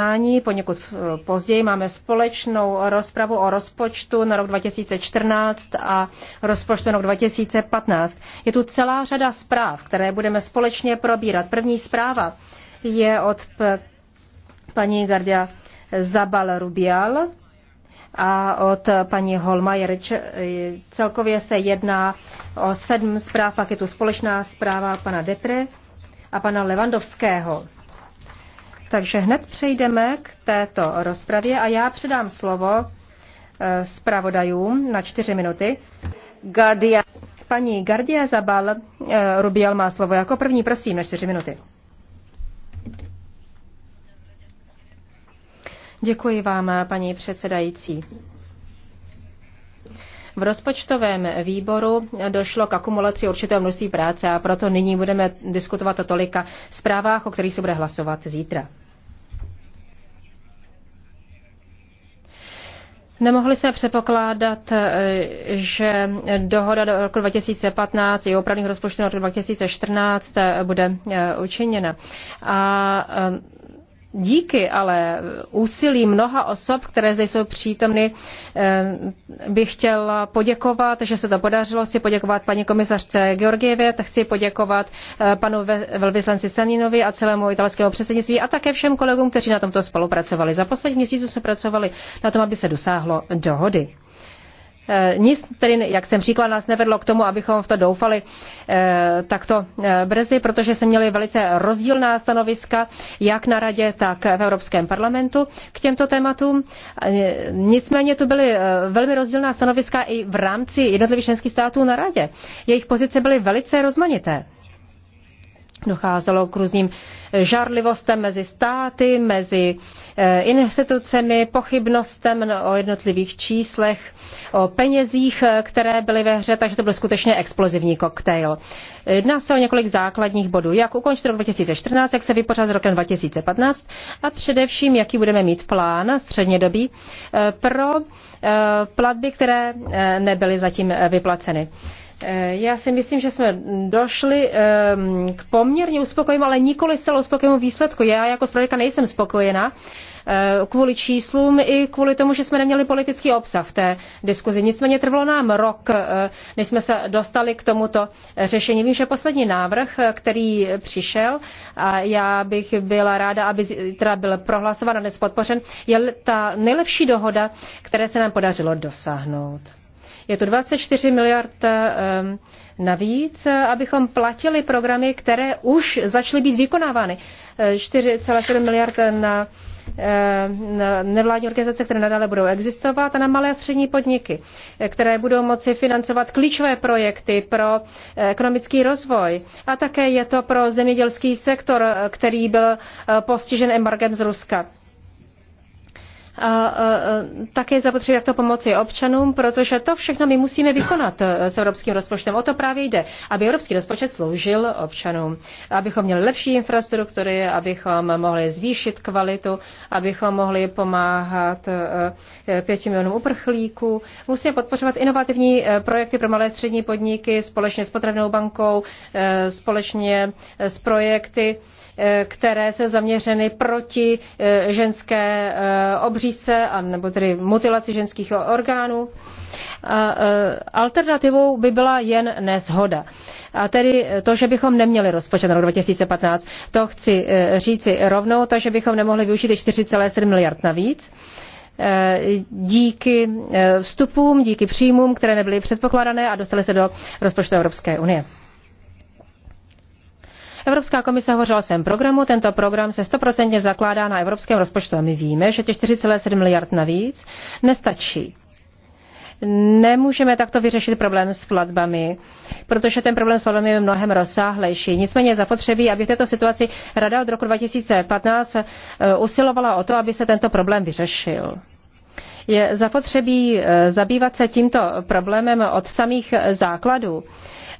jednání, poněkud eh, později máme společnou rozpravu o rozpočtu na rok 2014 a rozpočtu na rok 2015. Je tu celá řada zpráv, které budeme společně probírat. První zpráva je od paní Gardia Zabal Rubial a od paní Holmajer. Celkově se jedná o sedm zpráv, pak je tu společná zpráva pana Depre a pana Levandovského. Takže hned přejdeme k této rozpravě a já předám slovo eh, zpravodajům na čtyři minuty. Gardia, Paní Gardia Zabal eh, Rubiel má slovo jako první, prosím, na čtyři minuty. Děkuji vám, paní předsedající. V rozpočtovém výboru došlo k akumulaci určitého množství práce a proto nyní budeme diskutovat o tolika zprávách, o kterých se bude hlasovat zítra. Nemohli se přepokládat, eh, že dohoda do roku 2015 i opravných rozpočtů na roku 2014 eh, bude eh, učiněna. A díky ale úsilí mnoha osob, které zde jsou přítomny, eh, bych chtěla poděkovat, že se to podařilo. Chci poděkovat paní komisařce Georgievě, tak chci poděkovat eh, panu velvyslanci Saninovi a celému italskému předsednictví a také všem kolegům, kteří na tomto spolupracovali. Za poslední měsíců se pracovali na tom, aby se dosáhlo dohody. Eh, nic tedy, jak jsem říkala, nás nevedlo k tomu, abychom v to doufali eh, takto eh, brzy, protože jsme měli velice rozdílná stanoviska, jak na radě, tak v Evropském parlamentu k těmto tématům. Nicméně to byly velmi rozdílná stanoviska i v rámci jednotlivých členských států na radě. Jejich pozice byly velice rozmanité docházelo k různým žárlivostem mezi státy, mezi eh, institucemi, pochybnostem o jednotlivých číslech, o penězích, eh, které byly ve hře, takže to byl skutečně explozivní koktejl. Jedná se o několik základních bodů, jak ukončit rok 2014, jak se vypořádat s rokem 2015 a především, jaký budeme mít plán střednědobý eh, pro platby, které nebyly zatím vyplaceny. Eh, já si myslím, že jsme došli ehm, k poměrně uspokojivému, ale nikoli zcela uspokojivému výsledku. Já jako zpravodajka nejsem spokojená eh, kvůli číslům i kvůli tomu, že jsme neměli politický obsah v té diskuzi. Nicméně trvalo nám rok, eh, než jsme se dostali k tomuto řešení. Vím, že poslední návrh, který přišel, a já bych byla ráda, aby teda byl prohlasován a nespodpořen, je ta nejlepší dohoda, které se nám podařilo dosáhnout. Je to 24 miliard ehm, navíc, abychom platili programy, které už začaly být vykonávány. 4,7 eh, miliard ehm, na nevládní organizace, které nadále budou existovat, a na malé a střední podniky, eh, které budou moci financovat klíčové projekty pro eh, ekonomický rozvoj. A také je to pro zemědělský sektor, který byl postižen embargem z Ruska a také zapotřebí jak to pomoci občanům, protože to všechno my musíme vykonat e, s evropským rozpočtem. O to právě jde, aby evropský rozpočet sloužil občanům, abychom měli lepší infrastruktury, abychom mohli zvýšit kvalitu, abychom mohli pomáhat e, e, pěti milionům uprchlíků. Musíme podpořovat inovativní projekty pro malé střední podniky společně s Potravnou bankou, společně s projekty, Eh, které se zaměřeny proti eh, ženské eh, obřízce a nebo tedy mutilaci ženských orgánů. A alternativou by byla jen nezhoda. A tedy to, že bychom neměli rozpočet na rok 2015, to chci říci rovnou, takže bychom nemohli využít i 4,7 miliard navíc díky vstupům, díky příjmům, které nebyly předpokládané a dostaly se do rozpočtu Evropské unie. Evropská komise hovořila o svém programu. Tento program se stoprocentně zakládá na evropském rozpočtu a my víme, že těch 4,7 miliard navíc nestačí nemůžeme takto vyřešit problém s platbami, protože ten problém s platbami je mnohem rozsáhlejší. Nicméně je zapotřebí, aby v této situaci Rada od roku 2015 eh, usilovala o to, aby se tento problém vyřešil. Je zapotřebí eh, zabývat se tímto problémem od samých eh, základů.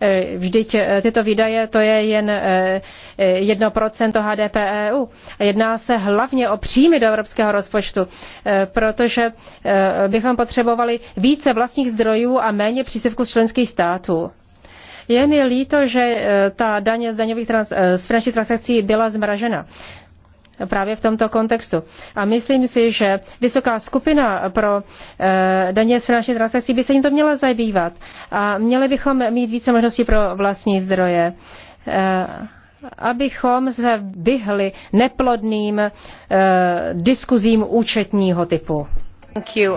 E, vždyť e, tyto výdaje to je jen 1% HDP EU. Jedná se hlavně o příjmy do evropského rozpočtu, e, protože bychom potřebovali více vlastních zdrojů a méně přísevku z členských států. Je mi líto, že ta daně z, daňových trans- z finančních transakcí byla zmražena právě v tomto kontextu. A myslím si, že vysoká skupina pro eh, daně z finanční transakcí by se jim to měla zabývat. A měli bychom mít více možností pro vlastní zdroje eh, abychom se vyhli neplodným eh, diskuzím účetního typu. Děkuji,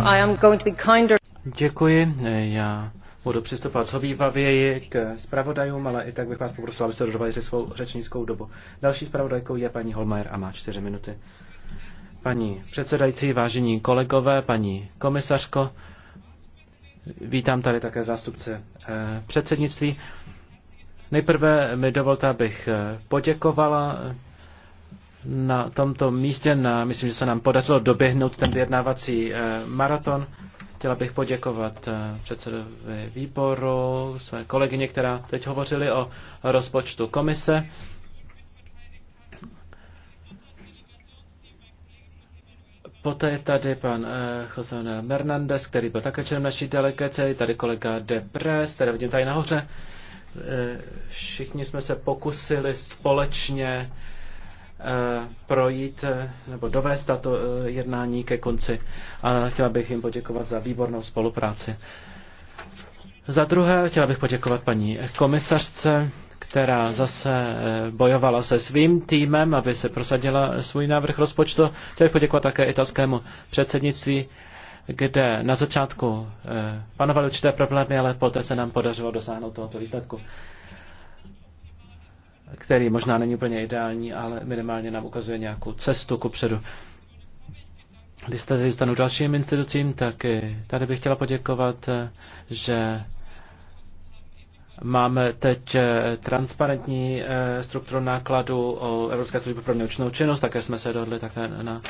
já budu přistupovat zhovývavěji k zpravodajům, ale i tak bych vás poprosil, abyste dodovali svou řečnickou dobu. Další zpravodajkou je paní Holmajer a má čtyři minuty. Paní předsedající, vážení kolegové, paní komisařko, vítám tady také zástupce eh, předsednictví. Nejprve mi dovolte, abych eh, poděkovala eh, na tomto místě. Na, myslím, že se nám podařilo doběhnout ten vyjednávací maraton. Chtěla bych poděkovat eh, předsedovi výboru, své kolegyně, která teď hovořili o rozpočtu komise. Poté je tady pan eh, José Hernández, který byl také členem naší delegace, je tady kolega Depres, který vidím tady nahoře. Eh, všichni jsme se pokusili společně uh, Eh, projít eh, nebo dovést tato eh, jednání ke konci a chtěla bych jim poděkovat za výbornou spolupráci. Za druhé chtěla bych poděkovat paní komisařce, která zase bojovala se svým týmem, aby se prosadila svůj návrh rozpočtu. Chtěl bych poděkovat také italskému předsednictví, kde na začátku panovaly určité problémy, ale poté se nám podařilo dosáhnout tohoto výsledku který možná není úplně ideální, ale minimálně nám ukazuje nějakou cestu ku předu. Když se tady stanu dalším institucím, tak tady bych chtěla poděkovat, že Máme teď eh, transparentní eh, strukturu nákladu o Evropské služby pro vnitřnou činnost, také jsme se dohodli také na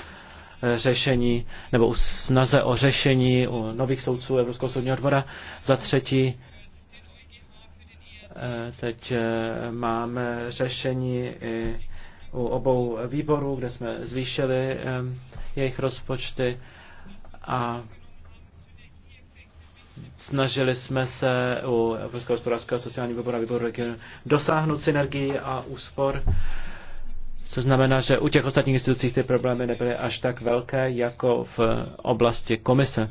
eh, řešení nebo snaze o řešení u nových soudců Evropského soudního dvora. Za třetí Eh, teď eh, máme řešení i u obou výborů, kde jsme zvýšili eh, jejich rozpočty a snažili jsme se u Evropského hospodářského sociálního výboru a výboru regionu dosáhnout synergii a úspor. Co znamená, že u těch ostatních institucích ty problémy nebyly až tak velké jako v oblasti komise.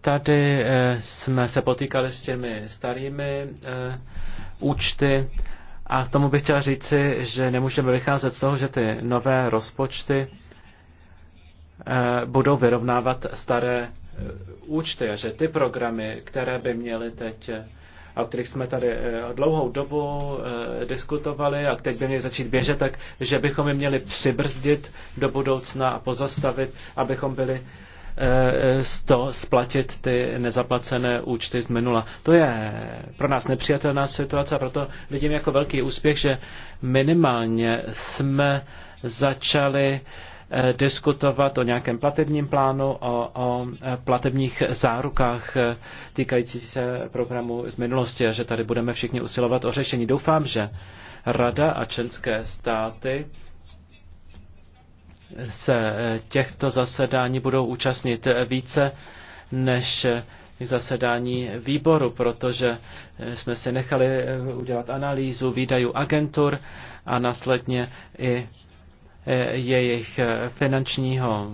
Tady eh, jsme se potýkali s těmi starými eh, účty a k tomu bych chtěl říci, že nemůžeme vycházet z toho, že ty nové rozpočty eh, budou vyrovnávat staré účty a že ty programy, které by měly teď a o kterých jsme tady dlouhou dobu diskutovali a teď by měli začít běžet, tak že bychom je měli přibrzdit do budoucna a pozastavit, abychom byli Eh, to splatit ty nezaplacené účty z minula. To je pro nás nepřijatelná situace a proto vidím jako velký úspěch, že minimálně jsme začali eh, diskutovat o nějakém platebním plánu, o, o eh, platebních zárukách týkající se programu z minulosti a že tady budeme všichni usilovat o řešení. Doufám, že Rada a členské státy se eh, těchto zasedání budou účastnit eh, více než eh, zasedání výboru, protože jsme si nechali udělat analýzu výdajů agentur a následně i jejich finančního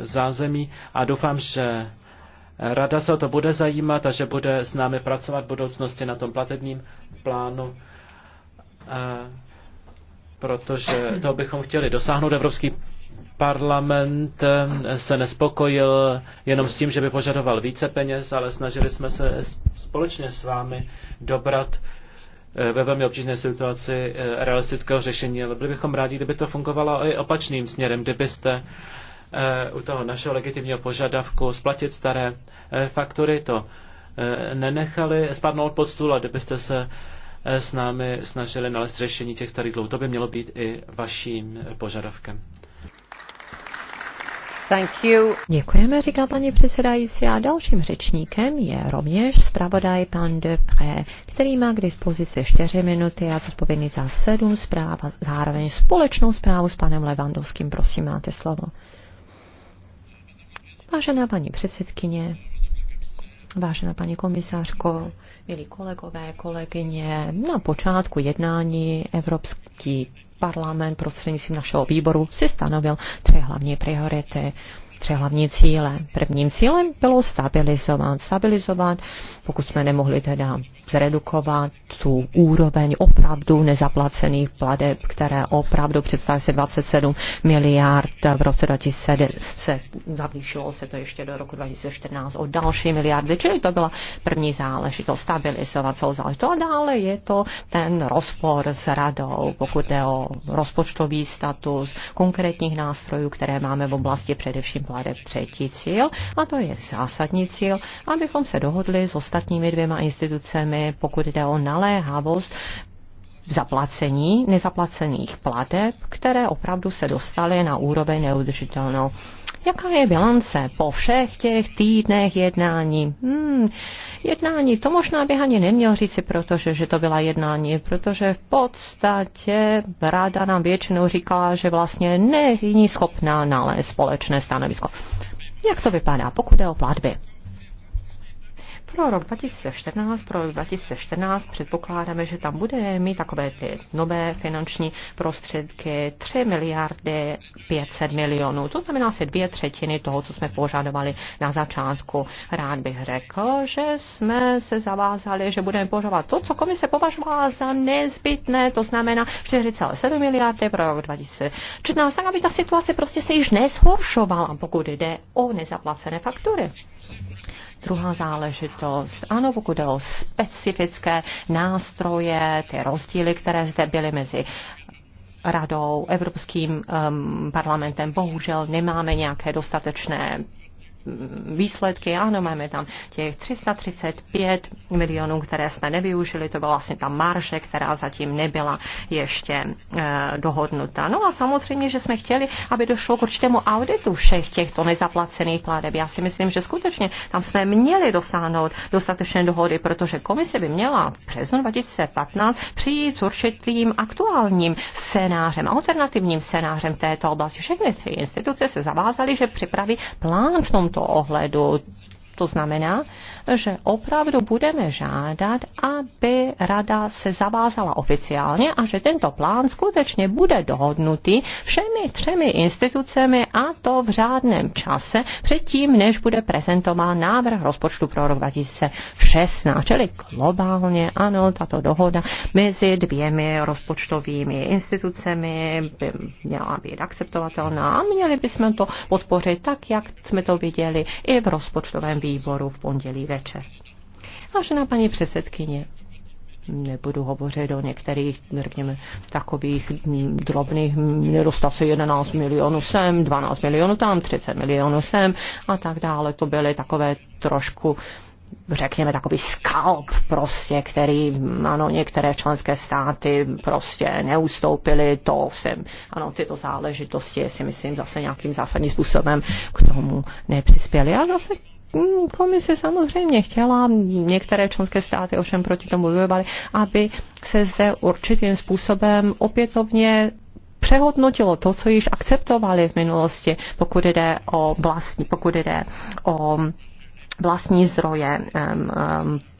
zázemí a doufám, že Rada se o to bude zajímat a že bude s námi pracovat v budoucnosti na tom platebním plánu, protože to bychom chtěli dosáhnout. Evropský parlament eh, se nespokojil jenom s tím, že by požadoval více peněz, ale snažili jsme se společně s vámi dobrat eh, ve velmi obtížné situaci eh, realistického řešení, ale byli bychom rádi, kdyby to fungovalo i opačným směrem, kdybyste u toho našeho legitimního požadavku splatit staré faktury to nenechali spadnout pod stůl a kdybyste se s námi snažili nalézt řešení těch starých dluhů. To by mělo být i vaším požadavkem. Thank you. Děkujeme, říká paní předsedající. A dalším řečníkem je rovněž zpravodaj pan Pré, který má k dispozici 4 minuty a zodpovědný za 7 zpráv a zároveň společnou zprávu s panem Levandovským. Prosím, máte slovo. Vážená paní předsedkyně, Vážená paní komisářko, milí kolegové, kolegyně, na počátku jednání Evropský parlament prostřednictvím našeho výboru si stanovil tři hlavní priority tři hlavní cíle. Prvním cílem bylo stabilizovat. Stabilizovat, pokud jsme nemohli teda zredukovat tu úroveň opravdu nezaplacených pladeb, které opravdu představují se 27 miliard v roce 2007. Zavýšilo se to ještě do roku 2014 o další miliardy, čili to byla první záležitost, stabilizovat celou záležitost. A dále je to ten rozpor s radou, pokud jde o rozpočtový status, konkrétních nástrojů, které máme v oblasti především pladeb třetí cíl, a to je zásadní cíl, abychom se dohodli s ostatními dvěma institucemi, pokud jde o naléhavost zaplacení nezaplacených plateb, které opravdu se dostaly na úroveň neudržitelnou. Jaká je bilance po všech těch týdnech jednání? Hmm, jednání, to možná bych ani neměl říci, protože že to byla jednání, protože v podstatě ráda nám většinou říkala, že vlastně není schopná nalézt společné stanovisko. Jak to vypadá, pokud je o platby? Pro rok 2014, pro 2014 předpokládáme, že tam bude mít takové ty nové finanční prostředky 3 miliardy 500 milionů. To znamená asi dvě třetiny toho, co jsme požadovali na začátku. Rád bych řekl, že jsme se zavázali, že budeme požadovat to, co komise považovala za nezbytné, to znamená 4,7 miliardy pro rok 2014, tak aby ta situace prostě se již nezhoršovala, pokud jde o nezaplacené faktury. Druhá záležitost, ano, pokud jde o specifické nástroje, ty rozdíly, které zde byly mezi radou, Evropským um, parlamentem, bohužel nemáme nějaké dostatečné výsledky. Ano, máme tam těch 335 milionů, které jsme nevyužili. To byla vlastně ta marže, která zatím nebyla ještě eh, dohodnuta. No a samozřejmě, že jsme chtěli, aby došlo k určitému auditu všech těchto nezaplacených pládeb. Já si myslím, že skutečně tam jsme měli dosáhnout dostatečné dohody, protože komise by měla v březnu 2015 přijít s určitým aktuálním scénářem, alternativním scénářem této oblasti. Všechny ty instituce se zavázaly, že připraví plán v tom tomto ohledu. To znamená, že opravdu budeme žádat, aby rada se zavázala oficiálně a že tento plán skutečně bude dohodnutý všemi třemi institucemi a to v řádném čase předtím, než bude prezentován návrh rozpočtu pro rok 2016, čili globálně, ano, tato dohoda mezi dvěmi rozpočtovými institucemi by měla být akceptovatelná a měli bychom to podpořit tak, jak jsme to viděli i v rozpočtovém výboru v pondělí večer. Vážená paní předsedkyně, nebudu hovořit o některých, řekněme, takových drobných, nedostal se 11 milionů sem, 12 milionů tam, 30 milionů sem a tak dále. To byly takové trošku řekněme, takový skalp prostě, který, ano, některé členské státy prostě neustoupily, to jsem, ano, tyto záležitosti si myslím zase nějakým zásadním způsobem k tomu nepřispěly. A zase Mm, komise samozřejmě chtěla, některé členské státy ovšem proti tomu bojovaly, aby se zde určitým způsobem opětovně přehodnotilo to, co již akceptovali v minulosti, pokud jde o vlastní, pokud jde o vlastní zdroje.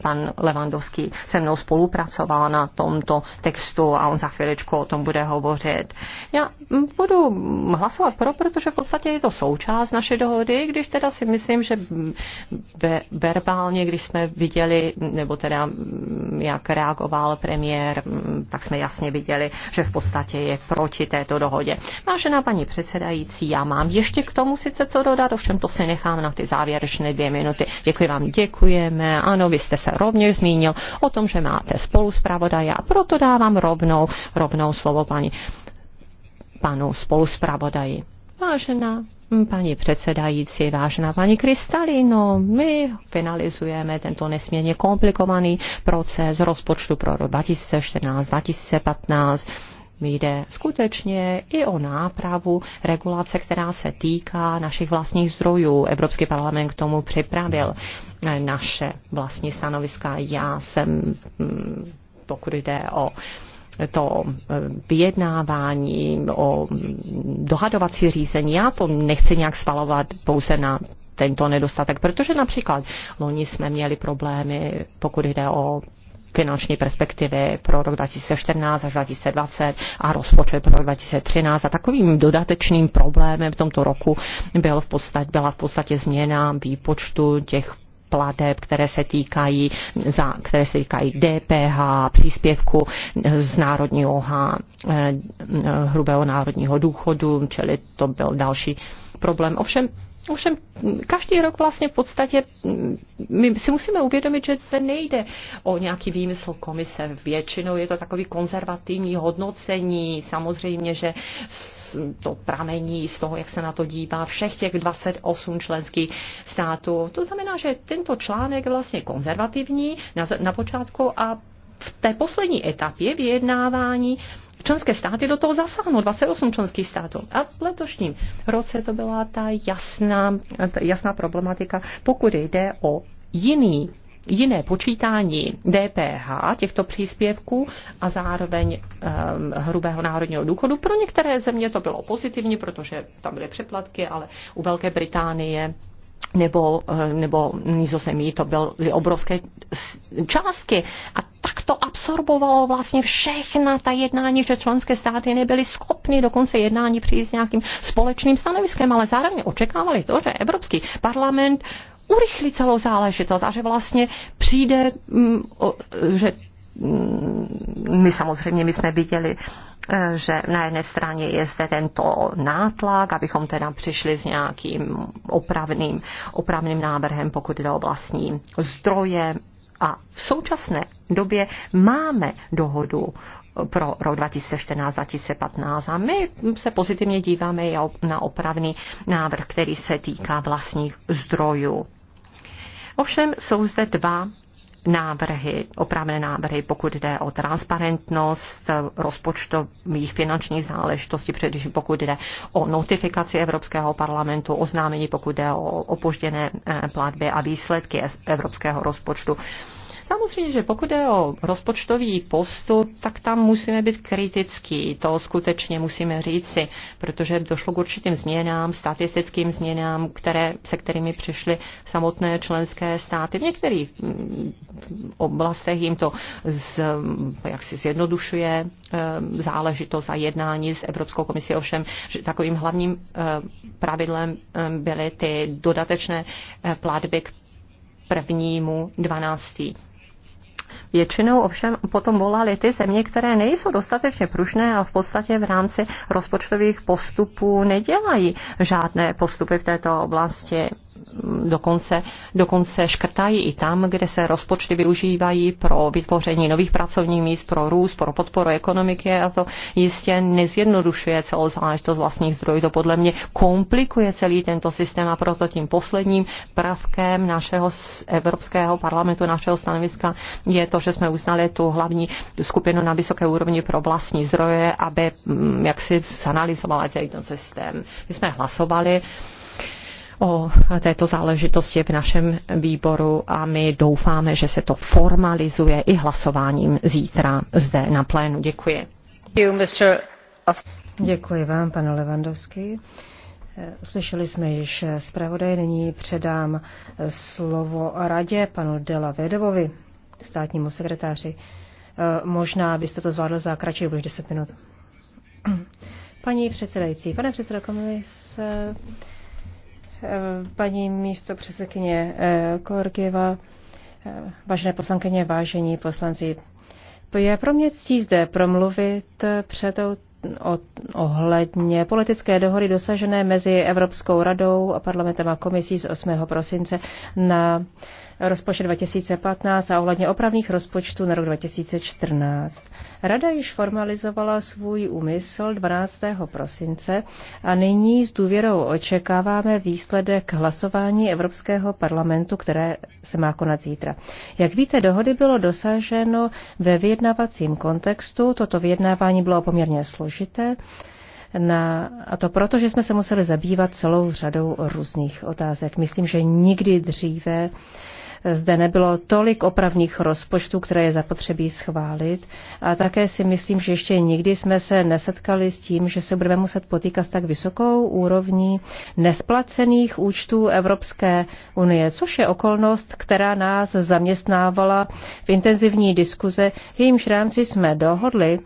Pan Levandovský se mnou spolupracoval na tomto textu a on za chvíličku o tom bude hovořit. Já budu hlasovat pro, protože v podstatě je to součást naší dohody, když teda si myslím, že verbálně, když jsme viděli, nebo teda mm, jak reagoval premiér, mm, tak jsme jasně viděli, že v podstatě je proti této dohodě. Vážená paní předsedající, já mám ještě k tomu sice co dodat, ovšem to si nechám na ty závěrečné dvě minuty. Děkuji vám, děkujeme. Ano, vy jste se rovněž zmínil o tom, že máte spolu zpravodaje a proto dávám rovnou, rovnou slovo paní, panu spoluspravodaji. Vážená paní předsedající, vážená paní Kristalino, my finalizujeme tento nesmírně komplikovaný proces rozpočtu pro rok 2014-2015 jde skutečně i o nápravu regulace, která se týká našich vlastních zdrojů. Evropský parlament k tomu připravil naše vlastní stanoviska. Já jsem, mm, pokud jde o to eh, vyjednávání, o dohadovací řízení, já to nechci nějak spalovat pouze na tento nedostatek, protože například loni jsme měli problémy, pokud jde o finanční perspektivy pro rok 2014 až 2020 a rozpočet pro rok 2013. A takovým dodatečným problémem v tomto roku byl v podstatě, byla v podstatě změna výpočtu těch plateb, které se týkají, za, které se týkají DPH, příspěvku z národního H, eh, hrubého národního důchodu, čili to byl další problém. Ovšem Ovšem každý rok vlastně v podstatě mm, my si musíme uvědomit, že se nejde o nějaký výmysl komise. Většinou je to takový konzervativní hodnocení. Samozřejmě, že to pramení z toho, jak se na to dívá všech těch 28 členských států. To znamená, že tento článek je vlastně konzervativní na, na počátku a v té poslední etapě vyjednávání členské státy do toho zasáhnou, 28 členských států. A v letošním roce to byla ta jasná, jasná problematika, pokud jde o jiný jiné počítání DPH těchto příspěvků a zároveň um, hrubého národního důchodu. Pro některé země to bylo pozitivní, protože tam byly přeplatky, ale u Velké Británie nebo, ehm, nebo Nizozemí to byly obrovské částky. A tak to absorbovalo vlastně všechna ta jednání, že členské státy nebyly schopny dokonce jednání přijít s nějakým společným stanoviskem, ale zároveň očekávali to, že Evropský parlament urychlí celou záležitost a že vlastně přijde, mm, že mm, my samozřejmě my jsme viděli, eh, že na jedné straně je zde tento nátlak, abychom teda přišli s nějakým opravným, opravným návrhem, pokud jde o vlastní zdroje. A v současné době máme dohodu pro rok 2014-2015 a my se pozitivně díváme na opravný návrh, který se týká vlastních zdrojů. Ovšem jsou zde dva návrhy, opravné návrhy, pokud jde o transparentnost rozpočtových finančních záležitostí, především pokud jde o notifikaci Evropského parlamentu, oznámení, pokud jde o opožděné eh, platby a výsledky evropského rozpočtu. Samozřejmě, že pokud je o rozpočtový postup, tak tam musíme být kritický, to skutečně musíme říci, protože došlo k určitým změnám, statistickým změnám, které, se kterými přišly samotné členské státy. V některých mm, oblastech jim to z, jak si zjednodušuje eh, záležitost a jednání s Evropskou komisí, ovšem, že takovým hlavním eh, pravidlem eh, byly ty dodatečné platby k prvnímu 12. Většinou ovšem potom volali ty země, které nejsou dostatečně pružné a v podstatě v rámci rozpočtových postupů nedělají žádné postupy v této oblasti dokonce, dokonce škrtají i tam, kde se rozpočty využívají pro vytvoření nových pracovních míst, pro růst, pro podporu ekonomiky a to jistě nezjednodušuje celou záležitost vlastních zdrojů. To podle mě komplikuje celý tento systém a proto tím posledním prvkem našeho Evropského parlamentu, našeho stanoviska je to, že jsme uznali tu hlavní skupinu na vysoké úrovni pro vlastní zdroje, aby mm, jak si zanalizovala celý ten systém. My jsme hlasovali o této záležitosti v našem výboru a my doufáme, že se to formalizuje i hlasováním zítra zde na plénu. Děkuji. Děkuji vám, pane Levandovský. Slyšeli jsme již zpravodaj, nyní předám slovo radě panu Dela Vedovovi, státnímu sekretáři. Možná byste to zvládl za kratší než 10 minut. Paní předsedající, pane předsedo komise, Eh, paní místo předsedkyně Korgieva, eh, eh, vážené poslankyně, vážení poslanci. Je pro mě ctí zde promluvit před o, ohledně politické dohody dosažené mezi Evropskou radou a parlamentem a komisí z 8. prosince na rozpočet 2015 a ohledně opravných rozpočtů na rok 2014. Rada již formalizovala svůj úmysl 12. prosince a nyní s důvěrou očekáváme výsledek hlasování Evropského parlamentu, které se má konat zítra. Jak víte, dohody bylo dosaženo ve vyjednavacím kontextu. Toto vyjednávání bylo poměrně složité. Na, a to proto, že jsme se museli zabývat celou řadou různých otázek. Myslím, že nikdy dříve zde nebylo tolik opravných rozpočtů, které je zapotřebí schválit. A také si myslím, že ještě nikdy jsme se nesetkali s tím, že se budeme muset potýkat s tak vysokou úrovní nesplacených účtů Evropské unie, což je okolnost, která nás zaměstnávala v intenzivní diskuze, v jejímž rámci jsme dohodli,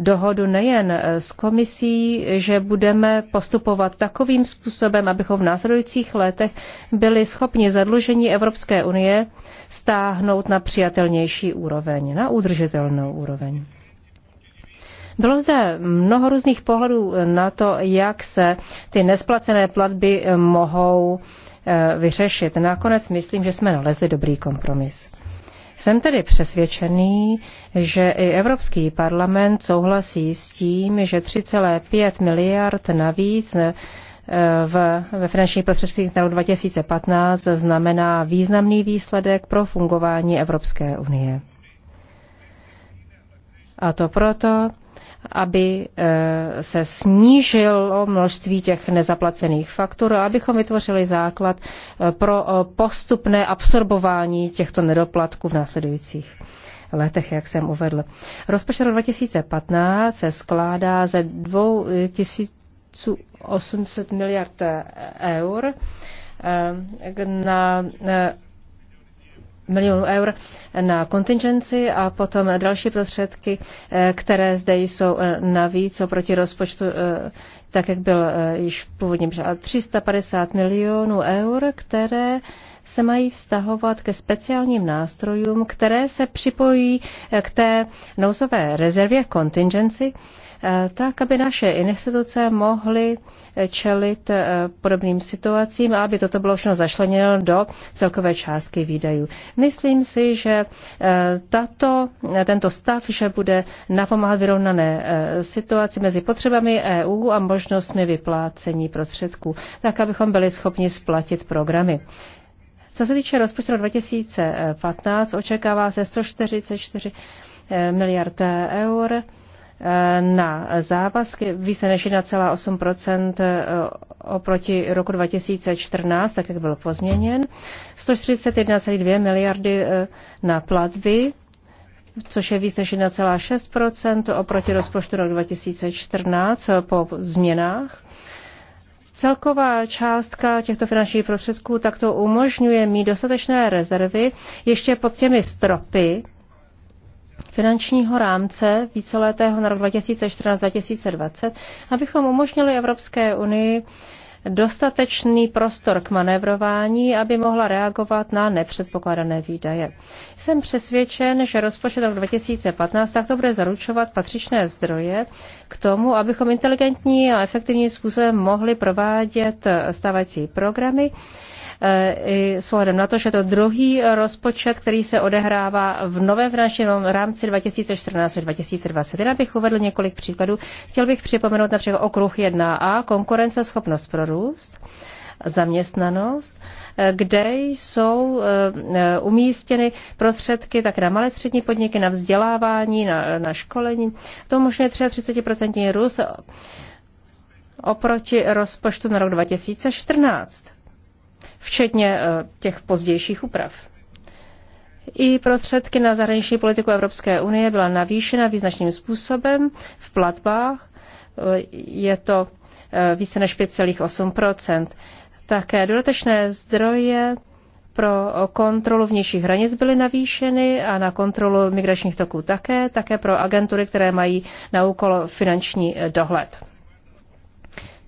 dohodu nejen eh, s komisí, že budeme postupovat takovým způsobem, abychom v následujících letech byli schopni zadlužení Evropské unie stáhnout na přijatelnější úroveň, na udržitelnou úroveň. Bylo zde mnoho různých pohledů eh, na to, jak se ty nesplacené platby eh, mohou vyřešit. Nakonec myslím, že jsme nalezli dobrý kompromis. Jsem tedy přesvědčený, že i Evropský parlament souhlasí s tím, že 3,5 miliard navíc eh, v, ve finančních prostředcích na rok 2015 znamená významný výsledek pro fungování Evropské unie. A to proto, aby eh, se snížilo množství těch nezaplacených faktur a abychom vytvořili základ eh, pro eh, postupné absorbování těchto nedoplatků v následujících letech, jak jsem uvedl. Rozpočet 2015 se skládá ze 2800 miliard eur na milionů eur na kontingenci a potom další prostředky, eh, které zde jsou eh, navíc oproti rozpočtu, eh, tak jak byl již původně 350 milionů eur, které se mají vztahovat ke speciálním nástrojům, které se připojí k té nouzové rezervě kontingenci, tak aby naše instituce mohly čelit eh, podobným situacím a aby toto bylo všechno zašleněno do celkové částky výdajů. Myslím si, že eh, tato, eh, tento stav, že bude napomáhat vyrovnané situaci mezi potřebami EU a možnostmi vyplácení prostředků, tak abychom byli schopni splatit programy. Co se týče rozpočtu 2015, očekává se 144 miliard eur Eh, na závazky více než 1,8 eh, oproti roku 2014, tak jak byl pozměněn, 141,2 miliardy eh, na platby, což je více než 1,6 oproti rozpočtu roku 2014 po změnách. Celková částka těchto finančních prostředků takto umožňuje mít dostatečné rezervy ještě pod těmi stropy, finančního rámce víceletého na rok 2014-2020, abychom umožnili Evropské unii dostatečný prostor k manévrování, aby mohla reagovat na nepředpokládané výdaje. Jsem přesvědčen, že rozpočet rok 2015 takto bude zaručovat patřičné zdroje k tomu, abychom inteligentní a efektivní způsobem mohli provádět stávající programy Eh, i s ohledem na to, že to druhý rozpočet, který se odehrává v novém finančním rámci 2014-2021, bych uvedl několik příkladů. Chtěl bych připomenout například okruh 1a, konkurenceschopnost pro růst zaměstnanost, eh, kde jsou eh, umístěny prostředky tak na malé střední podniky, na vzdělávání, na, na školení. To umožňuje 33% růst oproti rozpočtu na rok 2014 včetně eh, těch pozdějších úprav. I prostředky na zahraniční politiku Evropské unie byla navýšena význačným způsobem v platbách. Eh, je to eh, více než 5,8 Také dodatečné zdroje pro kontrolu vnějších hranic byly navýšeny a na kontrolu migračních toků také, také pro agentury, které mají na úkol finanční dohled.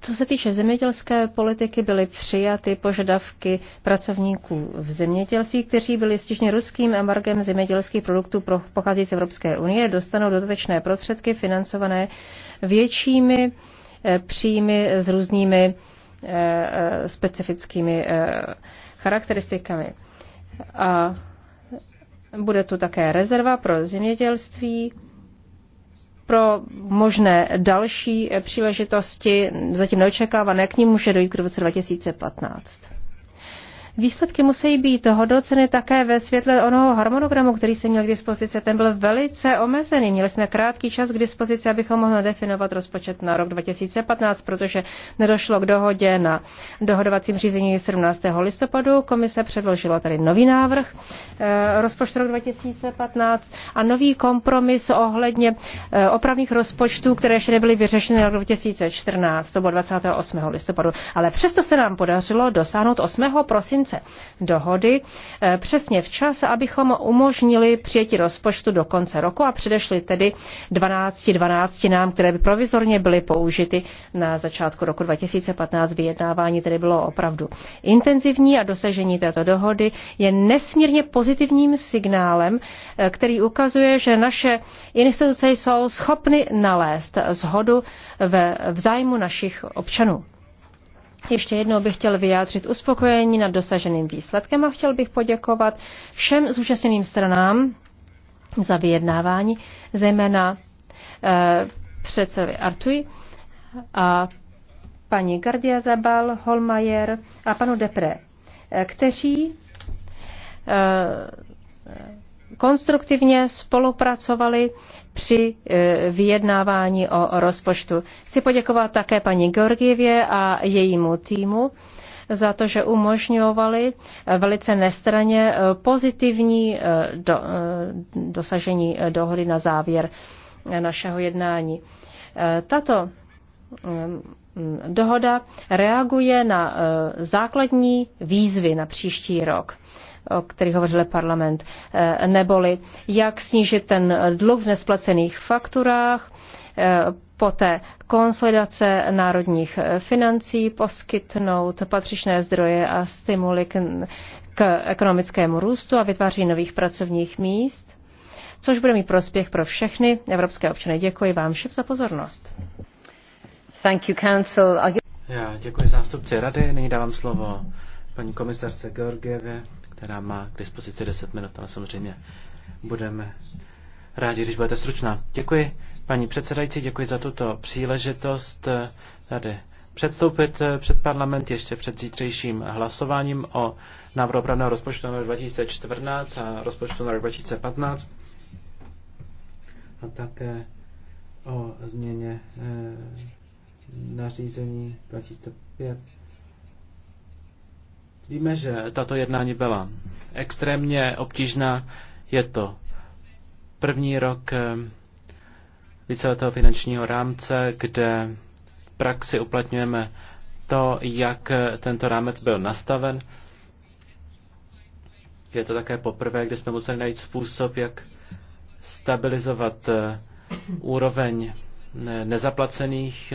Co se týče zemědělské politiky, byly přijaty požadavky pracovníků v zemědělství, kteří byli stižně ruským embargem zemědělských produktů pro pochází z Evropské unie, dostanou dodatečné prostředky financované většími eh, příjmy s různými eh, eh, specifickými charakteristikami. A bude tu také rezerva pro zemědělství, pro možné další příležitosti, zatím neočekávané, k ním může dojít k roce 2015. Výsledky musí být hodnoceny také ve světle onoho harmonogramu, který se měl k dispozici. Ten byl velice omezený. Měli jsme krátký čas k dispozici, abychom mohli definovat rozpočet na rok 2015, protože nedošlo k dohodě na dohodovacím řízení 17. listopadu. Komise předložila tady nový návrh eh, rozpočtu rok 2015 a nový kompromis ohledně eh, opravných rozpočtů, které ještě nebyly vyřešeny na rok 2014, to bylo 28. listopadu. Ale přesto se nám podařilo dosáhnout 8. prosince prosince dohody eh, přesně včas, abychom umožnili přijetí rozpočtu do konce roku a předešli tedy 12 12 nám, které by provizorně byly použity na začátku roku 2015. Vyjednávání tedy bylo opravdu intenzivní a dosažení této dohody je nesmírně pozitivním signálem, eh, který ukazuje, že naše instituce jsou schopny nalézt zhodu ve v zájmu našich občanů. Ještě jednou bych chtěl vyjádřit uspokojení nad dosaženým výsledkem a chtěl bych poděkovat všem zúčastněným stranám za vyjednávání, zejména eh, předsedovi Artui a paní Gardia Zabal, Holmajer a panu Depre, eh, kteří eh, konstruktivně spolupracovali při e, vyjednávání o rozpočtu. Chci poděkovat také paní Georgievě a jejímu týmu za to, že umožňovali e, velice nestraně e, pozitivní do, dosažení dohody na závěr našeho jednání. Tato dohoda reaguje na základní výzvy na příští rok o kterých hovořil parlament, eh, neboli jak snížit ten dluh v nesplacených fakturách, eh, poté konsolidace národních eh, financí, poskytnout patřičné zdroje a stimuly k, k ekonomickému růstu a vytváří nových pracovních míst, což bude mít prospěch pro všechny evropské občany. Děkuji vám všem za pozornost. Thank you, Council. Já děkuji zástupci rady. Nyní dávám slovo paní komisarce Georgieve která má k dispozici 10 minut, ale samozřejmě budeme rádi, když budete stručná. Děkuji, paní předsedající, děkuji za tuto příležitost eh, tady předstoupit eh, před parlament ještě před zítřejším hlasováním o návrhu opravného rozpočtu na rok 2014 a rozpočtu na rok 2015 a také o změně eh, nařízení 2005 Víme, že tato jednání byla extrémně obtížná. Je to první rok eh, víceletého finančního rámce, kde v praxi uplatňujeme to, jak eh, tento rámec byl nastaven. Je to také poprvé, kde jsme museli najít způsob, jak stabilizovat eh, úroveň nezaplacených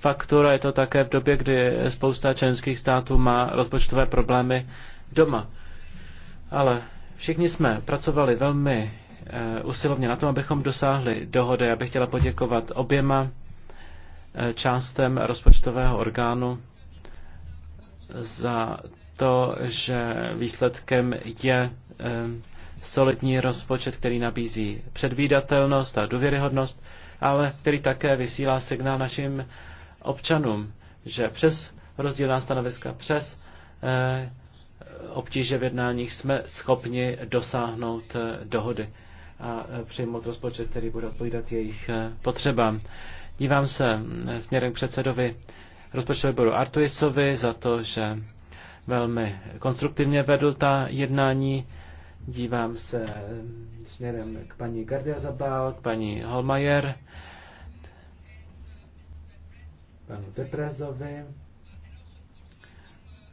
faktura. Je to také v době, kdy spousta členských států má rozpočtové problémy doma. Ale všichni jsme pracovali velmi eh, usilovně na tom, abychom dosáhli dohody. Já bych chtěla poděkovat oběma eh, částem rozpočtového orgánu za to, že výsledkem je eh, solidní rozpočet, který nabízí předvídatelnost a důvěryhodnost, ale který také vysílá signál našim občanům, že přes rozdílná stanoviska, přes eh, obtíže v jednáních jsme schopni dosáhnout eh, dohody a eh, přijmout rozpočet, který bude odpovídat jejich potřebám. Dívám se mm, směrem k předsedovi rozpočtového bodu Artuisovi za to, že velmi konstruktivně vedl ta jednání. Dívám se mm, směrem k paní Gardia Zabal, k paní Holmajer panu Deprezovi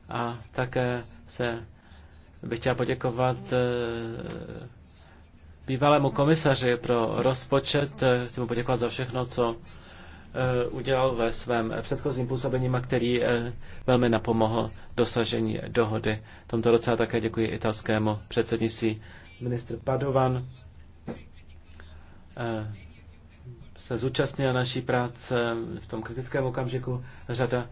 a také se bych chtěl poděkovat eh, bývalému komisaři pro rozpočet. Eh, chci mu poděkovat za všechno, co eh, udělal ve svém předchozím působení a který velmi napomohl dosažení dohody. V tomto roce a také děkuji italskému předsednictví ministr Padovan se zúčastnila naší práce v tom kritickém okamžiku. Řada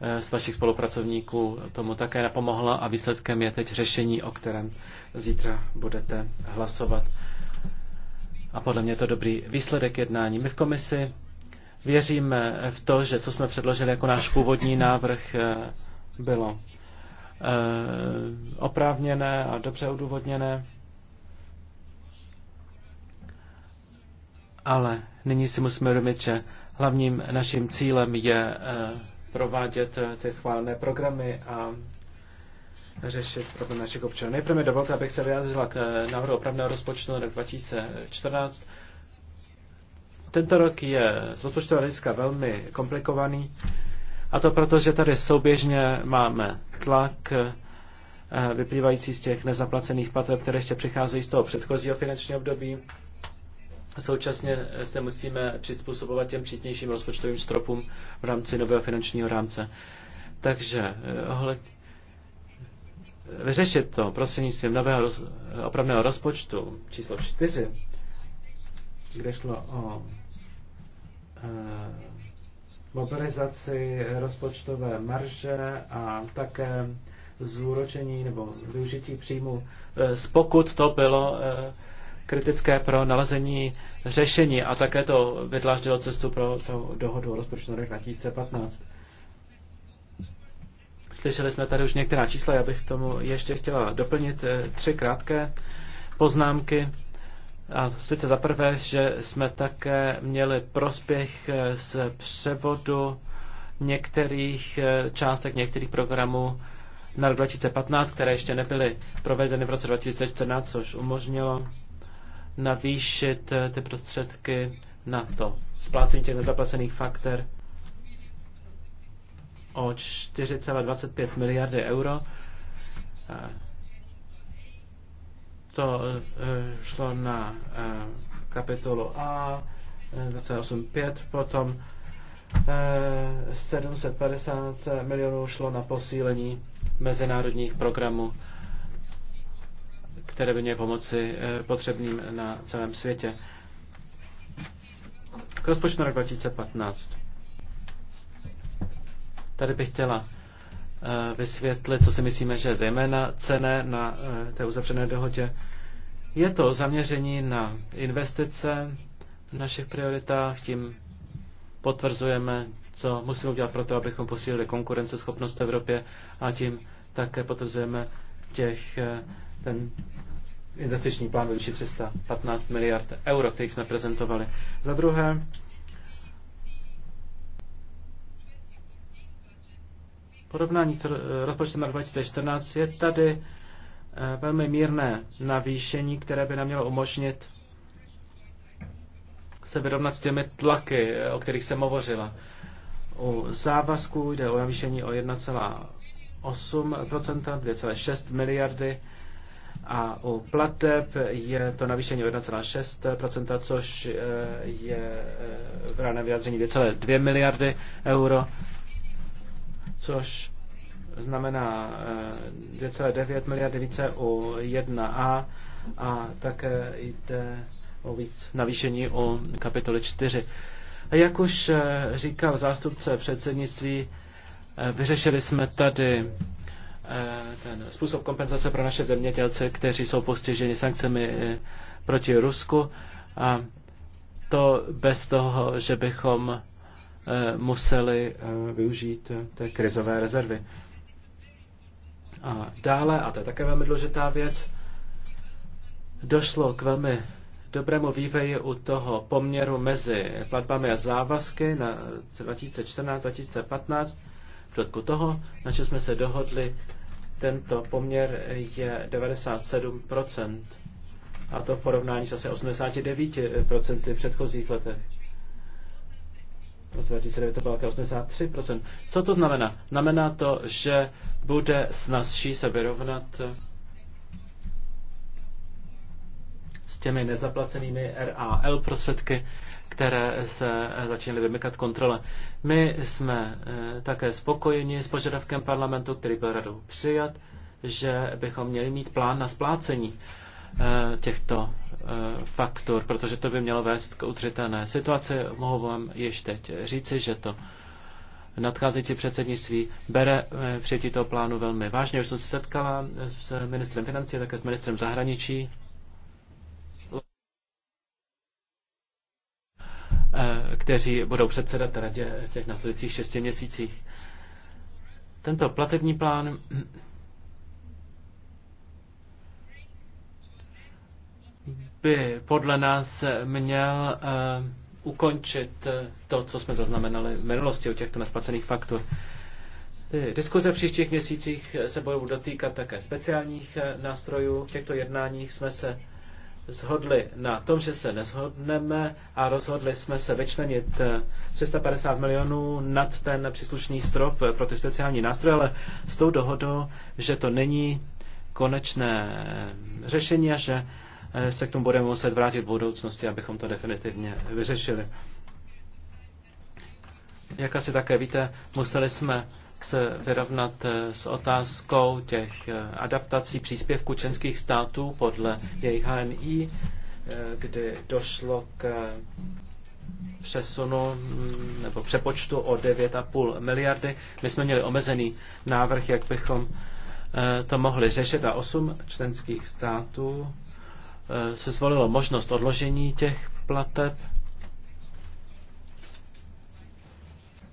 eh, z vašich spolupracovníků tomu také napomohla a výsledkem je teď řešení, o kterém zítra budete hlasovat. A podle mě je to dobrý výsledek jednání. My v komisi věříme v to, že co jsme předložili jako náš původní návrh eh, bylo eh, oprávněné a dobře odůvodněné. ale nyní si musíme uvědomit, že hlavním naším cílem je eh, provádět eh, ty schválené programy a řešit problém našich občanů. Nejprve dovolte, abych se vyjádřila k eh, návrhu opravného rozpočtu na rok 2014. Tento rok je z rozpočtového hlediska velmi komplikovaný, a to proto, že tady souběžně máme tlak vyplývající z těch nezaplacených plateb, které ještě přicházejí z toho předchozího finančního období. Současně eh, se musíme přizpůsobovat těm přísnějším rozpočtovým stropům v rámci nového finančního rámce. Takže eh, ohle, vyřešit to prostřednictvím nového roz, opravného rozpočtu číslo 4, kde šlo o e, mobilizaci rozpočtové marže a také zúročení nebo využití příjmu e, z pokud to bylo e, kritické pro nalezení řešení a také to vydláždilo cestu pro tu dohodu o rozpočtu na rok 2015. Slyšeli jsme tady už některá čísla, já bych tomu ještě chtěla doplnit eh, tři krátké poznámky. A sice za prvé, že jsme také měli prospěch eh, z převodu některých eh, částek, některých programů na rok 2015, které ještě nebyly provedeny v roce 2014, což umožnilo navýšit eh, ty prostředky na to splácení těch nezaplacených faktor o 4,25 miliardy euro. Eh, to eh, šlo na kapitolu A 28.5, potom 750 milionů šlo na posílení mezinárodních programů které by měly pomoci eh, potřebným na celém světě. K rozpočtu rok 2015. Tady bych chtěla eh, vysvětlit, co si myslíme, že zejména cené na eh, té uzavřené dohodě. Je to zaměření na investice v našich prioritách, tím potvrzujeme, co musíme udělat pro to, abychom posílili konkurenceschopnost v Evropě a tím také potvrzujeme těch, ten investiční plán ve výši 315 miliard euro, který jsme prezentovali. Za druhé, porovnání s rozpočtem na 2014 je tady eh, velmi mírné navýšení, které by nám mělo umožnit se vyrovnat s těmi tlaky, eh, o kterých jsem hovořila. U závazků jde o navýšení o 1,8%, 2,6 miliardy a u plateb je to navýšení o 1,6%, což eh, je eh, v ráném vyjádření 2,2 miliardy euro, což znamená 2,9 eh, miliardy více u 1A a také jde o víc navýšení o kapitoly 4. A jak už říkal zástupce předsednictví, vyřešili jsme tady Eh, ten způsob kompenzace pro naše zemědělce, kteří jsou postiženi sankcemi eh, proti Rusku. A to bez toho, že bychom eh, museli využít té krizové rezervy. A dále, a to je také velmi důležitá věc, došlo k velmi dobrému vývoji u toho poměru mezi platbami a závazky na 2014-2015. V toho, na čem jsme se dohodli tento poměr je 97%, a to v porovnání s asi 89% v předchozích letech. V roce 2009 to bylo 83%. Co to znamená? Znamená to, že bude snazší se vyrovnat s těmi nezaplacenými RAL prostředky, které se eh, začínaly vymykat kontrole. My jsme eh, také spokojeni s požadavkem parlamentu, který byl radou přijat, že bychom měli mít plán na splácení eh, těchto faktur, protože to by mělo vést k utřitelné situaci. Mohu vám již teď říci, že to nadcházející předsednictví bere přijetí toho plánu velmi vážně. Už jsem se setkala s ministrem financí, také s ministrem zahraničí Eh, kteří budou předsedat radě v těch následujících šesti měsících. Tento platební plán by podle nás měl eh, ukončit eh, to, co jsme zaznamenali v minulosti u těchto nesplacených faktur. Ty diskuze v příštích měsících se budou dotýkat také speciálních nástrojů. V těchto jednáních jsme se zhodli na tom, že se nezhodneme a rozhodli jsme se vyčlenit 350 eh, milionů nad ten příslušný strop eh, pro ty speciální nástroje, ale s tou dohodou, že to není konečné eh, řešení a že se k tomu budeme muset vrátit v budoucnosti, abychom to definitivně vyřešili. Jak asi také víte, museli jsme se vyrovnat eh, s otázkou těch eh, adaptací příspěvků členských států podle jejich HNI, eh, kdy došlo k přesunu mm, nebo přepočtu o 9,5 miliardy. My jsme měli omezený návrh, jak bychom to mohli řešit a 8 členských států se zvolilo možnost odložení těch plateb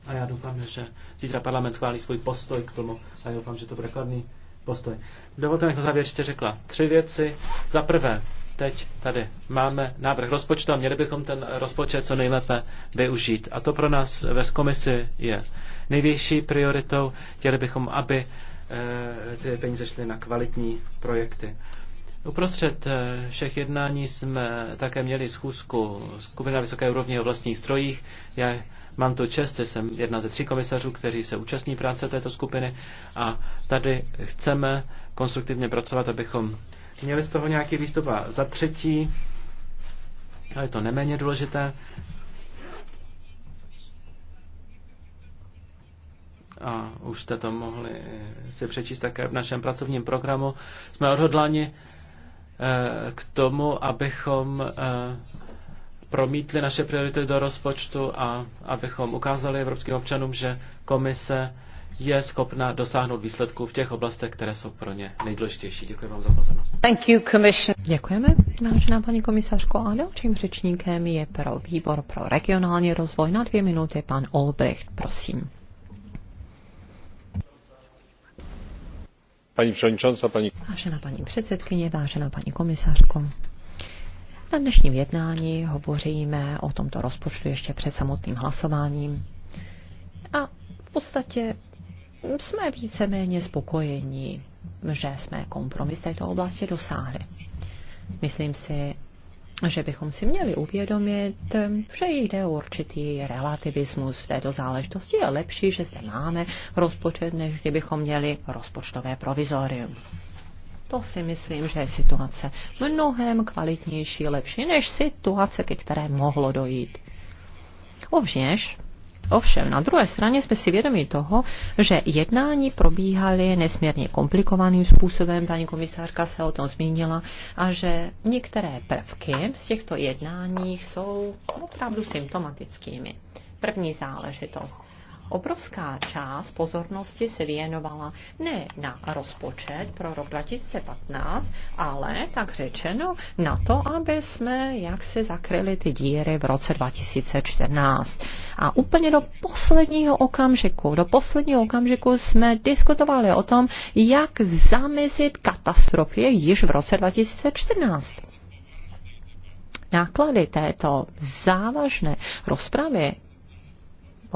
A já doufám, že zítra parlament schválí svůj postoj k tomu a já doufám, že to bude kladný postoj. Dovolte mi na závěr ještě řekla tři věci. Za prvé, teď tady máme návrh rozpočtu a měli bychom ten rozpočet co nejlépe využít. A to pro nás ve komisi je největší prioritou. Chtěli bychom, aby eh, ty peníze šly na kvalitní projekty. Uprostřed eh, všech jednání jsme také měli schůzku skupina vysoké úrovně o vlastních strojích. Já Mám tu čest, jsem jedna ze tří komisařů, kteří se účastní práce této skupiny a tady chceme konstruktivně pracovat, abychom měli z toho nějaký výstup a za třetí, ale je to neméně důležité, a už jste to mohli si přečíst také v našem pracovním programu, jsme odhodláni eh, k tomu, abychom eh, promítli naše priority do rozpočtu a abychom ukázali evropským občanům, že komise je schopna dosáhnout výsledků v těch oblastech, které jsou pro ně nejdůležitější. Děkuji vám za pozornost. Thank you, commission. Děkujeme, vážená paní komisařko. A dalším řečníkem je pro výbor pro regionální rozvoj na dvě minuty pan Olbrecht, prosím. Paní předsedkyně, paní... Vážená paní předsedkyně, vážená paní komisařko. Na dnešním jednání hovoříme o tomto rozpočtu ještě před samotným hlasováním a v podstatě jsme víceméně spokojeni, že jsme kompromis této oblasti dosáhli. Myslím si, že bychom si měli uvědomit, že jde o určitý relativismus v této záležitosti. Je lepší, že zde máme rozpočet, než kdybychom měli rozpočtové provizorium to si myslím, že je situace mnohem kvalitnější, lepší než situace, ke které mohlo dojít. Ovšem, Ovšem, na druhé straně jsme si vědomi toho, že jednání probíhaly nesmírně komplikovaným způsobem, paní komisářka se o tom zmínila, a že některé prvky z těchto jednání jsou opravdu symptomatickými. První záležitost obrovská část pozornosti se věnovala ne na rozpočet pro rok 2015, ale tak řečeno na to, aby jsme jak se zakryli ty díry v roce 2014. A úplně do posledního okamžiku, do posledního okamžiku jsme diskutovali o tom, jak zamezit katastrofě již v roce 2014 náklady této závažné rozpravy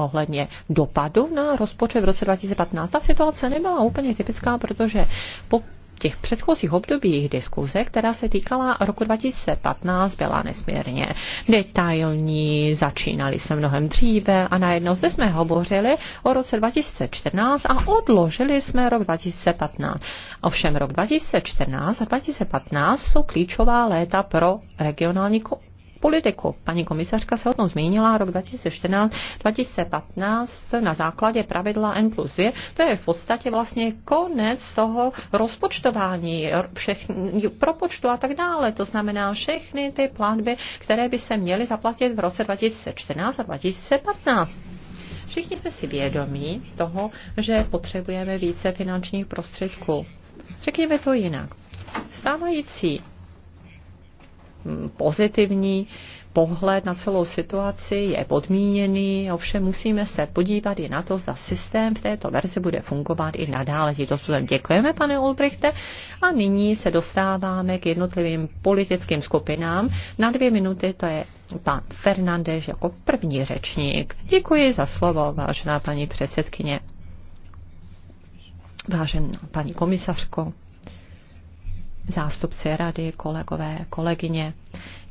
ohledně dopadu na rozpočet v roce 2015. Ta situace nebyla úplně typická, protože po těch předchozích obdobích diskuze, která se týkala roku 2015, byla nesmírně detailní, začínali se mnohem dříve a najednou zde jsme hovořili o roce 2014 a odložili jsme rok 2015. Ovšem rok 2014 a 2015 jsou klíčová léta pro regionální politiku. Paní komisařka se o tom zmínila rok 2014-2015 na základě pravidla N plus 2. To je v podstatě vlastně konec toho rozpočtování, všechny, propočtu a tak dále. To znamená všechny ty platby, které by se měly zaplatit v roce 2014 a 2015. Všichni jsme si vědomí toho, že potřebujeme více finančních prostředků. Řekněme to jinak. Stávající Mm, pozitivní pohled na celou situaci je podmíněný, ovšem musíme se podívat i na to, zda systém v této verzi bude fungovat i nadále. Tímto způsobem děkujeme, pane Olbrichte. A nyní se dostáváme k jednotlivým politickým skupinám. Na dvě minuty to je pan Fernandez jako první řečník. Děkuji za slovo, vážená paní předsedkyně. Vážená paní komisařko, zástupci rady, kolegové, kolegyně.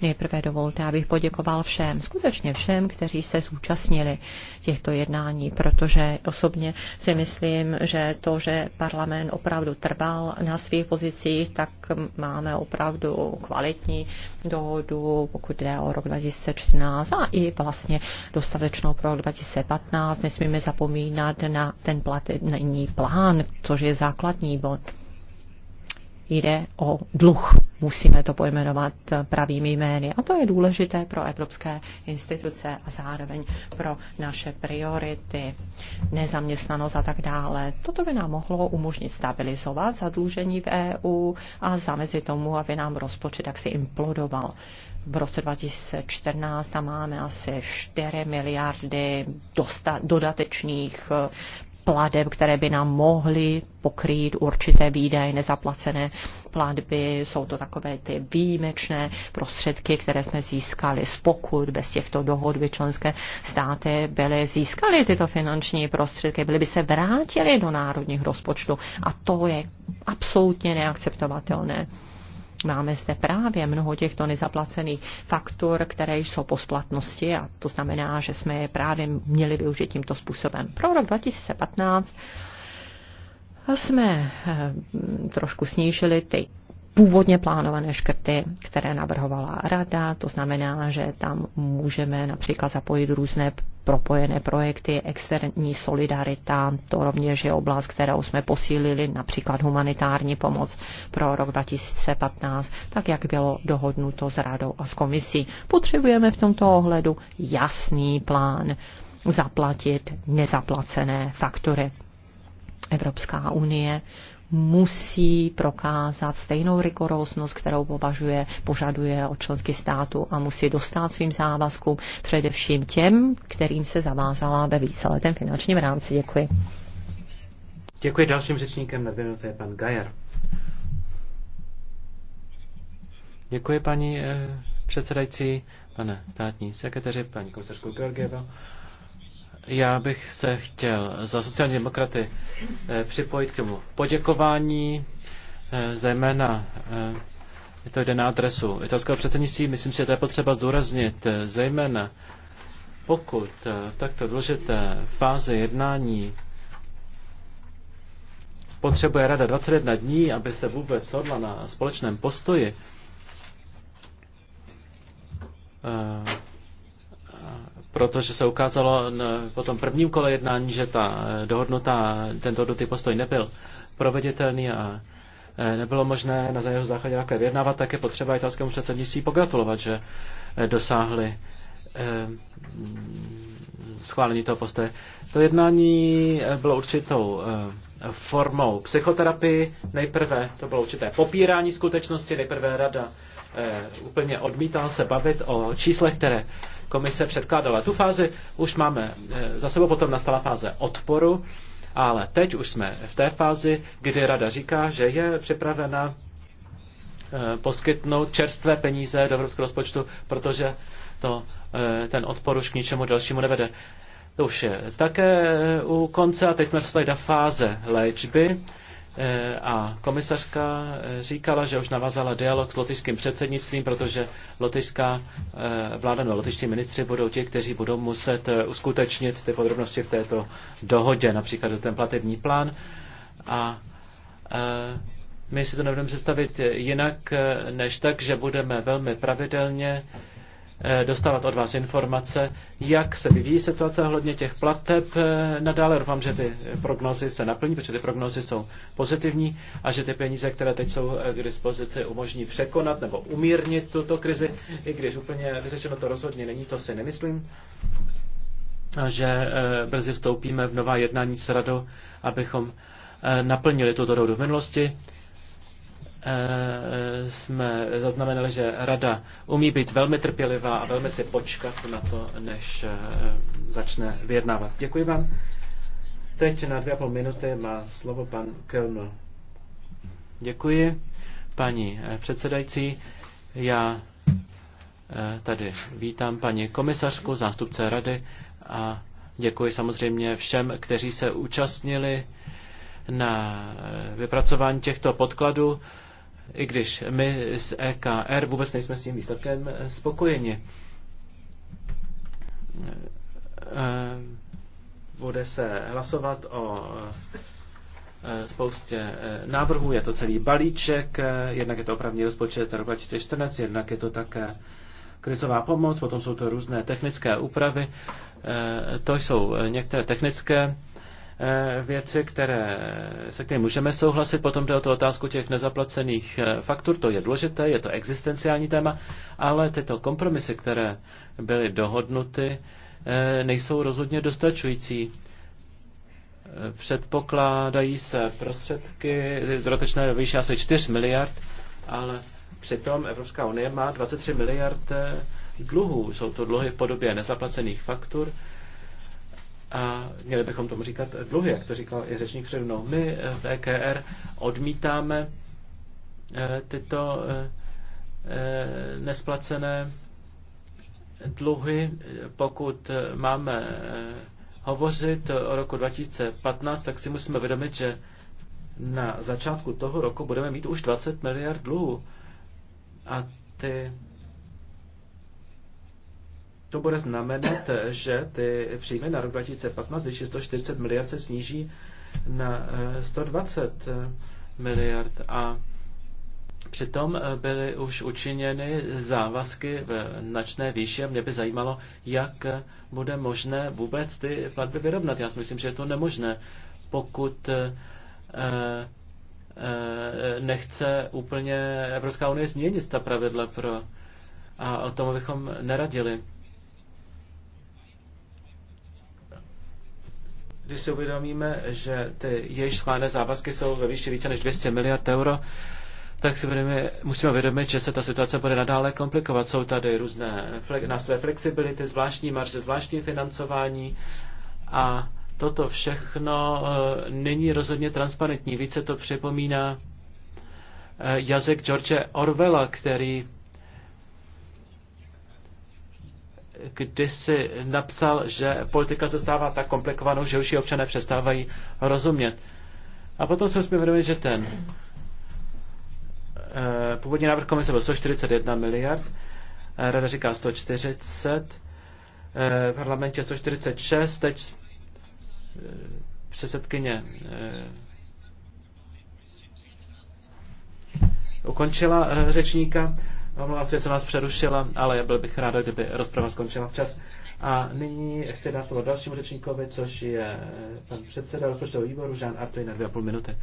Nejprve dovolte, abych poděkoval všem, skutečně všem, kteří se zúčastnili těchto jednání, protože osobně si myslím, že to, že parlament opravdu trval na svých pozicích, tak máme opravdu kvalitní dohodu, pokud jde o rok 2014 a i vlastně dostatečnou pro rok 2015. Nesmíme zapomínat na ten platný plán, což je základní bod jde o dluh. Musíme to pojmenovat pravými jmény. A to je důležité pro evropské instituce a zároveň pro naše priority, nezaměstnanost a tak dále. Toto by nám mohlo umožnit stabilizovat zadlužení v EU a zamezit tomu, aby nám rozpočet tak si implodoval. V roce 2014 tam máme asi 4 miliardy dosta, dodatečných pladeb, které by nám mohly pokrýt určité výdaje, nezaplacené platby. Jsou to takové ty výjimečné prostředky, které jsme získali z pokud bez těchto dohod by členské státy byly získaly tyto finanční prostředky, byly by se vrátily do národních rozpočtů a to je absolutně neakceptovatelné. Máme zde právě mnoho těchto nezaplacených faktur, které jsou po splatnosti a to znamená, že jsme je právě měli využít tímto způsobem. Pro rok 2015 jsme eh, trošku snížili ty původně plánované škrty, které navrhovala rada, to znamená, že tam můžeme například zapojit různé propojené projekty, externí solidarita, to rovněž je oblast, kterou jsme posílili, například humanitární pomoc pro rok 2015, tak jak bylo dohodnuto s radou a s komisí. Potřebujeme v tomto ohledu jasný plán zaplatit nezaplacené faktury. Evropská unie musí prokázat stejnou rigoróznost, kterou považuje, požaduje od členských států a musí dostat svým závazkům především těm, kterým se zavázala ve víceletém finančním rámci. Děkuji. Děkuji dalším řečníkem na dvě je pan Gajer. Děkuji paní eh, předsedající, pane státní sekretáři, paní komisařku Georgieva. Já bych se chtěl za sociální demokraty eh, připojit k tomu poděkování, eh, zejména je eh, to jde na adresu italského předsednictví. Myslím si, že to je potřeba zdůraznit, zejména pokud v takto důležité fázi jednání potřebuje Rada 21 dní, aby se vůbec shodla na společném postoji, protože se ukázalo po tom prvním kole jednání, že ta eh, dohodnutá, ten dohodnutý postoj nebyl proveditelný a eh, nebylo možné na jeho základě nějaké vyjednávat, tak je potřeba italskému předsednictví pogratulovat, že eh, dosáhli schválení toho postoje. To jednání bylo určitou formou psychoterapii. Nejprve to bylo určité popírání skutečnosti, nejprve rada Eh, úplně odmítal se bavit o číslech, které komise předkládala. Tu fázi už máme eh, za sebou, potom nastala fáze odporu, ale teď už jsme v té fázi, kdy rada říká, že je připravena eh, poskytnout čerstvé peníze do evropského rozpočtu, protože to, ten odpor už k ničemu dalšímu nevede. To už je také u konce a teď jsme dostali do fáze léčby Eh, a komisařka eh, říkala, že už navázala dialog s lotyšským předsednictvím, protože lotyšská eh, vláda nebo lotyští ministři budou ti, kteří budou muset uskutečnit ty podrobnosti v této dohodě, například ten platební plán. A my si to nebudeme představit jinak, než tak, že budeme velmi pravidelně Eh, dostávat od vás informace, jak se vyvíjí situace ohledně těch plateb eh, nadále. Doufám, že ty prognozy se naplní, protože ty prognozy jsou pozitivní a že ty peníze, které teď jsou eh, k dispozici, umožní překonat nebo umírnit tuto krizi, i když úplně vyřešeno to rozhodně není, to si nemyslím že brzy vstoupíme v nová jednání s radou, abychom naplnili tuto dohodu v minulosti. Eh, jsme zaznamenali, že rada umí být velmi trpělivá a velmi si počkat na to, než eh, začne vyjednávat. Děkuji vám. Teď na dvě a půl minuty má slovo pan Kölner. Děkuji, paní eh, předsedající. Já tady vítám paní komisařku, zástupce rady a děkuji samozřejmě všem, kteří se účastnili na vypracování těchto podkladů i když my z EKR vůbec nejsme s tím výsledkem spokojeni. E, e, bude se hlasovat o e, spoustě návrhů, je to celý balíček, jednak je to opravní rozpočet rok 2014, jednak je to také krizová pomoc, potom jsou to různé technické úpravy, to jsou některé technické Eh, věci, které, se kterými můžeme souhlasit. Potom jde o tu otázku těch nezaplacených eh, faktur, to je důležité, je to existenciální téma, ale tyto kompromisy, které byly dohodnuty, eh, nejsou rozhodně dostačující. Předpokládají se prostředky, dodatečné výše asi 4 miliard, ale přitom Evropská unie má 23 miliard dluhů. Jsou to dluhy v podobě nezaplacených faktur a měli bychom tomu říkat dluhy, jak to říkal i řečník před mnou. My eh, v EKR odmítáme eh, tyto eh, nesplacené dluhy, pokud máme hovořit o roku 2015, tak si musíme vědomit, že na začátku toho roku budeme mít už 20 miliard dluhů. A ty to bude znamenat, že ty příjmy na rok 2015, když 140 miliard se sníží na 120 eh, eh, miliard a Přitom eh, byly už učiněny závazky v značné výši a mě by zajímalo, jak bude možné vůbec ty platby vyrovnat. Já si myslím, že je to nemožné, pokud nechce úplně Evropská unie změnit ta pravidla pro... A o tom bychom neradili. Když si uvědomíme, že ty jejich schválené závazky jsou ve výši více než 200 miliard euro, tak si budeme, musíme uvědomit, že se ta situace bude nadále komplikovat. Jsou tady různé fle, nástroje flexibility, zvláštní marže, zvláštní financování a toto všechno e, není rozhodně transparentní. Více to připomíná e, jazyk George Orwella, který kdy si napsal, že politika se stává tak komplikovanou, že už ji občané přestávají rozumět. A potom jsme si uvědomili, že ten eh, původní návrh komise byl 141 miliard, eh, rada říká 140, eh, v parlamentě 146, teď předsedkyně ukončila řečníka. Omlouvám se, že jsem vás přerušila, ale byl bych rád, kdyby rozprava skončila včas. A nyní chci dát slovo dalšímu řečníkovi, což je eh, pan předseda rozpočtového výboru Jean Artuy na dvě a půl minuty.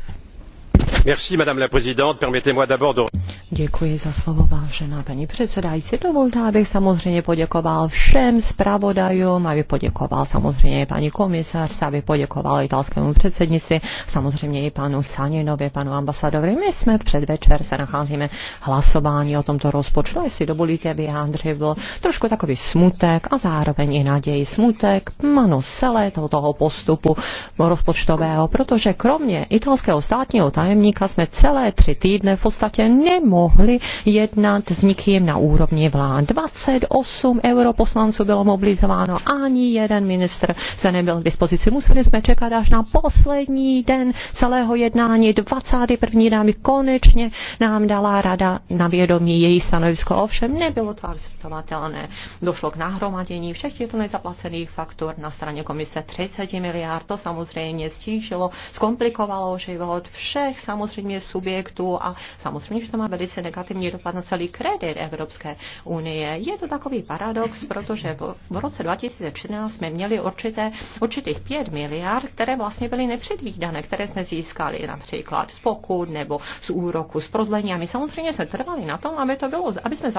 Merci, madame la présidente. Permettez-moi d'abord de... Děkuji za slovo, vážená paní předsedající. Dovolte, abych samozřejmě poděkoval všem zpravodajům, aby poděkoval samozřejmě paní komisařce, aby poděkoval italskému předsednici, samozřejmě i panu Saninovi, panu ambasadovi. My jsme předvečer se nacházíme hlasování o tomto rozpočtu, jestli dovolíte byl trošku takový smutek a zároveň i naději smutek manosele toho postupu rozpočtového, protože kromě italského státního tajemníka jsme celé tři týdny v podstatě nemohli mohli jednat s nikým na úrovni vlád. 28 europoslanců bylo mobilizováno, ani jeden ministr se nebyl k dispozici. Museli jsme čekat až na poslední den celého jednání. 21. dámy konečně nám dala rada na vědomí její stanovisko. Ovšem nebylo to akceptovatelné. Došlo k nahromadění všech těchto nezaplacených faktur na straně komise 30 miliard. To samozřejmě stížilo, zkomplikovalo život všech samozřejmě subjektů a samozřejmě, že to má velice velice negativní dopad na celý kredit Evropské unie. Je to takový paradox, protože v roce 2013 jsme měli určité, určitých 5 miliard, které vlastně byly nepředvídané, které jsme získali například z pokud nebo z úroku, z prodlení. A my samozřejmě jsme trvali na tom, aby to bylo, aby jsme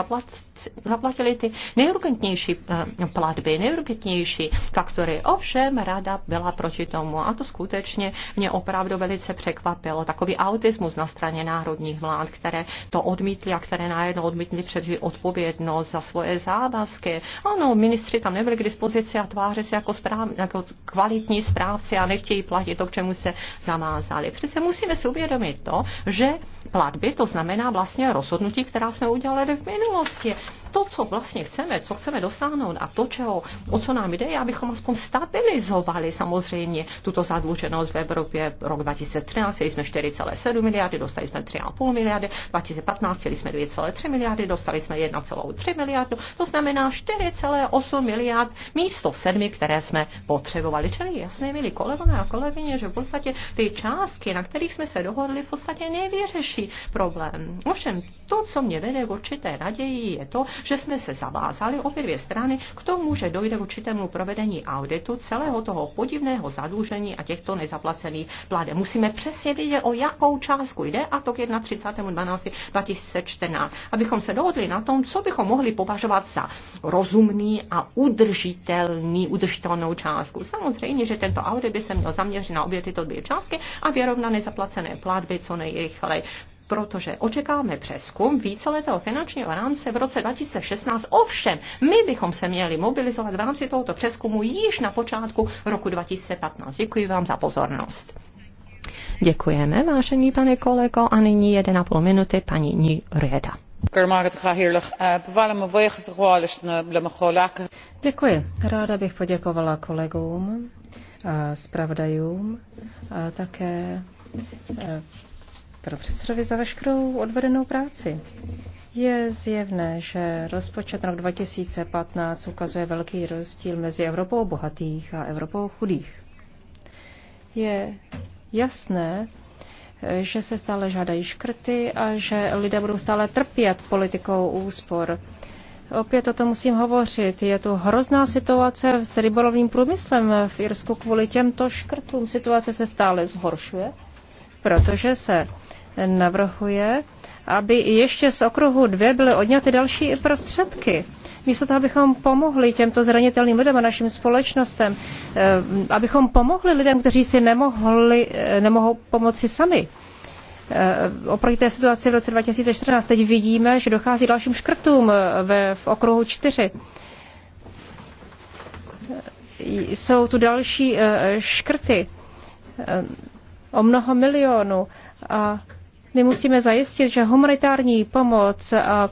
zaplatili ty nejurgentnější eh, platby, nejurgentnější faktory. Ovšem, rada byla proti tomu a to skutečně mě opravdu velice překvapilo. Takový autismus na straně národních vlád, které to to odmítli a které najednou odmítli převzít odpovědnost za svoje závazky. Ano, ministři tam nebyli k dispozici a tváří se jako, správ, jako kvalitní správci a nechtějí platit to, k čemu se zamázali. Přece musíme si uvědomit to, že platby to znamená vlastně rozhodnutí, která jsme udělali v minulosti to, co vlastně chceme, co chceme dosáhnout a to, čeho, o co nám jde, abychom aspoň stabilizovali samozřejmě tuto zadluženost v Evropě. Rok 2013 chtěli jsme 4,7 miliardy, dostali jsme 3,5 miliardy, 2015 chtěli jsme 2,3 miliardy, dostali jsme 1,3 miliardu, to znamená 4,8 miliard místo 7, které jsme potřebovali. Čili jasné, milí kolegové a kolegyně, že v podstatě ty částky, na kterých jsme se dohodli, v podstatě nevyřeší problém. Ovšem, to, co mě vede k určité raději, je to, že jsme se zavázali obě dvě strany k tomu, že dojde k určitému provedení auditu celého toho podivného zadlužení a těchto nezaplacených pláde. Musíme přesně vědět, o jakou částku jde a to k 31.12.2014, abychom se dohodli na tom, co bychom mohli považovat za rozumný a udržitelný, udržitelnou částku. Samozřejmě, že tento audit by se měl zaměřit na obě tyto dvě částky a vyrovnat nezaplacené platby co nejrychleji protože očekáváme přeskum víceletého finančního rámce v roce 2016. Ovšem, my bychom se měli mobilizovat v rámci tohoto přeskumu již na počátku roku 2015. Děkuji vám za pozornost. Děkujeme, vážený pane kolego, a nyní 1,5 minuty paní Ní Reda. Děkuji. Ráda bych poděkovala kolegům, zpravodajům, také panu předsedovi za veškerou odvedenou práci. Je zjevné, že rozpočet rok 2015 ukazuje velký rozdíl mezi Evropou bohatých a Evropou chudých. Je jasné, že se stále žádají škrty a že lidé budou stále trpět politikou úspor. Opět o tom musím hovořit. Je to hrozná situace s rybolovním průmyslem v Irsku kvůli těmto škrtům. Situace se stále zhoršuje, protože se navrhuje, aby ještě z okruhu dvě byly odňaty další prostředky. Místo toho, abychom pomohli těmto zranitelným lidem a našim společnostem, eh, abychom pomohli lidem, kteří si nemohli, eh, nemohou pomoci sami. Eh, oproti té situaci v roce 2014 teď vidíme, že dochází k dalším škrtům ve, v okruhu čtyři. Jsou tu další škrty o mnoho milionů a my musíme zajistit, že humanitární pomoc a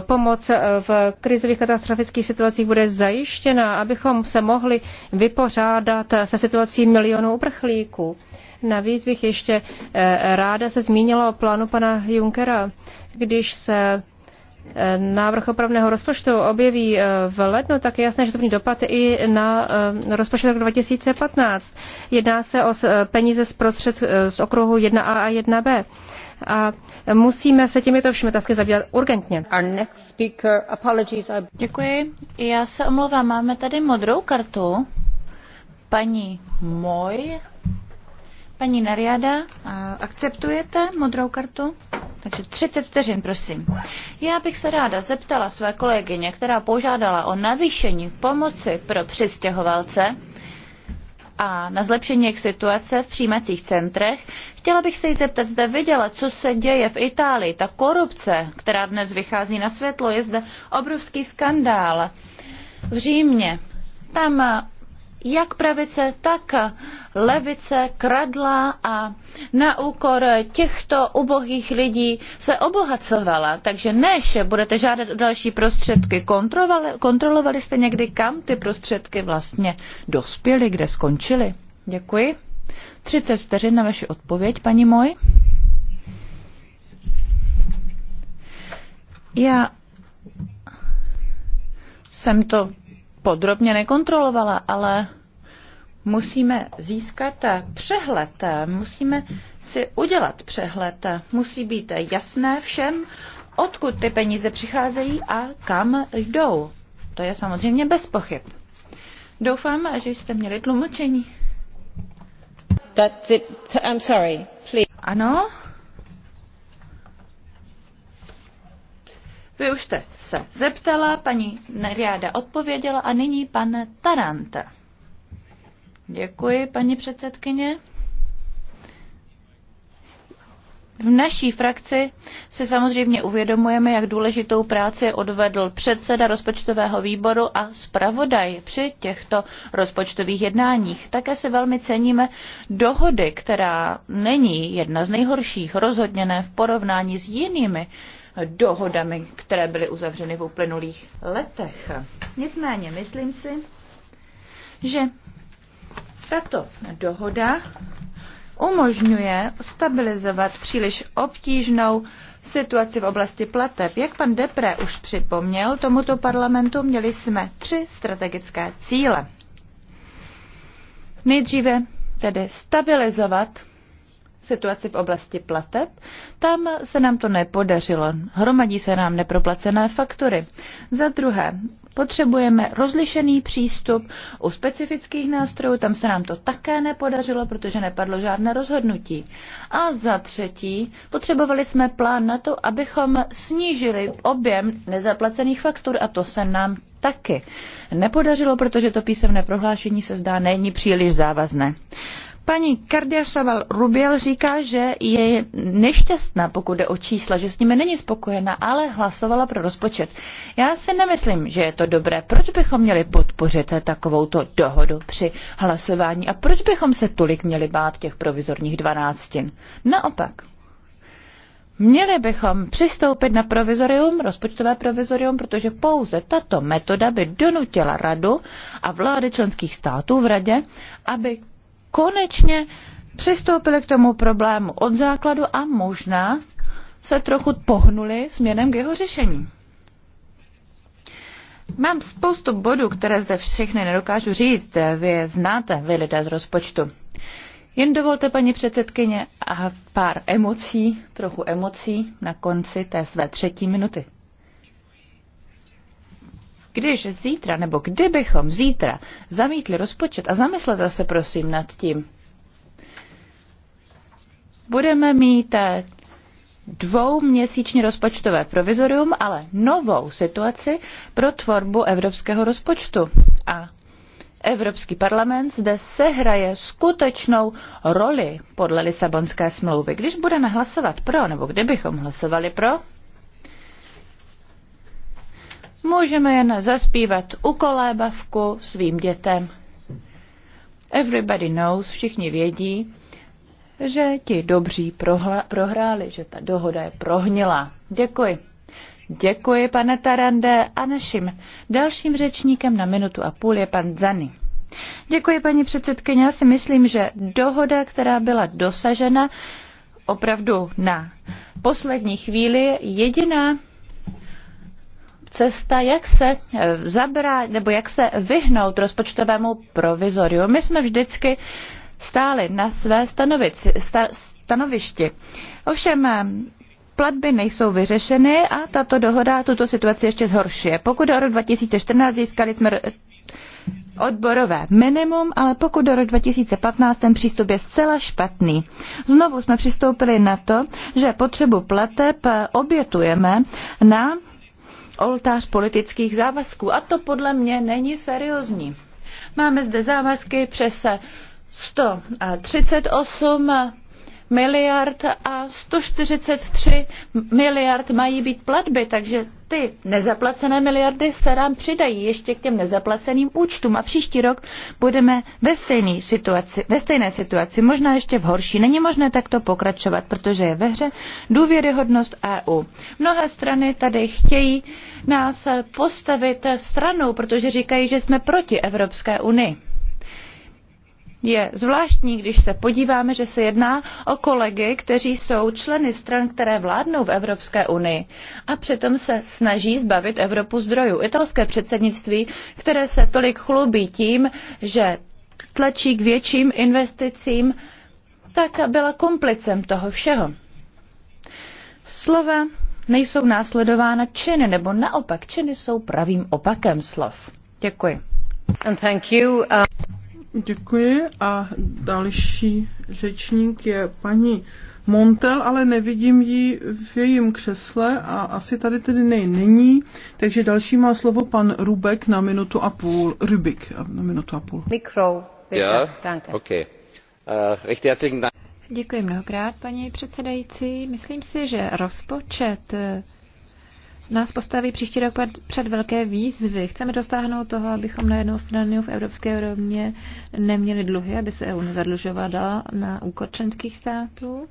pomoc v krizových katastrofických situacích bude zajištěna, abychom se mohli vypořádat se situací milionů uprchlíků. Navíc bych ještě e, ráda se zmínila o plánu pana Junkera, když se e, návrh opravného rozpočtu objeví e, v lednu, tak je jasné, že to bude dopad i na rozpočet roku 2015. Jedná se o peníze z, prostřed, z okruhu 1A a 1B a musíme se těmito všemi otázky zabývat urgentně. Děkuji. Já se omlouvám, máme tady modrou kartu. Paní Moj, paní Nariada, akceptujete modrou kartu? Takže 30 vteřin, prosím. Já bych se ráda zeptala své kolegyně, která požádala o navýšení pomoci pro přistěhovalce, a na zlepšení jejich situace v přijímacích centrech. Chtěla bych se jí zeptat, zda viděla, co se děje v Itálii. Ta korupce, která dnes vychází na světlo, je zde obrovský skandál v Římě. Tam jak pravice, tak levice kradla a na úkor těchto ubohých lidí se obohacovala. Takže než budete žádat o další prostředky, kontrolovali, kontrolovali jste někdy, kam ty prostředky vlastně dospěly, kde skončily? Děkuji. 30 vteřin na vaši odpověď, paní moj. Já jsem to podrobně nekontrolovala, ale musíme získat přehled, musíme si udělat přehled. Musí být jasné všem, odkud ty peníze přicházejí a kam jdou. To je samozřejmě bez pochyb. Doufám, že jste měli tlumočení. That's it. I'm sorry. Please. Ano, Vy už jste se zeptala, paní Neriáda odpověděla a nyní pan Tarant. Děkuji, paní předsedkyně. V naší frakci si samozřejmě uvědomujeme, jak důležitou práci odvedl předseda rozpočtového výboru a zpravodaj při těchto rozpočtových jednáních. Také si velmi ceníme dohody, která není jedna z nejhorších, rozhodněné v porovnání s jinými dohodami, které byly uzavřeny v uplynulých letech. Nicméně, myslím si, že tato dohoda umožňuje stabilizovat příliš obtížnou situaci v oblasti plateb. Jak pan Depré už připomněl, tomuto parlamentu měli jsme tři strategické cíle. Nejdříve tedy stabilizovat situaci v oblasti plateb. Tam se nám to nepodařilo. Hromadí se nám neproplacené faktury. Za druhé, potřebujeme rozlišený přístup u specifických nástrojů. Tam se nám to také nepodařilo, protože nepadlo žádné rozhodnutí. A za třetí, potřebovali jsme plán na to, abychom snížili objem nezaplacených faktur a to se nám taky nepodařilo, protože to písemné prohlášení se zdá není příliš závazné. Paní Kardiašaval Rubiel říká, že je nešťastná, pokud jde o čísla, že s nimi není spokojená, ale hlasovala pro rozpočet. Já si nemyslím, že je to dobré. Proč bychom měli podpořit takovouto dohodu při hlasování a proč bychom se tolik měli bát těch provizorních dvanáctin? Naopak. Měli bychom přistoupit na provizorium, rozpočtové provizorium, protože pouze tato metoda by donutila radu a vlády členských států v radě, aby konečně přistoupili k tomu problému od základu a možná se trochu pohnuli směrem k jeho řešení. Mám spoustu bodů, které zde všechny nedokážu říct, vy je znáte, vy lidé z rozpočtu. Jen dovolte, paní předsedkyně, a pár emocí, trochu emocí na konci té své třetí minuty. Když zítra, nebo kdybychom zítra zamítli rozpočet a zamyslete se prosím nad tím, budeme mít eh, dvouměsíční rozpočtové provizorium, ale novou situaci pro tvorbu evropského rozpočtu. A Evropský parlament zde sehraje skutečnou roli podle Lisabonské smlouvy. Když budeme hlasovat pro, nebo kdybychom hlasovali pro, můžeme jen zaspívat u kolébavku svým dětem. Everybody knows, všichni vědí, že ti dobří prohla, prohráli, že ta dohoda je prohnilá. Děkuji. Děkuji, pane Tarande. A naším dalším řečníkem na minutu a půl je pan Zany. Děkuji, paní předsedkyně. Já si myslím, že dohoda, která byla dosažena opravdu na poslední chvíli, je jediná cesta, jak se eh, zabrát, nebo jak se vyhnout rozpočtovému provizoriu. My jsme vždycky stáli na své stanovici, sta, stanovišti. Ovšem eh, platby nejsou vyřešeny a tato dohoda tuto situaci ještě zhoršuje. Pokud do roku 2014 získali jsme odborové minimum, ale pokud do roku 2015 ten přístup je zcela špatný. Znovu jsme přistoupili na to, že potřebu plateb eh, obětujeme na oltář politických závazků. A to podle mě není seriózní. Máme zde závazky přes 138 miliard a 143 miliard mají být platby, takže ty nezaplacené miliardy se nám přidají ještě k těm nezaplaceným účtům a příští rok budeme ve, stejný situaci, ve stejné situaci, možná ještě v horší. Není možné takto pokračovat, protože je ve hře důvěryhodnost EU. Mnohé strany tady chtějí nás postavit stranou, protože říkají, že jsme proti Evropské unii. Je zvláštní, když se podíváme, že se jedná o kolegy, kteří jsou členy stran, které vládnou v Evropské unii a přitom se snaží zbavit Evropu zdrojů. Italské předsednictví, které se tolik chlubí tím, že tlačí k větším investicím, tak byla komplicem toho všeho. Slova nejsou následována činy, nebo naopak činy jsou pravým opakem slov. Děkuji. And thank you. Uh... Děkuji a další řečník je paní Montel, ale nevidím ji v jejím křesle a asi tady tedy nej není, takže další má slovo pan Rubek na minutu a půl, Rubik na minutu a půl. Mikro, bitte, ja? danke. Okay. Uh, recht herzlichen Dank. Děkuji mnohokrát, paní předsedající. Myslím si, že rozpočet eh, nás postaví příští rok před velké výzvy. Chceme dostáhnout toho, abychom na jednou stranu v Evropské rovně neměli dluhy, aby se EU nezadlužovala na úkor členských států,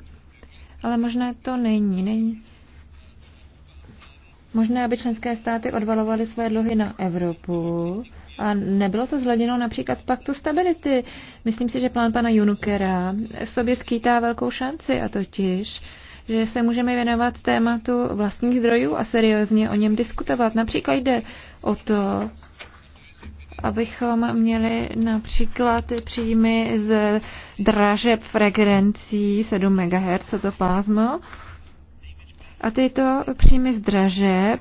ale možné to není. není. Možné, aby členské státy odvalovaly své dluhy na Evropu, a nebylo to zhleděno například v paktu stability. Myslím si, že plán pana Junukera v sobě skýtá velkou šanci a totiž že se můžeme věnovat tématu vlastních zdrojů a seriózně o něm diskutovat. Například jde o to, abychom měli například příjmy z dražeb frekvencí 7 MHz, co to pásmo, a tyto příjmy z dražeb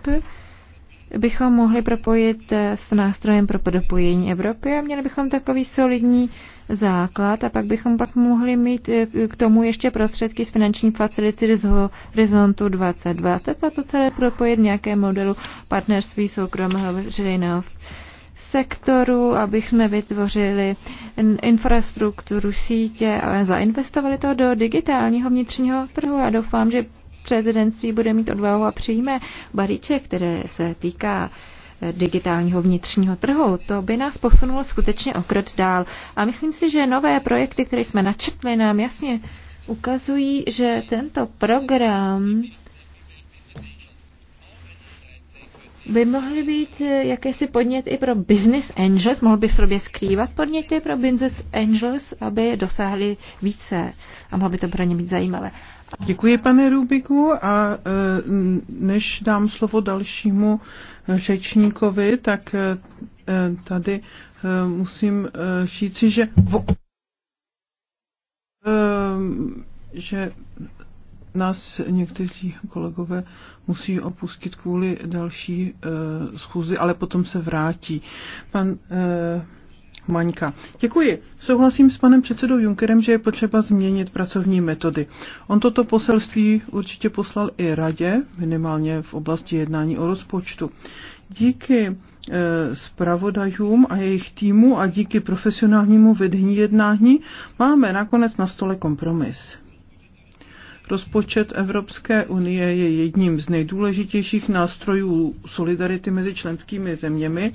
bychom mohli propojit s nástrojem pro podopojení Evropy a měli bychom takový solidní základ a pak bychom pak mohli mít eh, k tomu ještě prostředky z finanční facility z horizontu 2020 a to celé propojit nějaké modelu partnerství soukromého veřejného sektoru, abych jsme vytvořili infrastrukturu sítě a zainvestovali to do digitálního vnitřního trhu. Já doufám, že předsednictví bude mít odvahu a přijme balíček, které se týká digitálního vnitřního trhu. To by nás posunulo skutečně o krok dál. A myslím si, že nové projekty, které jsme načetli, nám jasně ukazují, že tento program by mohly být jakési podnět i pro business angels, mohl by v sobě skrývat podněty pro business angels, aby dosáhli více a mohlo by to pro ně být zajímavé. Děkuji, pane Rubiku, a e, než dám slovo dalšímu řečníkovi, tak eh, tady eh, musím eh, říci, že že nás někteří kolegové musí opustit kvůli další schůzi, ale potom se vrátí. Pan Maňka. Děkuji. Souhlasím s panem předsedou Junkerem, že je potřeba změnit pracovní metody. On toto poselství určitě poslal i radě, minimálně v oblasti jednání o rozpočtu. Díky e, zpravodajům a jejich týmu a díky profesionálnímu vedení jednání máme nakonec na stole kompromis. Rozpočet Evropské unie je jedním z nejdůležitějších nástrojů solidarity mezi členskými zeměmi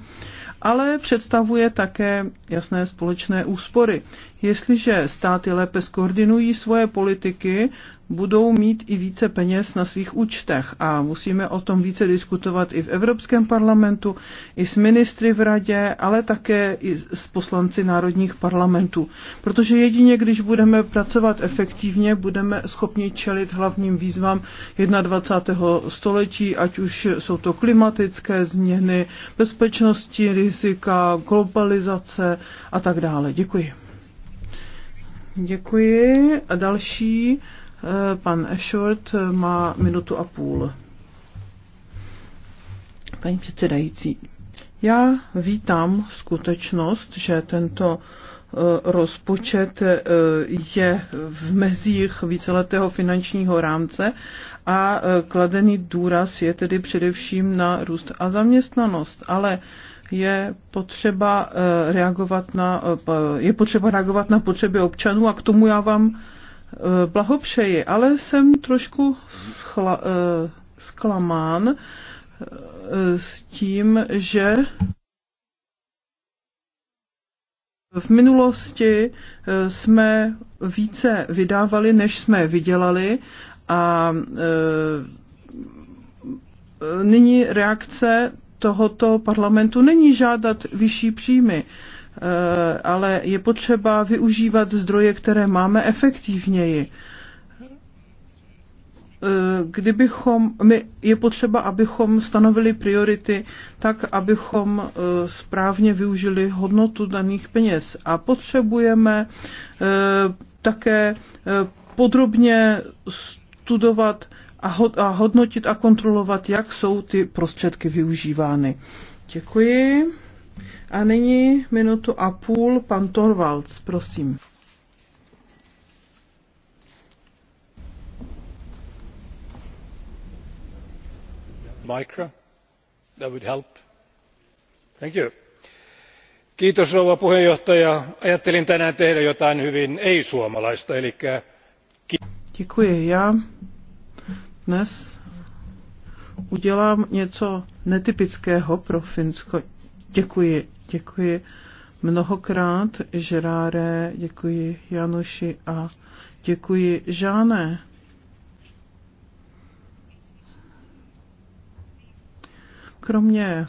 ale představuje také jasné společné úspory. Jestliže státy lépe skoordinují svoje politiky, budou mít i více peněz na svých účtech a musíme o tom více diskutovat i v Evropském parlamentu, i s ministry v radě, ale také i s poslanci národních parlamentů. Protože jedině, když budeme pracovat efektivně, budeme schopni čelit hlavním výzvám 21. století, ať už jsou to klimatické změny, bezpečnosti, rizika, globalizace a tak dále. Děkuji. Děkuji. A další, eh, pan Ashford má minutu a půl. Paní předsedající, já vítám skutečnost, že tento eh, rozpočet eh, je v mezích víceletého finančního rámce a kladený důraz je tedy především na růst a zaměstnanost, ale je potřeba eh, reagovat na, eh, je potřeba reagovat na potřeby občanů a k tomu já vám eh, blahopřeji, ale jsem trošku schla, zklamán s tím, že v minulosti jsme více vydávali, než jsme vydělali a nyní reakce tohoto parlamentu není žádat vyšší příjmy, eh, ale je potřeba využívat zdroje, které máme efektivněji eh, kdybychom, my, je potřeba, abychom stanovili priority tak, abychom eh, správně využili hodnotu daných peněz. A potřebujeme také podrobně studovat a hodnotit a kontrolovat, jak jsou ty prostředky využívány. Děkuji. A nyní minutu a půl pan Torvalds, prosím. Micro, that would help. Thank you. Kiitos rouva puheenjohtaja. Ajattelin tänään tehdä jotain hyvin ei-suomalaista, eli... Děkuji. Já dnes udělám něco netypického pro Finsko. Děkuji, děkuji mnohokrát, Žeráre, děkuji Januši a děkuji Žáne. Kromě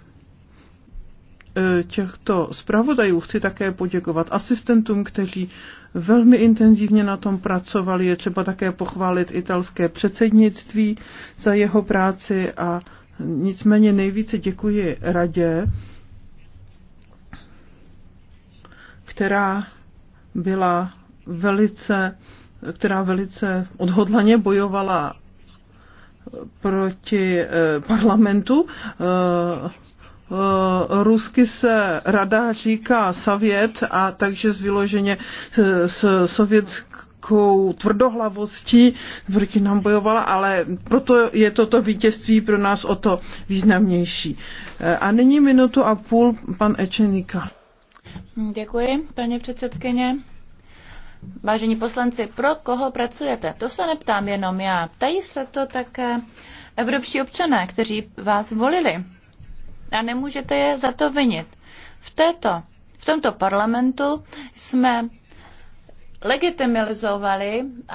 těchto zpravodajů chci také poděkovat asistentům, kteří velmi intenzivně na tom pracovali. Je třeba také pochválit italské předsednictví za jeho práci a nicméně nejvíce děkuji radě, která byla velice, která velice odhodlaně bojovala proti eh, parlamentu eh, Eh, rusky se rada říká savět a takže z vyloženě eh, s sovětskou tvrdohlavostí vrky nám bojovala, ale proto je toto vítězství pro nás o to významnější. Eh, a nyní minutu a půl pan Ečenika. Děkuji, paní předsedkyně. Vážení poslanci, pro koho pracujete? To se neptám jenom já. Ptají se to také evropští občané, kteří vás volili a nemůžete je za to vinit. V, této, v tomto parlamentu jsme legitimizovali eh,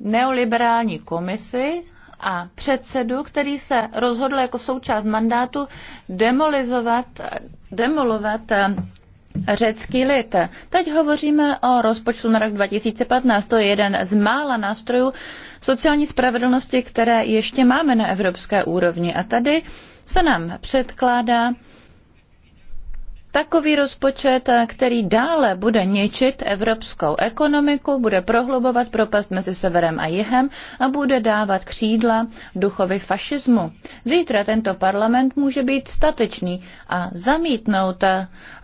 neoliberální komisi a předsedu, který se rozhodl jako součást mandátu demolizovat, demolovat eh, řecký lid. Teď hovoříme o rozpočtu na rok 2015. To je jeden z mála nástrojů sociální spravedlnosti, které ještě máme na evropské úrovni. A tady se nám předkládá takový rozpočet, který dále bude ničit evropskou ekonomiku, bude prohlubovat propast mezi severem a jihem a bude dávat křídla duchovi fašismu. Zítra tento parlament může být statečný a zamítnout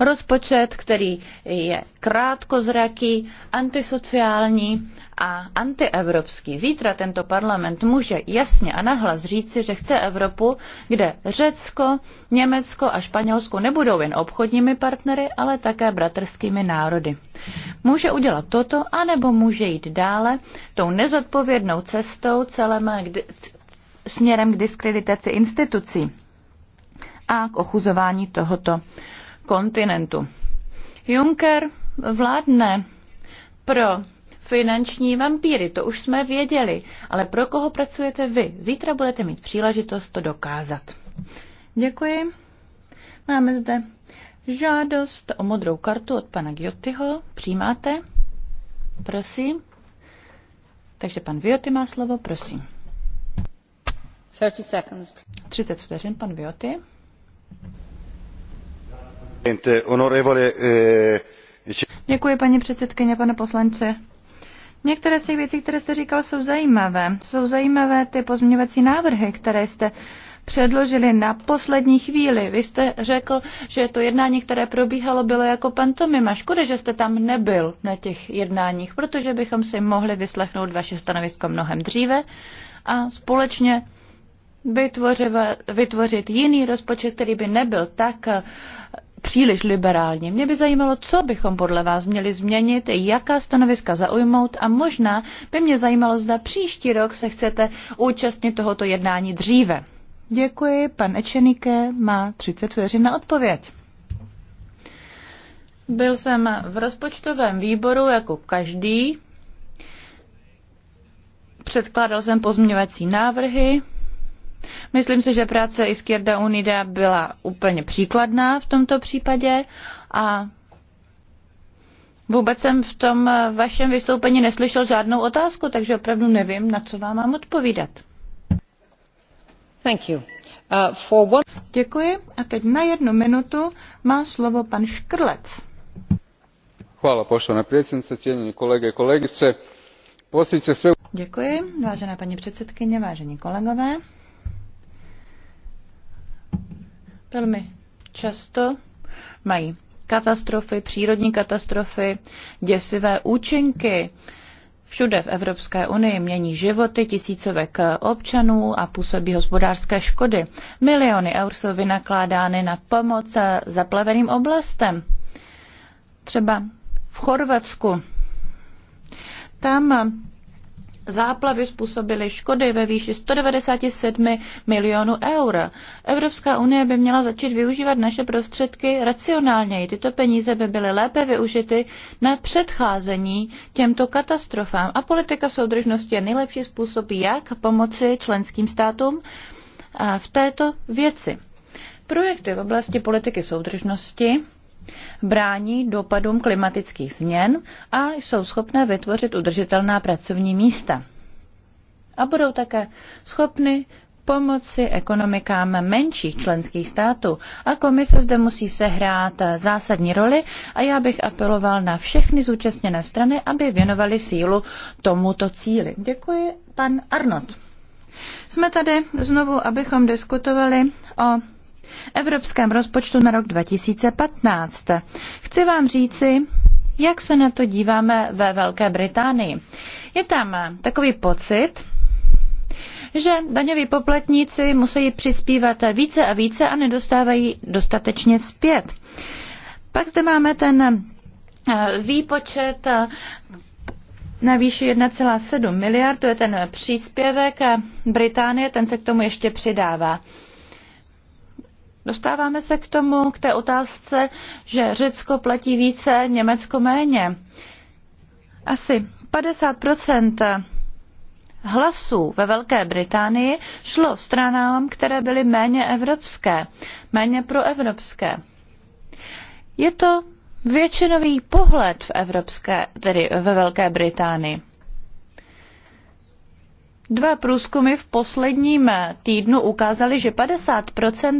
rozpočet, který je krátkozraký, antisociální a antievropský. Zítra tento parlament může jasně a nahlas říci, že chce Evropu, kde Řecko, Německo a Španělsko nebudou jen obchodními partnery, ale také bratrskými národy. Může udělat toto, anebo může jít dále tou nezodpovědnou cestou celém směrem k diskreditaci institucí a k ochuzování tohoto kontinentu. Juncker vládne pro finanční vampíry, to už jsme věděli. Ale pro koho pracujete vy? Zítra budete mít příležitost to dokázat. Děkuji. Máme zde žádost o modrou kartu od pana Giottiho. Přijímáte? Prosím. Takže pan Vioty má slovo, prosím. 30 seconds. 30 vteřin, pan Vioty. Eh, Děkuji, paní předsedkyně, pane poslance. Některé z těch věcí, které jste říkal, jsou zajímavé. Jsou zajímavé ty pozměňovací návrhy, které jste předložili na poslední chvíli. Vy jste řekl, že to jednání, které probíhalo, bylo jako pantomima. Škoda, že jste tam nebyl na těch jednáních, protože bychom si mohli vyslechnout vaše stanovisko mnohem dříve a společně vytvořit jiný rozpočet, který by nebyl tak příliš liberální. Mě by zajímalo, co bychom podle vás měli změnit, jaká stanoviska zaujmout a možná by mě zajímalo, zda příští rok se chcete účastnit tohoto jednání dříve. Děkuji, pan Ečenike má 30 vteřin na odpověď. Byl jsem v rozpočtovém výboru jako každý. Předkládal jsem pozměňovací návrhy, Myslím si, že práce Izquierda Unida byla úplně příkladná v tomto případě a vůbec jsem v tom vašem vystoupení neslyšel žádnou otázku, takže opravdu nevím, na co vám mám odpovídat. Thank you. Uh, for one... Děkuji a teď na jednu minutu má slovo pan Škrlec. Hvala, poštovana predsjednice, cijenjeni kolege i kolegice. Posljedice sve... Děkuji, vážená paní předsedkyně, vážení kolegové. Velmi často mají katastrofy, přírodní katastrofy, děsivé účinky. Všude v Evropské unii mění životy tisícovek občanů a působí hospodářské škody. Miliony eur jsou vynakládány na pomoc zaplaveným oblastem. Třeba v Chorvatsku. Tam Záplavy způsobily škody ve výši 197 milionů eur. Evropská unie by měla začít využívat naše prostředky racionálněji. Tyto peníze by byly lépe využity na předcházení těmto katastrofám. A politika soudržnosti je nejlepší způsob, jak pomoci členským státům eh, v této věci. Projekty v oblasti politiky soudržnosti brání dopadům klimatických změn a jsou schopné vytvořit udržitelná pracovní místa. A budou také schopny pomoci ekonomikám menších členských států a komise zde musí sehrát zásadní roli a já bych apeloval na všechny zúčastněné strany, aby věnovali sílu tomuto cíli. Děkuji, pan Arnott. Jsme tady znovu, abychom diskutovali o evropském rozpočtu na rok 2015. Chci vám říci, jak se na to díváme ve Velké Británii. Je tam takový pocit, že daňoví poplatníci musí přispívat více a více a nedostávají dostatečně zpět. Pak zde máme ten eh, výpočet eh, na výši 1,7 miliard, to je ten příspěvek eh, Británie, ten se k tomu ještě přidává. Dostáváme se k tomu, k té otázce, že Řecko platí více, Německo méně. Asi 50 hlasů ve Velké Británii šlo stranám, které byly méně evropské, méně proevropské. Je to většinový pohled v Evropské, tedy ve Velké Británii. Dva průzkumy v posledním týdnu ukázaly, že 50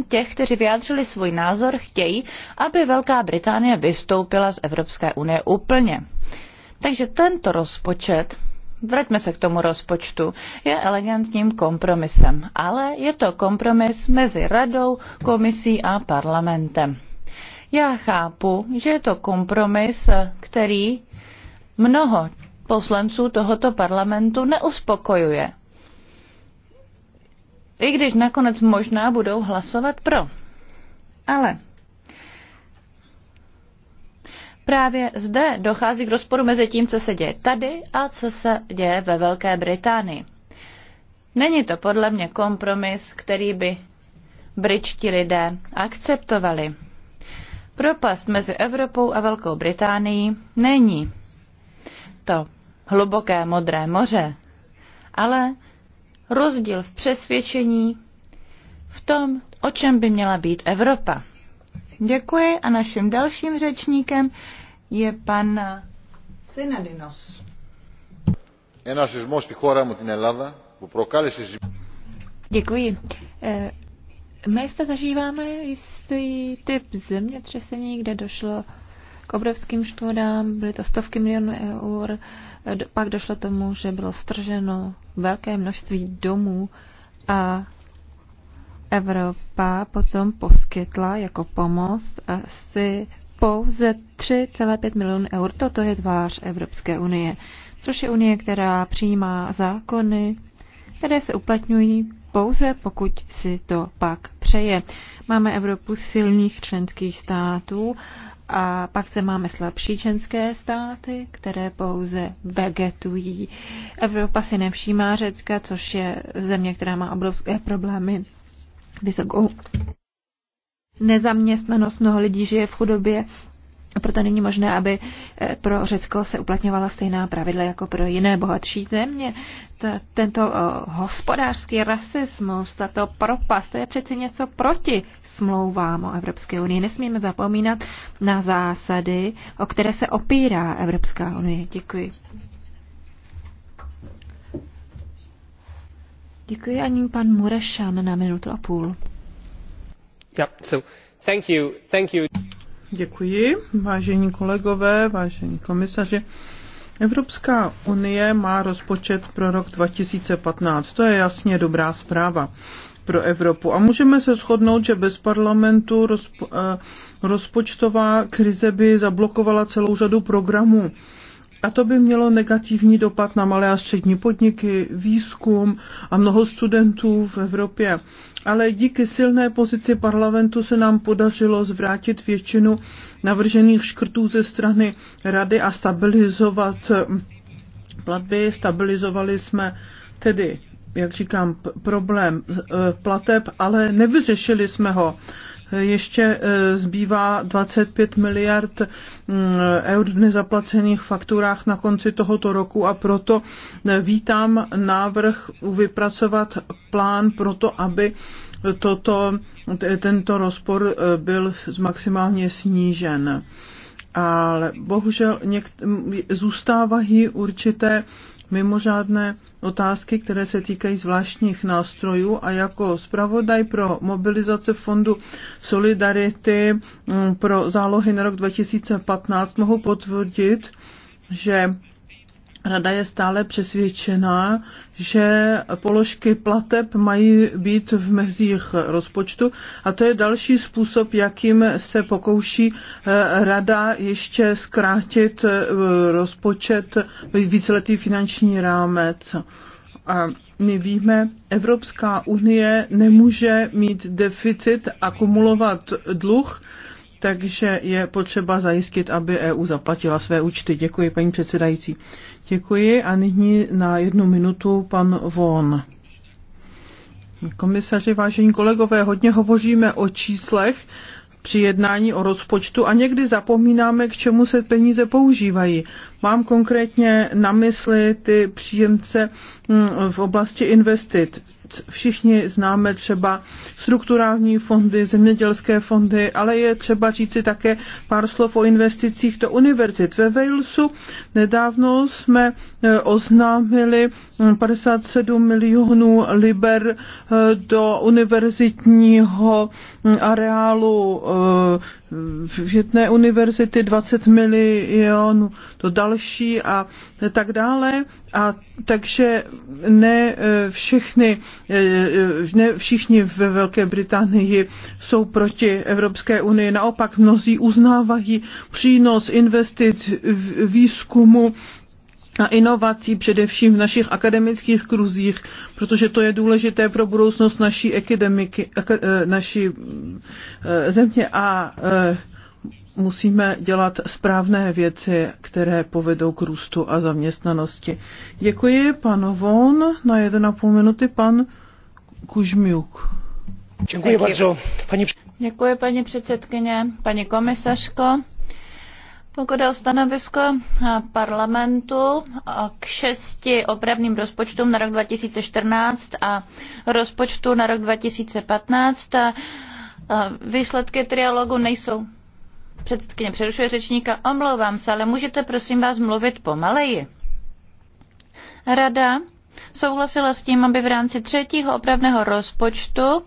těch, kteří vyjádřili svůj názor, chtějí, aby Velká Británie vystoupila z Evropské unie úplně. Takže tento rozpočet, vraťme se k tomu rozpočtu, je elegantním kompromisem, ale je to kompromis mezi radou, komisí a parlamentem. Já chápu, že je to kompromis, který mnoho poslanců tohoto parlamentu neuspokojuje i když nakonec možná budou hlasovat pro. Ale právě zde dochází k rozporu mezi tím, co se děje tady a co se děje ve Velké Británii. Není to podle mě kompromis, který by britští lidé akceptovali. Propast mezi Evropou a Velkou Británií není to hluboké modré moře, ale rozdíl v přesvědčení v tom, o čem by měla být Evropa. Děkuji a naším dalším řečníkem je pan Synadinos. Děkuji. Eh, my zde zažíváme jistý typ zemětřesení, kde došlo k obrovským škodám, byly to stovky milionů eur, pak došlo tomu, že bylo strženo velké množství domů a Evropa potom poskytla jako pomoc asi pouze 3,5 milionů eur. Toto je tvář Evropské unie, což je unie, která přijímá zákony, které se uplatňují pouze, pokud si to pak přeje. Máme Evropu silných členských států a pak se máme slabší členské státy, které pouze vegetují. Evropa si nevšímá Řecka, což je země, která má obrovské problémy vysokou nezaměstnanost, mnoho lidí žije v chudobě proto není možné, aby eh, pro Řecko se uplatňovala stejná pravidla jako pro jiné bohatší země. T- tento eh, hospodářský rasismus, tato propast, to je přeci něco proti smlouvám o Evropské unii. Nesmíme zapomínat na zásady, o které se opírá Evropská unie. Děkuji. Děkuji ani pan Murešan na minutu a půl. Yeah, so, thank you, thank you. Děkuji, vážení kolegové, vážení komisaři. Evropská unie má rozpočet pro rok 2015. To je jasně dobrá zpráva pro Evropu. A můžeme se shodnout, že bez parlamentu rozpo, eh, rozpočtová krize by zablokovala celou řadu programů. A to by mělo negativní dopad na malé a střední podniky, výzkum a mnoho studentů v Evropě. Ale díky silné pozici parlamentu se nám podařilo zvrátit většinu navržených škrtů ze strany rady a stabilizovat platby. Stabilizovali jsme tedy, jak říkám, problém eh, plateb, ale nevyřešili jsme ho ještě eh, zbývá 25 miliard mm, eur v nezaplacených fakturách na konci tohoto roku a proto eh, vítám návrh vypracovat plán pro to, aby toto, tento rozpor eh, byl maximálně snížen ale bohužel někt- zůstávají určité mimořádné otázky, které se týkají zvláštních nástrojů a jako zpravodaj pro mobilizace fondu Solidarity mm, pro zálohy na rok 2015 mohu potvrdit, že Rada je stále přesvědčená, že položky plateb mají být v mezích rozpočtu a to je další způsob, jakým se pokouší eh, rada ještě zkrátit eh, rozpočet víceletý finanční rámec. A my víme, Evropská unie nemůže mít deficit a kumulovat dluh, takže je potřeba zajistit, aby EU zaplatila své účty. Děkuji, paní předsedající. Děkuji a nyní na jednu minutu pan Von. Komisaři, vážení kolegové, hodně hovoříme o číslech při jednání o rozpočtu a někdy zapomínáme, k čemu se peníze používají. Mám konkrétně na mysli ty příjemce hm, v oblasti investic. Všichni známe třeba strukturální fondy, zemědělské fondy, ale je třeba říci také pár slov o investicích do univerzit. Ve Walesu nedávno jsme e, oznámili 57 hm, milionů liber e, do univerzitního hm, areálu e, v jedné univerzity 20 milionů do další další a tak dále. A takže ne eh, všechny, eh, ne všichni ve Velké Británii jsou proti Evropské unii. Naopak mnozí uznávají přínos investic v výzkumu a inovací především v našich akademických kruzích, protože to je důležité pro budoucnost naší, akademiky, eh, naší země a musíme dělat správné věci, které povedou k růstu a zaměstnanosti. Děkuji panu Von na 1,5 minuty pan Kužmiuk. Děkuji, bardzo. Pani... Děkuji paní předsedkyně, paní komisařko. Pokud je o stanovisko parlamentu k šesti opravným rozpočtům na rok 2014 a rozpočtu na rok 2015, výsledky trialogu nejsou Předsedkyně přerušuje řečníka, omlouvám se, ale můžete prosím vás mluvit pomaleji. Rada souhlasila s tím, aby v rámci třetího opravného rozpočtu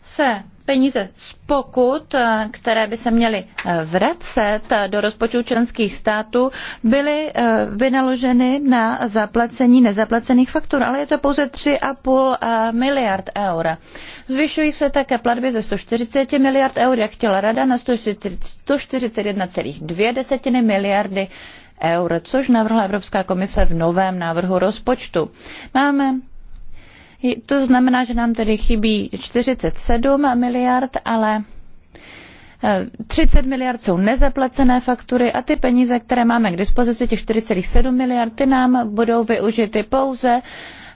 se peníze z pokut, eh, které by se měly eh, vracet eh, do rozpočtu členských států, byly vynaloženy na zaplacení nezaplacených faktur, ale je to pouze 3,5 miliard eur. Zvyšují se také platby ze 140 miliard eur, jak chtěla rada, na 141,2 miliardy eur, což navrhla Evropská komise v novém návrhu rozpočtu. Máme to znamená, že nám tedy chybí 47 miliard, ale 30 eh, miliard jsou nezaplacené faktury a ty peníze, které máme k dispozici, těch 4,7 miliard, ty nám budou využity pouze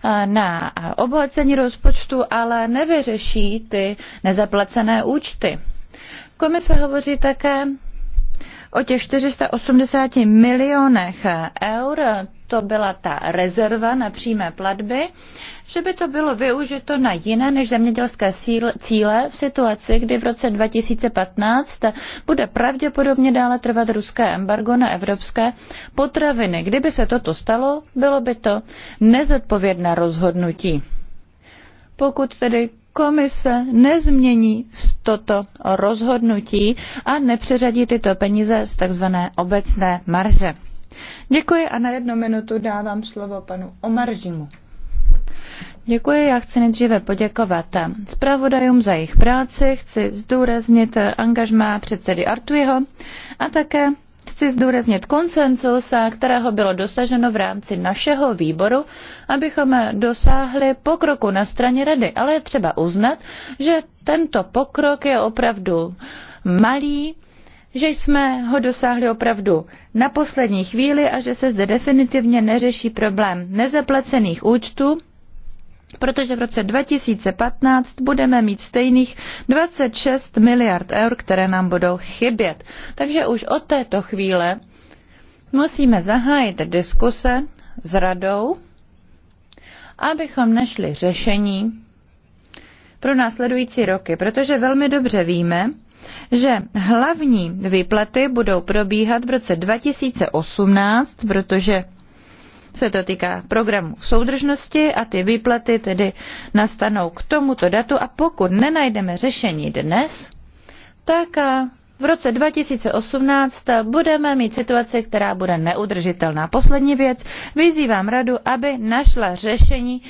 eh, na obohacení rozpočtu, ale nevyřeší ty nezaplacené účty. Komise hovoří také o těch 480 milionech eur, to byla ta rezerva na přímé platby, že by to bylo využito na jiné než zemědělské cíle v situaci, kdy v roce 2015 bude pravděpodobně dále trvat ruské embargo na evropské potraviny. Kdyby se toto stalo, bylo by to nezodpovědné rozhodnutí. Pokud tedy komise nezmění toto rozhodnutí a nepřeřadí tyto peníze z takzvané obecné marže. Děkuji a na jednu minutu dávám slovo panu Omaržimu. Děkuji, já chci nejdříve poděkovat zpravodajům za jejich práci, chci zdůraznit angažmá předsedy Artuiho a také chci zdůraznit konsensus, kterého bylo dosaženo v rámci našeho výboru, abychom dosáhli pokroku na straně rady. Ale je třeba uznat, že tento pokrok je opravdu malý že jsme ho dosáhli opravdu na poslední chvíli a že se zde definitivně neřeší problém nezaplacených účtů, protože v roce 2015 budeme mít stejných 26 miliard eur, které nám budou chybět. Takže už od této chvíle musíme zahájit diskuse s radou, abychom našli řešení pro následující roky, protože velmi dobře víme, že hlavní výplaty budou probíhat v roce 2018, protože se to týká programu soudržnosti a ty výplaty tedy nastanou k tomuto datu a pokud nenajdeme řešení dnes, tak eh, v roce 2018 budeme mít situaci, která bude neudržitelná. Poslední věc, vyzývám radu, aby našla řešení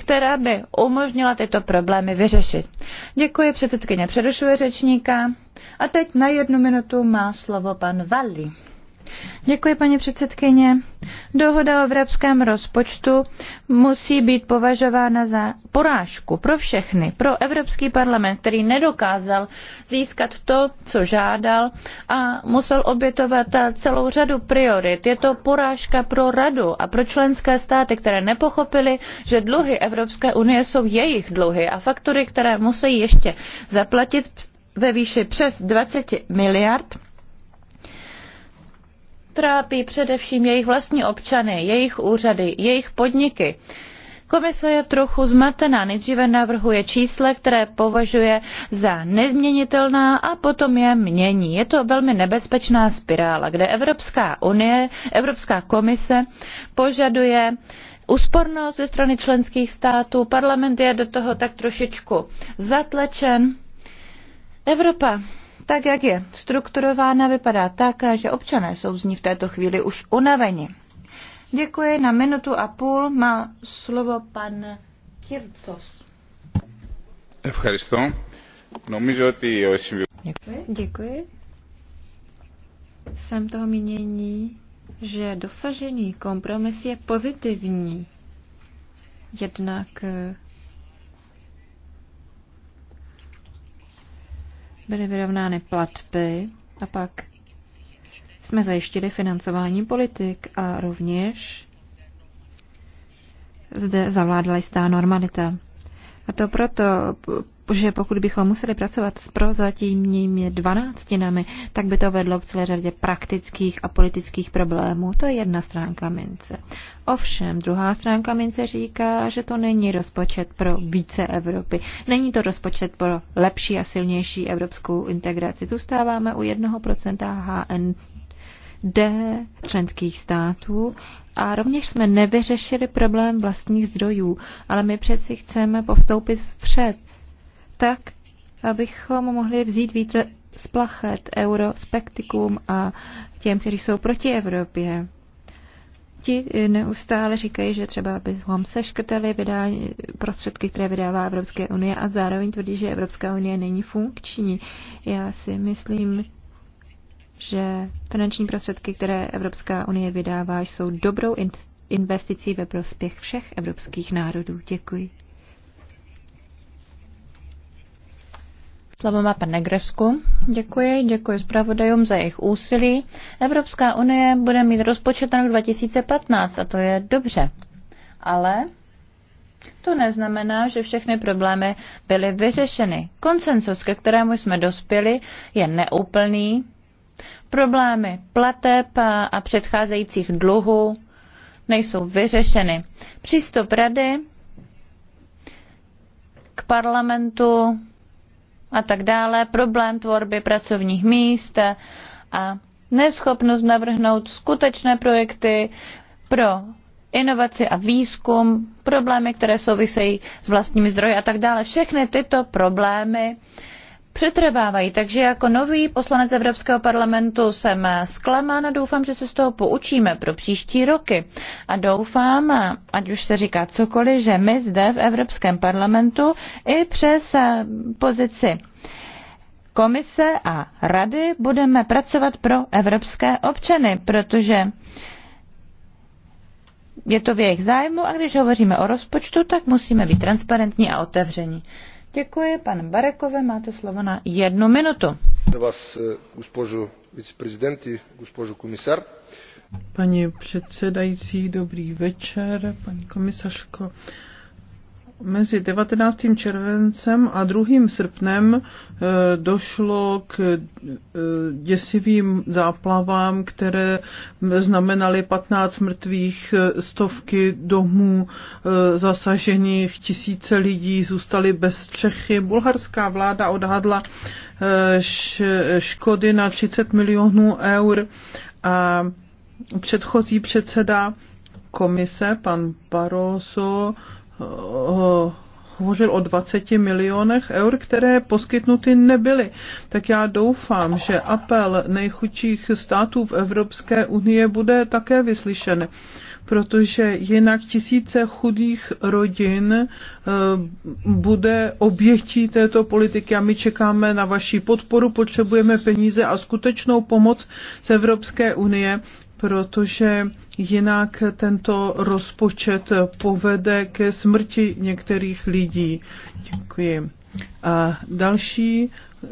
která by umožnila tyto problémy vyřešit. Děkuji, předsedkyně přerušuje řečníka. A teď na jednu minutu má slovo pan Valli. Děkuji, paní předsedkyně. Dohoda o evropském rozpočtu musí být považována za porážku pro všechny, pro Evropský parlament, který nedokázal získat to, co žádal a musel obětovat celou řadu priorit. Je to porážka pro radu a pro členské státy, které nepochopily, že dluhy Evropské unie jsou jejich dluhy a faktury, které musí ještě zaplatit ve výši přes 20 miliard trápí především jejich vlastní občany, jejich úřady, jejich podniky. Komise je trochu zmatená. Nejdříve navrhuje čísle, které považuje za nezměnitelná a potom je mění. Je to velmi nebezpečná spirála, kde Evropská unie, Evropská komise požaduje úspornost ze strany členských států. Parlament je do toho tak trošičku zatlačen. Evropa tak jak je strukturována, vypadá tak, že občané jsou z ní v této chvíli už unaveni. Děkuji. Na minutu a půl má slovo pan Kircos. Děkuji. Děkuji. Jsem toho mínění, že dosažený kompromis je pozitivní. Jednak eh, byly vyrovnány platby a pak jsme zajištili financování politik a rovněž zde zavládla jistá normalita. A to proto že pokud bychom museli pracovat s prozatímními dvanáctinami, tak by to vedlo k celé řadě praktických a politických problémů. To je jedna stránka mince. Ovšem, druhá stránka mince říká, že to není rozpočet pro více Evropy. Není to rozpočet pro lepší a silnější evropskou integraci. Zůstáváme u 1% HN D členských států a rovněž jsme nevyřešili problém vlastních zdrojů, ale my přeci chceme postoupit vpřed tak, abychom mohli vzít vítr z plachet, euro, spektikum a těm, kteří jsou proti Evropě. Ti neustále říkají, že třeba bychom seškrtali prostředky, které vydává Evropské unie a zároveň tvrdí, že Evropská unie není funkční. Já si myslím, že finanční prostředky, které Evropská unie vydává, jsou dobrou investicí ve prospěch všech evropských národů. Děkuji. Slovo má Děkuji, děkuji zpravodajům za jejich úsilí. Evropská unie bude mít rozpočet na rok 2015 a to je dobře. Ale to neznamená, že všechny problémy byly vyřešeny. Koncensus, ke kterému jsme dospěli, je neúplný. Problémy plateb a předcházejících dluhů nejsou vyřešeny. Přístup rady k parlamentu a tak dále, problém tvorby pracovních míst a neschopnost navrhnout skutečné projekty pro inovaci a výzkum, problémy, které souvisejí s vlastními zdroji a tak dále. Všechny tyto problémy uh, přetrvávají. Takže jako nový poslanec Evropského parlamentu jsem zklamán a doufám, že se z toho poučíme pro příští roky. A doufám, ať už se říká cokoliv, že my zde v Evropském parlamentu i přes eh, pozici komise a rady budeme pracovat pro evropské občany, protože je to v jejich zájmu a když hovoříme o rozpočtu, tak musíme být transparentní a otevření. Děkuji, pane Barekové, máte slovo na jednu minutu. Vás, eh, gospožu viceprezidenti, komisar. Paní předsedající, dobrý večer, paní komisařko. Mezi 19. červencem a 2. srpnem eh, došlo k eh, děsivým záplavám, které znamenaly 15 mrtvých, eh, stovky domů zasažených, tisíce lidí zůstaly bez střechy. Bulharská vláda odhadla škody na 30 milionů eur a předchozí předseda komise, pan Barroso, Eh, hovořil o 20 milionech eur, které poskytnuty nebyly. Tak já doufám, že apel nejchudších států v Evropské unii bude také vyslyšen protože jinak tisíce chudých rodin eh, bude obětí této politiky a my čekáme na vaši podporu, potřebujeme peníze a skutečnou pomoc z Evropské unie, protože jinak tento rozpočet povede ke smrti některých lidí. Děkuji. A další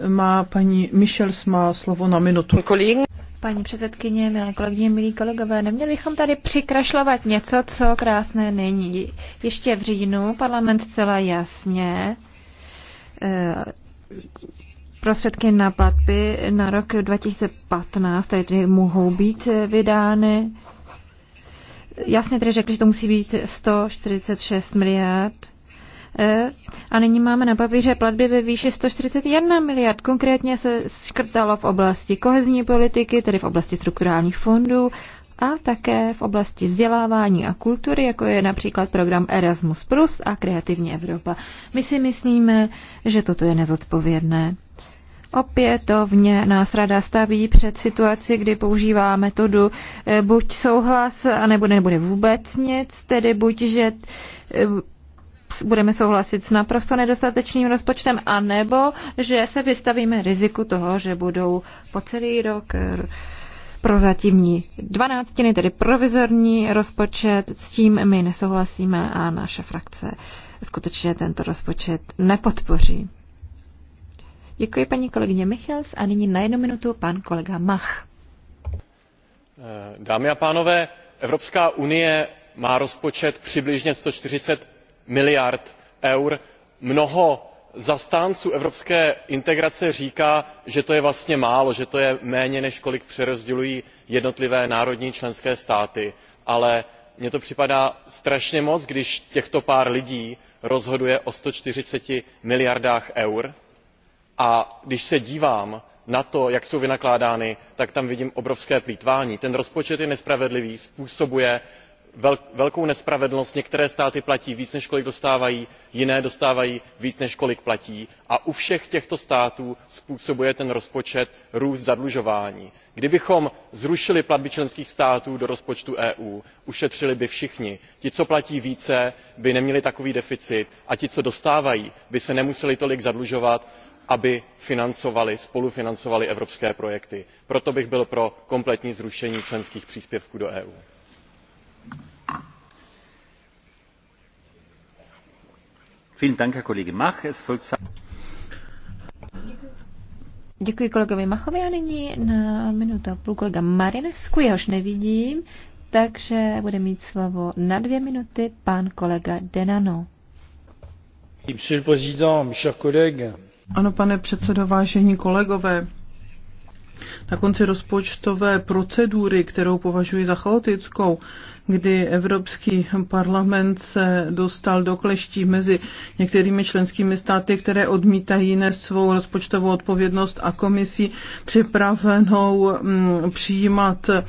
má paní Michels má slovo na minutu. Paní předsedkyně, milé kolegyně, milí kolegové, neměli bychom tady přikrašlovat něco, co krásné není. Ještě v říjnu parlament zcela jasně eh, prostředky na platby na rok 2015, tedy mohou být vydány. Jasně tedy řekli, že to musí být 146 miliard. Eh, a nyní máme na papíře platby ve výši 141 miliard. Konkrétně se škrtalo v oblasti kohezní politiky, tedy v oblasti strukturálních fondů a také v oblasti vzdělávání a kultury, jako je například program Erasmus Plus a Kreativní Evropa. My si myslíme, že toto je nezodpovědné opětovně nás rada staví před situaci, kdy používá metodu eh, buď souhlas, anebo nebude vůbec nic, tedy buď, že eh, budeme souhlasit s naprosto nedostatečným rozpočtem, anebo že se vystavíme riziku toho, že budou po celý rok eh, prozatímní dvanáctiny, tedy provizorní rozpočet. S tím my nesouhlasíme a naše frakce skutečně tento rozpočet nepodpoří. Děkuji paní kolegyně Michels a nyní na jednu minutu pan kolega Mach. Eh, dámy a pánové, Evropská unie má rozpočet přibližně 140 miliard eur. Mnoho zastánců evropské integrace říká, že to je vlastně málo, že to je méně, než kolik přerozdělují jednotlivé národní členské státy. Ale mně to připadá strašně moc když těchto pár lidí rozhoduje o 140 miliardách eur a když se dívám na to jak jsou vynakládány tak tam vidím obrovské plýtvání. ten rozpočet je nespravedlivý způsobuje velkou nespravedlnost některé státy platí více než kolik dostávají jiné dostávají více než kolik platí a u všech těchto států způsobuje ten rozpočet růst zadlužování. kdybychom zrušili platby členských států do rozpočtu eu ušetřili by všichni. ti co platí více by neměli takový deficit a ti co dostávají by se nemuseli tolik zadlužovat aby spolufinancovaly evropské projekty. proto bych byl pro kompletní zrušení členských příspěvků do eu. Děkuji kolegovi Machovi a nyní na minutu a půl kolega nevidím, takže mít slovo na dvě minuty pan kolega Denano. Monsieur le Président, chers collègues, ano, pane předsedo, vážení kolegové na konci rozpočtové procedury, kterou považuji za chaotickou, kdy Evropský parlament se dostal do kleští mezi některými členskými státy, které odmítají nést svou rozpočtovou odpovědnost a komisí připravenou mm, přijímat e,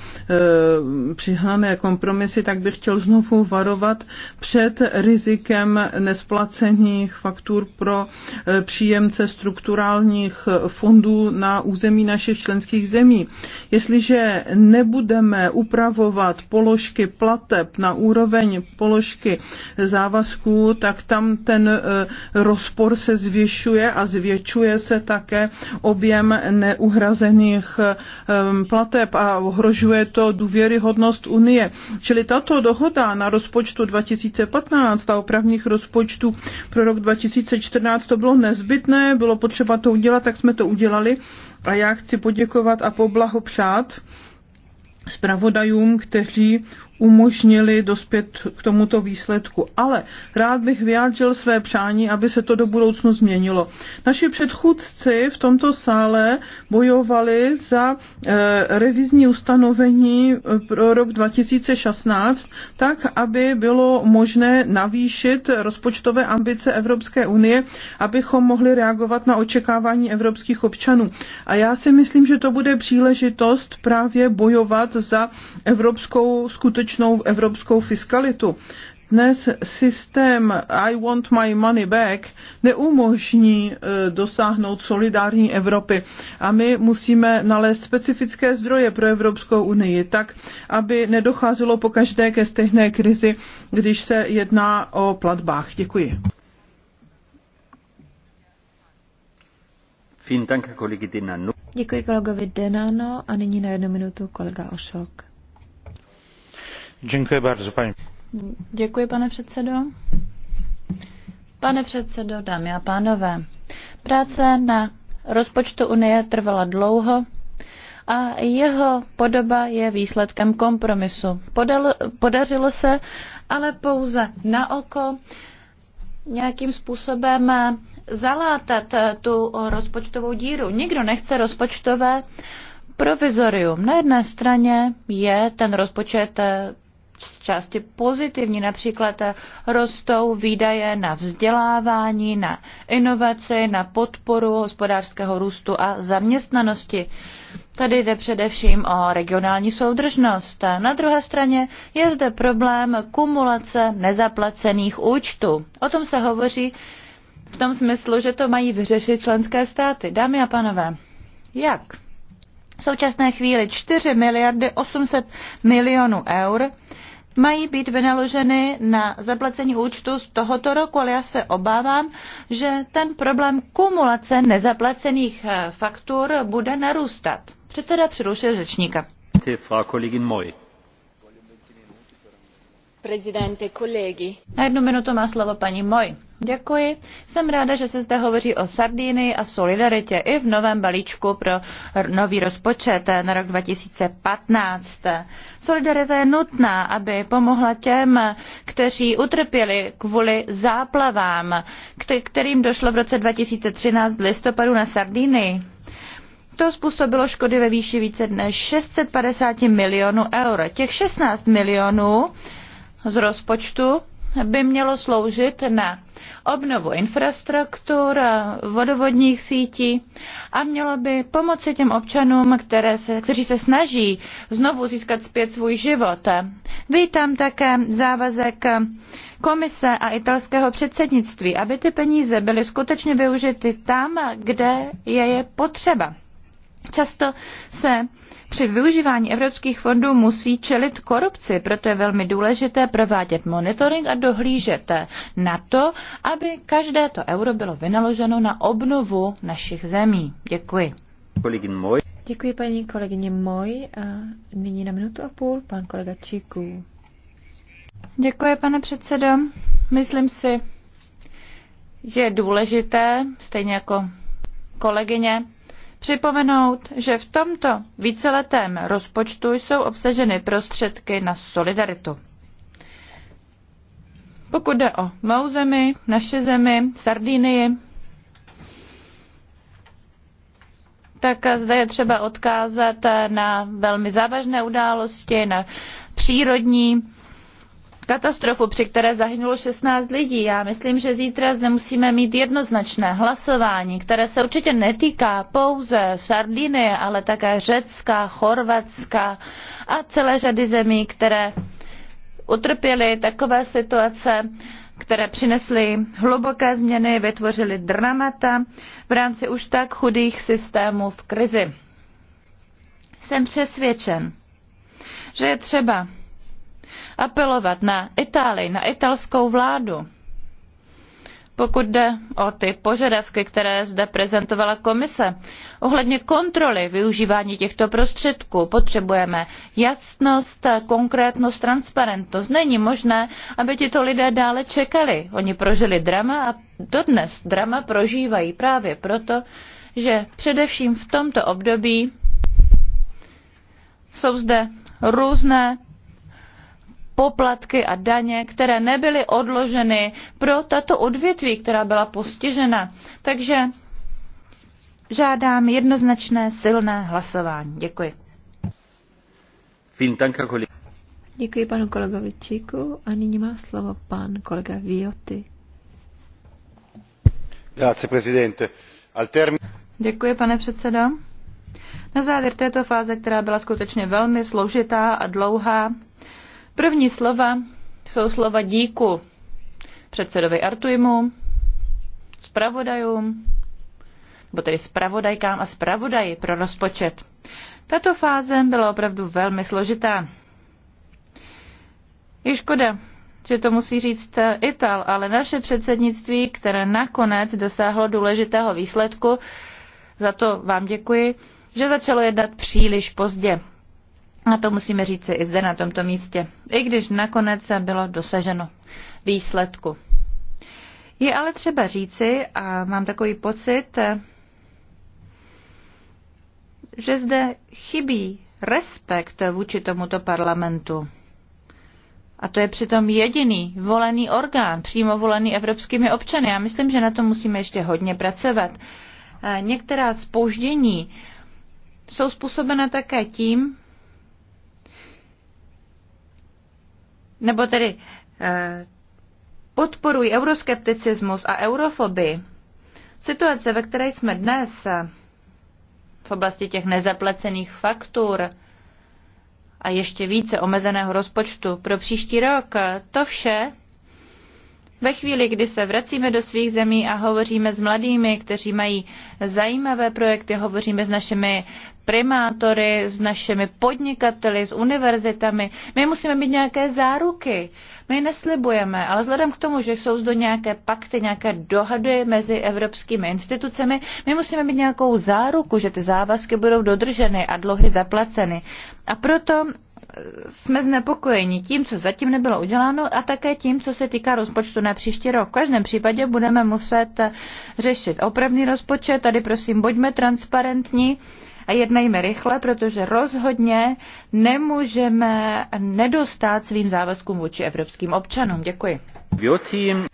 přihnané kompromisy, tak bych chtěl znovu varovat před rizikem nesplacených faktur pro e, příjemce strukturálních fondů na území našich členských členských zemí. Jestliže nebudeme upravovat položky plateb na úroveň položky závazků, tak tam ten e, rozpor se zvyšuje a zvětšuje se také objem neuhrazených e, plateb a ohrožuje to důvěryhodnost Unie. Čili tato dohoda na rozpočtu 2015 a opravních rozpočtů pro rok 2014 to bylo nezbytné, bylo potřeba to udělat, tak jsme to udělali a já chci poděkovat a poblahopřát zpravodajům, kteří umožnili dospět k tomuto výsledku. Ale rád bych vyjádřil své přání, aby se to do budoucnu změnilo. Naši předchůdci v tomto sále bojovali za eh, revizní ustanovení eh, pro rok 2016, tak, aby bylo možné navýšit rozpočtové ambice Evropské unie, abychom mohli reagovat na očekávání evropských občanů. A já si myslím, že to bude příležitost právě bojovat za evropskou skutečnost skutečnou evropskou fiskalitu. Dnes systém I want my money back neumožní e, dosáhnout solidární Evropy a my musíme nalézt specifické zdroje pro Evropskou unii tak, aby nedocházelo po každé ke stejné krizi, když se jedná o platbách. Děkuji. Děkuji kolegovi Denano a nyní na jednu minutu kolega Ošok. Děkuji pane předsedo. Pane předsedo, dámy a pánové, práce na rozpočtu Unie trvala dlouho a jeho podoba je výsledkem kompromisu. Podal, podařilo se ale pouze na oko nějakým způsobem zalátat tu rozpočtovou díru. Nikdo nechce rozpočtové provizorium. Na jedné straně je ten rozpočet z části pozitivní. Například eh, rostou výdaje na vzdělávání, na inovaci, na podporu hospodářského růstu a zaměstnanosti. Tady jde především o regionální soudržnost. Na druhé straně je zde problém kumulace nezaplacených účtů. O tom se hovoří v tom smyslu, že to mají vyřešit členské státy. Dámy a panové, jak? V současné chvíli 4 miliardy 800 milionů eur mají být vynaloženy na zaplacení účtu z tohoto roku, ale já se obávám, že ten problém kumulace nezaplacených eh, faktur bude narůstat. Předseda přerušil řečníka. Na jednu minutu má slovo paní Moj. Děkuji. Jsem ráda, že se zde hovoří o Sardinii a solidaritě i v novém balíčku pro nový rozpočet na rok 2015. Solidarita je nutná, aby pomohla těm, kteří utrpěli kvůli záplavám, kterým došlo v roce 2013 v listopadu na Sardinii. To způsobilo škody ve výši více než 650 milionů eur. Těch 16 milionů z rozpočtu by mělo sloužit na obnovu infrastruktur, eh, vodovodních sítí a mělo by pomoci těm občanům, které se, kteří se snaží znovu získat zpět svůj život. Vítám také závazek komise a italského předsednictví, aby ty peníze byly skutečně využity tam, kde je je potřeba. Často se při využívání evropských fondů musí čelit korupci, proto je velmi důležité provádět monitoring a dohlížet na to, aby každé to euro bylo vynaloženo na obnovu našich zemí. Děkuji. Děkuji paní kolegyně Moj a nyní na minutu a půl pan kolega Číků. Děkuji, pane předsedo. Myslím si, že je důležité, stejně jako kolegyně, připomenout, že v tomto víceletém rozpočtu jsou obsaženy prostředky na solidaritu. Pokud jde o mou zemi, naše zemi, Sardínii, tak zde je třeba odkázat na velmi závažné události, na přírodní katastrofu, při které zahynulo 16 lidí. Já myslím, že zítra zde musíme mít jednoznačné hlasování, které se určitě netýká pouze Sardinie, ale také Řecka, Chorvatska a celé řady zemí, které utrpěly takové situace, které přinesly hluboké změny, vytvořily dramata v rámci už tak chudých systémů v krizi. Jsem přesvědčen, že je třeba apelovat na Itálii, na italskou vládu, pokud jde o ty požadavky, které zde prezentovala komise. Ohledně kontroly využívání těchto prostředků potřebujeme jasnost, konkrétnost, transparentnost. Není možné, aby tito lidé dále čekali. Oni prožili drama a dodnes drama prožívají právě proto, že především v tomto období jsou zde různé poplatky a daně, které nebyly odloženy pro tato odvětví, která byla postižena. Takže žádám jednoznačné silné hlasování. Děkuji. Děkuji panu kolegovi Číku a nyní má slovo pan kolega Vioty. Děkuji, pane předsedo. Na závěr této fáze, která byla skutečně velmi složitá a dlouhá, První slova jsou slova díku předsedovi Artuimu, zpravodajům, nebo tedy zpravodajkám a zpravodaji pro rozpočet. Tato fáze byla opravdu velmi složitá. Je škoda, že to musí říct Ital, ale naše předsednictví, které nakonec dosáhlo důležitého výsledku, za to vám děkuji, že začalo jednat příliš pozdě. A to musíme říci i zde na tomto místě, i když nakonec bylo dosaženo výsledku. Je ale třeba říci, a mám takový pocit, že zde chybí respekt vůči tomuto parlamentu. A to je přitom jediný volený orgán, přímo volený evropskými občany. Já myslím, že na to musíme ještě hodně pracovat. Některá spoždění jsou způsobena také tím, nebo tedy eh, podporují euroskepticismus a eurofobii. Situace, ve které jsme dnes eh, v oblasti těch nezaplacených faktur a ještě více omezeného rozpočtu pro příští rok, eh, to vše ve chvíli, kdy se vracíme do svých zemí a hovoříme s mladými, kteří mají zajímavé projekty, hovoříme s našimi primátory, s našimi podnikateli, s univerzitami. My musíme mít nějaké záruky. My neslibujeme, ale vzhledem k tomu, že jsou zde nějaké pakty, nějaké dohady mezi evropskými institucemi, my musíme mít nějakou záruku, že ty závazky budou dodrženy a dluhy zaplaceny. A proto eh, jsme znepokojeni tím, co zatím nebylo uděláno a také tím, co se týká rozpočtu na příští rok. V každém případě budeme muset řešit opravný rozpočet. Tady prosím, buďme transparentní a jednejme rychle, protože rozhodně nemůžeme nedostat svým závazkům vůči evropským občanům. Děkuji.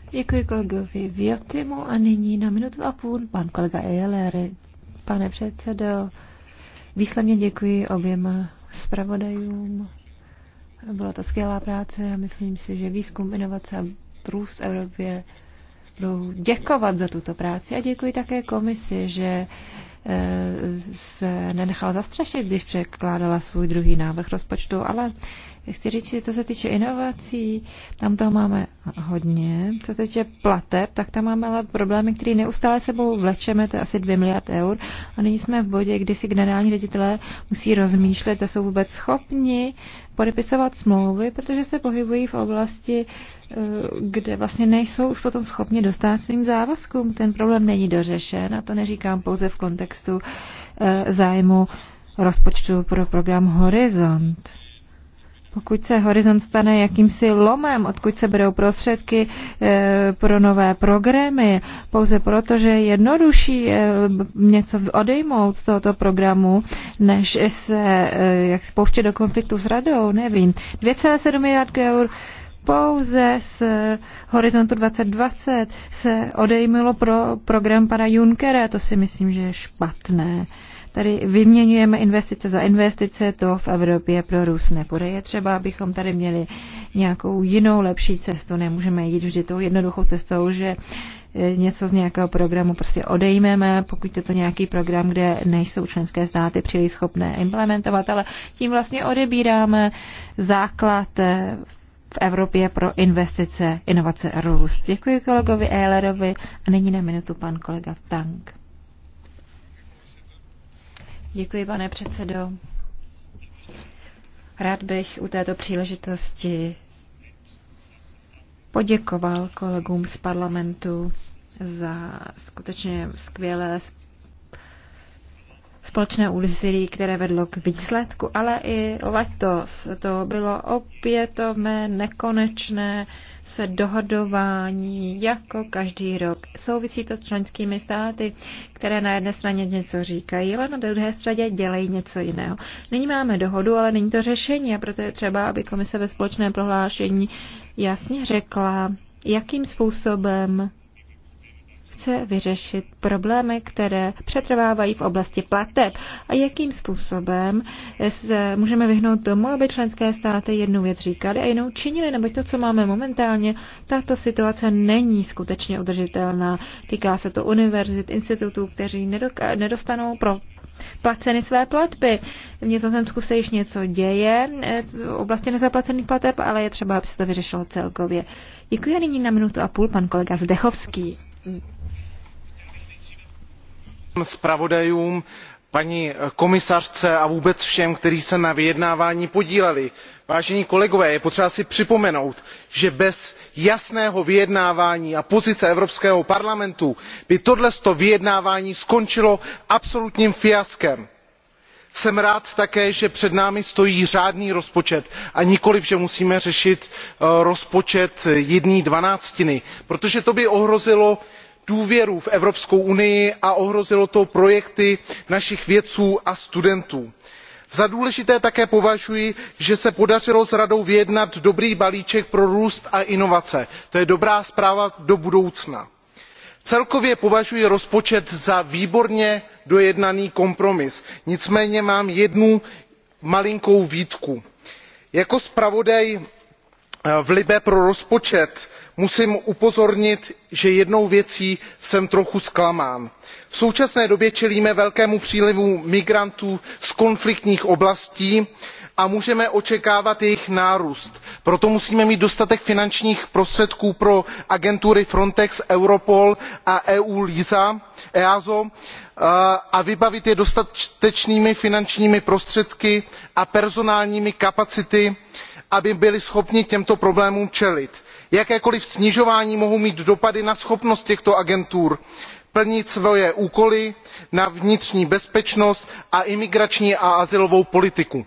Děkuji kolegovi Viotimu a nyní na minutu a půl pan kolega Ejeler. Pane předsedo, výsledně děkuji oběma zpravodajům. Byla to skvělá práce a myslím si, že výzkum, inovace a růst Evropě budou děkovat za tuto práci a děkuji také komisi, že Eh, se nenechala zastrašit, když překládala svůj druhý návrh rozpočtu, ale Chci říct, že to se týče inovací, tam toho máme hodně. Co se týče plateb, tak tam máme ale problémy, které neustále sebou vlečeme, to je asi 2 miliard eur. A nyní jsme v bodě, kdy si generální ředitelé musí rozmýšlet, zda jsou vůbec schopni podepisovat smlouvy, protože se pohybují v oblasti, eh, kde vlastně nejsou už potom schopni dostat svým závazkům. Ten problém není dořešen a to neříkám pouze v kontextu eh, zájmu rozpočtu pro program Horizont pokud se Horizont stane jakýmsi lomem, odkud se berou prostředky eh, pro nové programy, pouze proto, že je jednodušší eh, něco odejmout z tohoto programu, než se eh, jak spouštět do konfliktu s radou, nevím. 2,7 miliard eur pouze z Horizontu 2020 se odejmilo pro program pana Junckera, to si myslím, že je špatné. Tady vyměňujeme investice za investice, to v Evropě pro Rus nepůjde. Je třeba, abychom tady měli nějakou jinou, lepší cestu. Nemůžeme jít vždy tou jednoduchou cestou, že e, něco z nějakého programu prostě odejmeme, pokud je to nějaký program, kde nejsou členské státy příliš schopné implementovat, ale tím vlastně odebíráme základ e, v Evropě pro investice, inovace a růst. Děkuji kolegovi Eilerovi a nyní na minutu pan kolega Tank. Děkuji, pane předsedo. Rád bych u této příležitosti poděkoval kolegům z parlamentu za skutečně skvělé společné úsilí, které vedlo k výsledku, ale i letos to bylo opětovné nekonečné se dohodování jako každý rok. Souvisí to s členskými státy, které na jedné straně něco říkají, ale na druhé straně dělají něco jiného. Nyní máme dohodu, ale není to řešení a proto je třeba, aby komise ve společném prohlášení jasně řekla, jakým způsobem chce vyřešit problémy, které přetrvávají v oblasti plateb a jakým způsobem se můžeme vyhnout tomu, aby členské státy jednu věc říkali a jinou činili, neboť to, co máme momentálně, tato situace není skutečně udržitelná. Týká se to univerzit, institutů, kteří nedostanou pro placeny své platby. V Nizozemsku se již něco děje eh, v oblasti nezaplacených plateb, ale je třeba, aby se to vyřešilo celkově. Děkuji a nyní na minutu a půl pan kolega Zdechovský zpravodajům paní komisařce a vůbec všem kteří se na vyjednávání podíleli. vážení kolegové je potřeba si připomenout že bez jasného vyjednávání a pozice evropského parlamentu by tohle vyjednávání skončilo absolutním fiaskem. jsem rád také že před námi stojí řádný rozpočet a nikoliv že musíme řešit eh, rozpočet jedné dvanáctiny protože to by ohrozilo důvěru v evropskou unii a ohrozilo to projekty našich vědců a studentů. za důležité také považuji že se podařilo s radou vyjednat dobrý balíček pro růst a inovace to je dobrá zpráva do budoucna. celkově považuji rozpočet za výborně dojednaný kompromis nicméně mám jednu malinkou výtku. jako zpravodaj pro rozpočet musím upozornit že jednou věcí jsem trochu zklamán v současné době čelíme velkému přílivu migrantů z konfliktních oblastí a můžeme očekávat jejich nárůst proto musíme mít dostatek finančních prostředků pro agentury frontex europol a easo e a vybavit je dostatečnými finančními prostředky a personálními kapacitami aby byly schopny těmto problémům čelit jakékoliv snižování mohou mít dopady na schopnost těchto agentur plnit své úkoly na vnitřní bezpečnost a imigrační a azylovou politiku.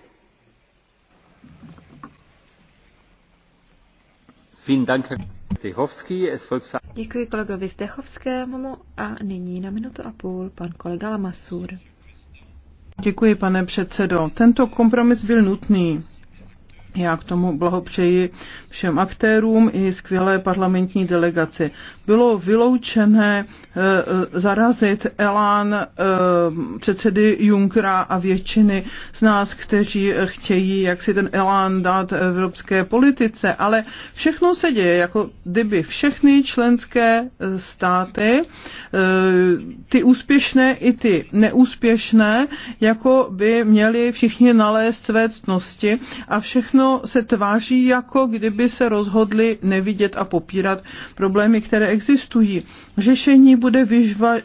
kolegovi a na minutu a půl pan kolega pane předsedo. Tento kompromis byl nutný já k tomu blahopřeji všem aktérům i skvělé parlamentní delegaci. Bylo vyloučené e, zarazit elán e, předsedy Junkra a většiny z nás, kteří chtějí, jak si ten elán dát evropské politice, ale všechno se děje, jako kdyby všechny členské státy, e, ty úspěšné i ty neúspěšné, jako by měli všichni nalézt své ctnosti a všechno všechno se tváří, jako kdyby se rozhodli nevidět a popírat problémy, které existují. Řešení bude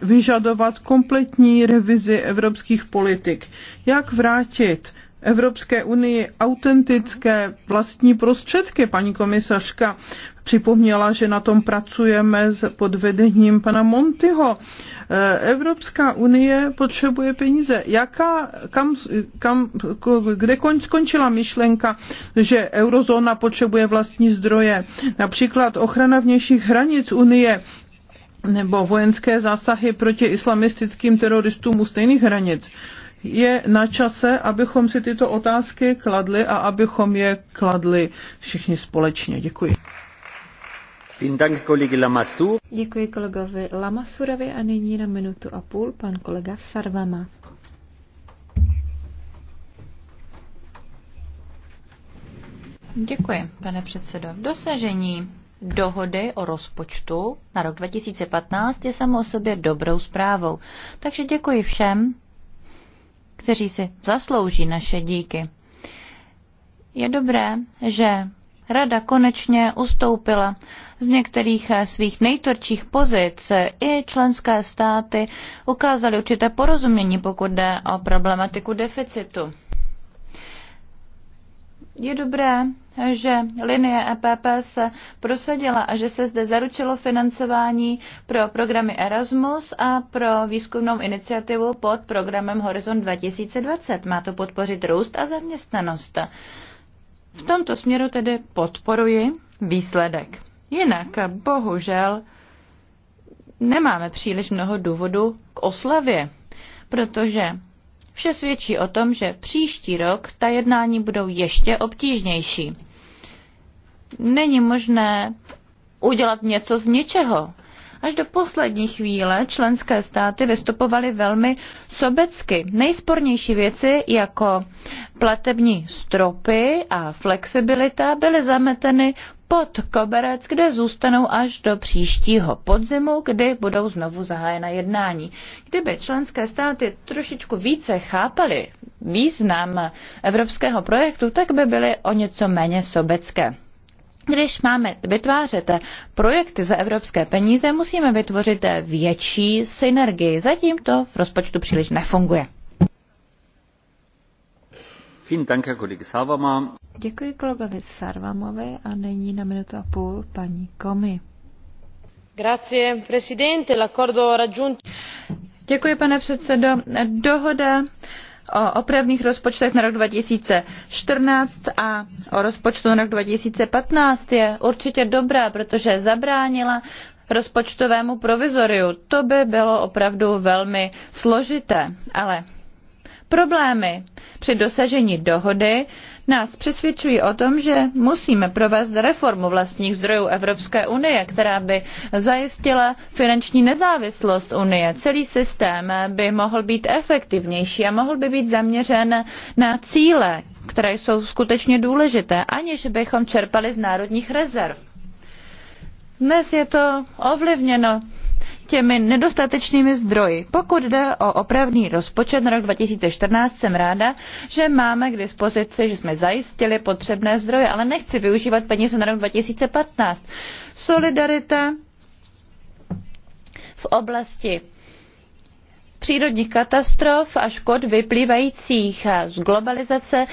vyžadovat kompletní revizi evropských politik. Jak vrátit Evropské unii autentické vlastní prostředky, paní komisařka připomněla, že na tom pracujeme pod vedením pana Montyho. Eh, Evropská unie potřebuje peníze. Jaká, kam, kam, kde skončila myšlenka, že eurozóna potřebuje vlastní zdroje? Například ochrana vnějších hranic unie nebo vojenské zásahy proti islamistickým teroristům u stejných hranic je na čase, abychom si tyto otázky kladli a abychom je kladli všichni společně. Děkuji. Děkuji kolegovi Lamasurovi a nyní na minutu a půl pan kolega Sarvama. Děkuji, pane předsedo. Dosažení dohody o rozpočtu na rok 2015 je samo o sobě dobrou zprávou. Takže děkuji všem, kteří si zaslouží naše díky. Je dobré, že Rada konečně ustoupila z některých eh, svých nejtvrdších pozic eh, i členské státy ukázaly určité porozumění, pokud jde o problematiku deficitu. Je dobré, že linie EPP se prosadila a že se zde zaručilo financování pro programy Erasmus a pro výzkumnou iniciativu pod programem Horizon 2020. Má to podpořit růst a zaměstnanost. V tomto směru tedy podporuji výsledek. Jinak, bohužel, nemáme příliš mnoho důvodu k oslavě, protože vše svědčí o tom, že příští rok ta jednání budou ještě obtížnější. Není možné udělat něco z ničeho. Až do poslední chvíle členské státy vystupovaly velmi sobecky. Nejspornější věci jako platební stropy a flexibilita byly zameteny pod koberec, kde zůstanou až do příštího podzimu, kdy budou znovu zahájena jednání. Kdyby členské státy trošičku více chápaly význam evropského projektu, tak by byly o něco méně sobecké. Když máme vytvářet projekty za evropské peníze, musíme vytvořit větší synergii. Zatím to v rozpočtu příliš nefunguje. Děkuji kolegovi Sarvamovi a nyní na minutu a půl paní Komi. Děkuji, pane předsedo. Dohoda o opravných rozpočtech na rok 2014 a o rozpočtu na rok 2015 je určitě dobrá, protože zabránila rozpočtovému provizoriu. To by bylo opravdu velmi složité, ale Problémy při dosažení dohody nás přesvědčují o tom, že musíme provést reformu vlastních zdrojů Evropské unie, která by zajistila finanční nezávislost unie. Celý systém by mohl být efektivnější a mohl by být zaměřen na cíle, které jsou skutečně důležité, aniž bychom čerpali z národních rezerv. Dnes je to ovlivněno těmi nedostatečnými zdroji. Pokud jde o opravný rozpočet na rok 2014, jsem ráda, že máme k dispozici, že jsme zajistili potřebné zdroje, ale nechci využívat peníze na rok 2015. Solidarita v oblasti přírodních katastrof a škod vyplývajících z globalizace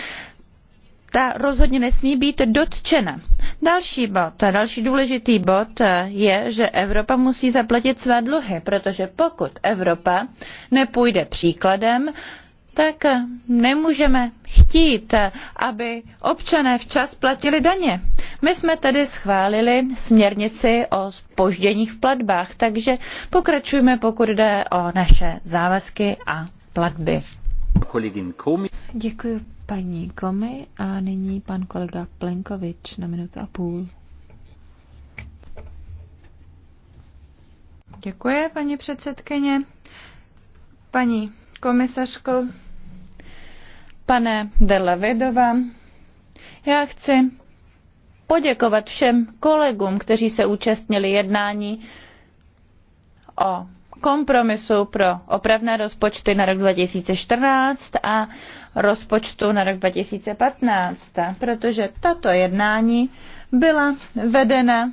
ta rozhodně nesmí být dotčena. Další bod, další důležitý bod e, je, že Evropa musí zaplatit své dluhy, protože pokud Evropa nepůjde příkladem, tak e, nemůžeme chtít, e, aby občané včas platili daně. My jsme tedy schválili směrnici o spožděních v platbách, takže pokračujeme, pokud jde o naše závazky a platby. Děkuji paní Komy a nyní pan kolega Plenkovič na minutu a půl. Děkuji, paní předsedkyně. Paní komisařko, pane Delavedova, já chci poděkovat všem kolegům, kteří se účastnili jednání o kompromisu pro opravné rozpočty na rok 2014 a rozpočtu na rok 2015, protože tato jednání byla vedena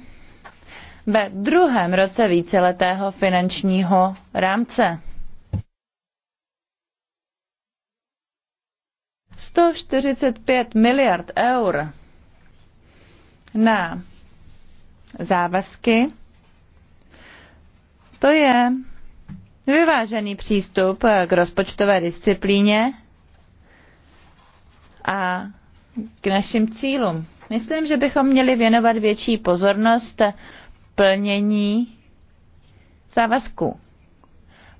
ve druhém roce víceletého finančního rámce. 145 miliard eur na závazky, to je vyvážený přístup k rozpočtové disciplíně a k našim cílům. Myslím, že bychom měli věnovat větší pozornost plnění závazků,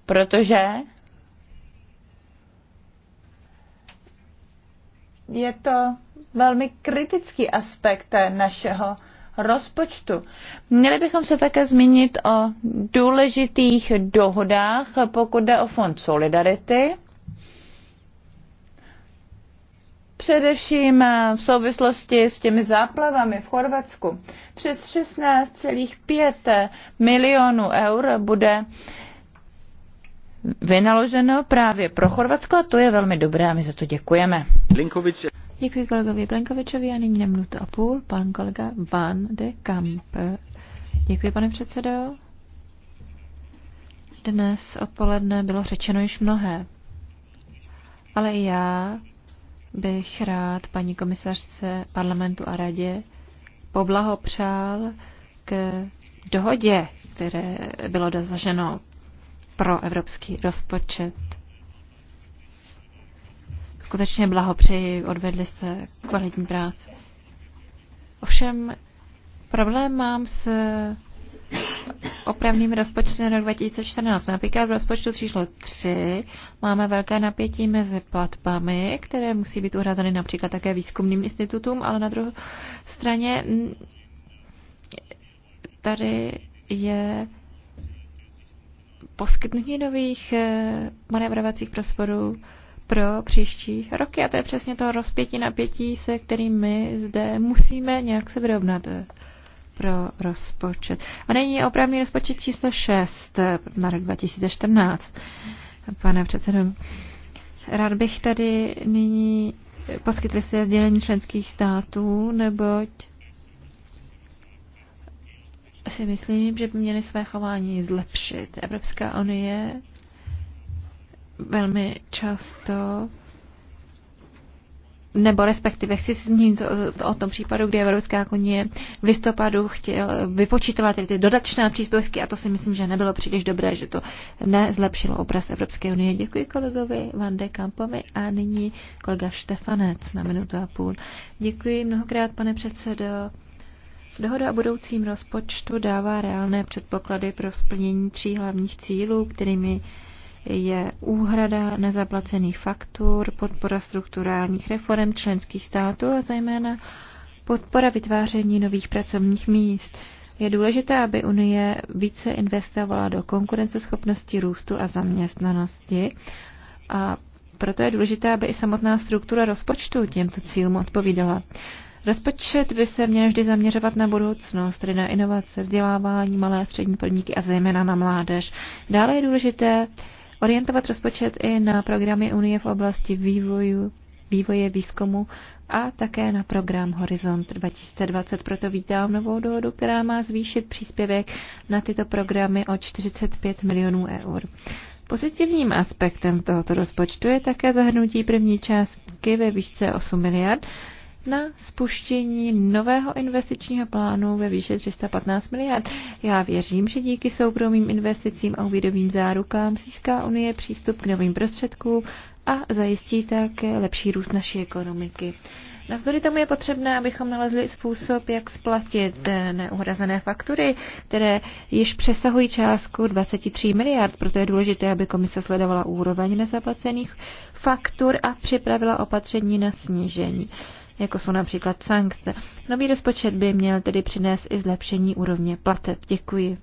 protože je to velmi kritický aspekt našeho rozpočtu. Měli bychom se také zmínit o důležitých dohodách, pokud jde o fond Solidarity. Především eh, v souvislosti s těmi záplavami v Chorvatsku. Přes 16,5 eh, milionů eur bude vynaloženo právě pro Chorvatsko a to je velmi dobré a my za to děkujeme. Blinkovič. Děkuji kolegovi Blankovičovi a nyní na minutu a půl pan kolega Van de Kamp. Děkuji, pane předsedo. Dnes odpoledne bylo řečeno již mnohé, ale i já bych rád paní komisařce parlamentu a radě poblahopřál k dohodě, které bylo dosaženo pro evropský rozpočet. Skutečně blahopřeji, odvedli se kvalitní práce. Ovšem problém mám s opravným rozpočtem na rok 2014. Například v rozpočtu číslo 3 máme velké napětí mezi platbami, které musí být uhrazeny například také výzkumným institutům, ale na druhé straně mm, tady je poskytnutí nových eh, manévrovacích prostorů pro příští roky. A to je přesně to rozpětí napětí, se kterým my zde musíme nějak se vyrovnat pro rozpočet. A není opravný rozpočet číslo 6 na rok 2014. Pane předsedo, rád bych tady nyní poskytli se sdělení členských států, neboť si myslím, že by měli své chování zlepšit. Evropská unie velmi často nebo respektive chci si zmínit o, tom případu, kdy Evropská unie v listopadu chtěl vypočítovat ty dodatečné příspěvky a to si myslím, že nebylo příliš dobré, že to nezlepšilo obraz Evropské unie. Děkuji kolegovi Vande Kampovi a nyní kolega Štefanec na minutu a půl. Děkuji mnohokrát, pane předsedo. Dohoda o budoucím rozpočtu dává reálné předpoklady pro splnění tří hlavních cílů, kterými je úhrada nezaplacených faktur, podpora strukturálních reform členských států a zejména podpora vytváření nových pracovních míst. Je důležité, aby Unie více investovala do konkurenceschopnosti růstu a zaměstnanosti a proto je důležité, aby i samotná struktura rozpočtu těmto cílům odpovídala. Rozpočet by se měl vždy zaměřovat na budoucnost, tedy na inovace, vzdělávání, malé a střední podniky a zejména na mládež. Dále je důležité orientovat rozpočet i na programy Unie v oblasti vývoju, vývoje výzkumu a také na program Horizont 2020. Proto vítám novou dohodu, která má zvýšit příspěvek na tyto programy o 45 milionů eur. Pozitivním aspektem tohoto rozpočtu je také zahrnutí první částky ve výšce 8 miliard, na spuštění nového investičního plánu ve výše 315 miliard. Já věřím, že díky soukromým investicím a uvědomým zárukám získá Unie přístup k novým prostředkům a zajistí také lepší růst naší ekonomiky. Navzdory tomu je potřebné, abychom nalezli způsob, jak splatit neuhrazené faktury, které již přesahují částku 23 miliard, proto je důležité, aby komise sledovala úroveň nezaplacených faktur a připravila opatření na snížení jako jsou například sankce. Nový rozpočet by měl tedy přinést i zlepšení úrovně plateb. Děkuji.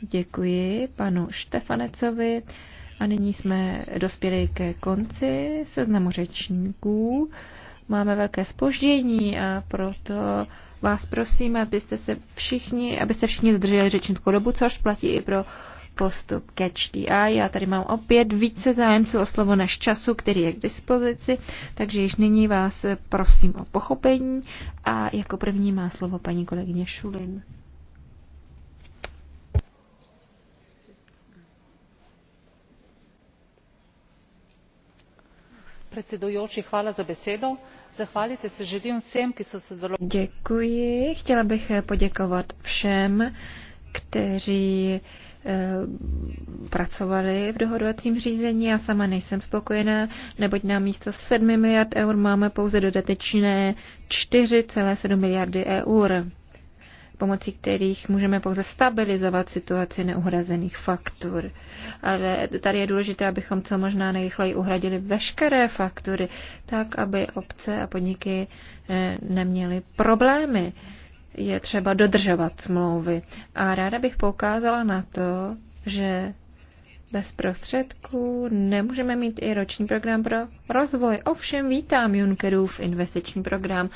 Děkuji panu Štefanecovi. A nyní jsme dospěli ke konci seznamu řečníků. Máme velké spoždění a proto vás prosím, abyste se všichni, abyste všichni zdrželi řečnickou dobu, což platí i pro postup Catch the Eye. Já tady mám opět více zájemců o slovo než času, který je k dispozici, takže již nyní vás prosím o pochopení a jako první má slovo paní kolegyně Šulin. predsedujoči chvála za besedo zahvaliti se želim vsem ki so sodelovali. děkuji chtěla bych poděkovat všem kteří Eh, pracovali v dohodovacím řízení. Já sama nejsem spokojená, neboť na místo 7 miliard eur máme pouze dodatečné 4,7 miliardy eur, pomocí kterých můžeme pouze stabilizovat situaci neuhrazených faktur. Ale tady je důležité, abychom co možná nejrychleji uhradili veškeré faktury, tak aby obce a podniky eh, neměly problémy je třeba dodržovat smlouvy. A ráda bych poukázala na to, že bez prostředků nemůžeme mít i roční program pro rozvoj. Ovšem vítám Junckerův investiční program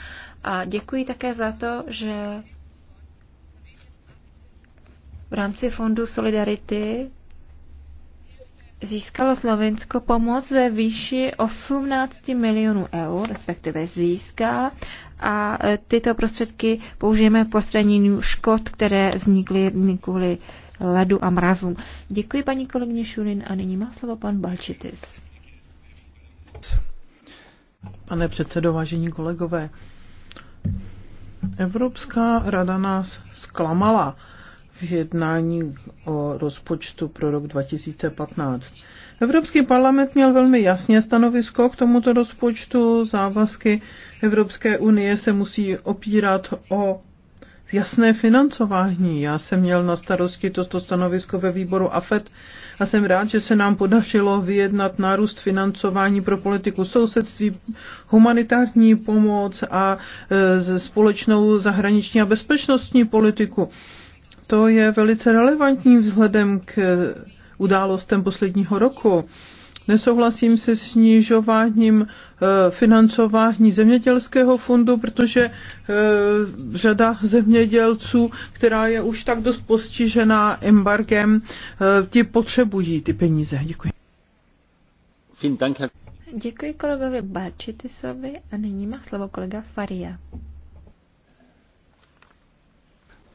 a děkuji také za to, že v rámci Fondu Solidarity získalo Slovinsko pomoc ve výši 18 milionů eur, respektive získá, a e, tyto prostředky použijeme v postranění škod, které vznikly kvůli ledu a mrazům. Děkuji paní kolegyně Šurin a nyní má slovo pan Balčitis. Pane předsedo, vážení kolegové, Evropská rada nás zklamala v jednání o rozpočtu pro rok 2015. Evropský parlament měl velmi jasně stanovisko k tomuto rozpočtu. Závazky Evropské unie se musí opírat o jasné financování. Já jsem měl na starosti toto stanovisko ve výboru AFET a jsem rád, že se nám podařilo vyjednat nárůst financování pro politiku sousedství, humanitární pomoc a e, společnou zahraniční a bezpečnostní politiku. To je velice relevantní vzhledem k eh, událostem posledního roku. Nesouhlasím se snižováním eh, financování zemědělského fondu, protože eh, řada zemědělců, která je už tak dost postižená embargem, ti potřebují ty peníze. Děkuji. Děkuji kolegovi Bačitisovi a nyní má slovo kolega Faria.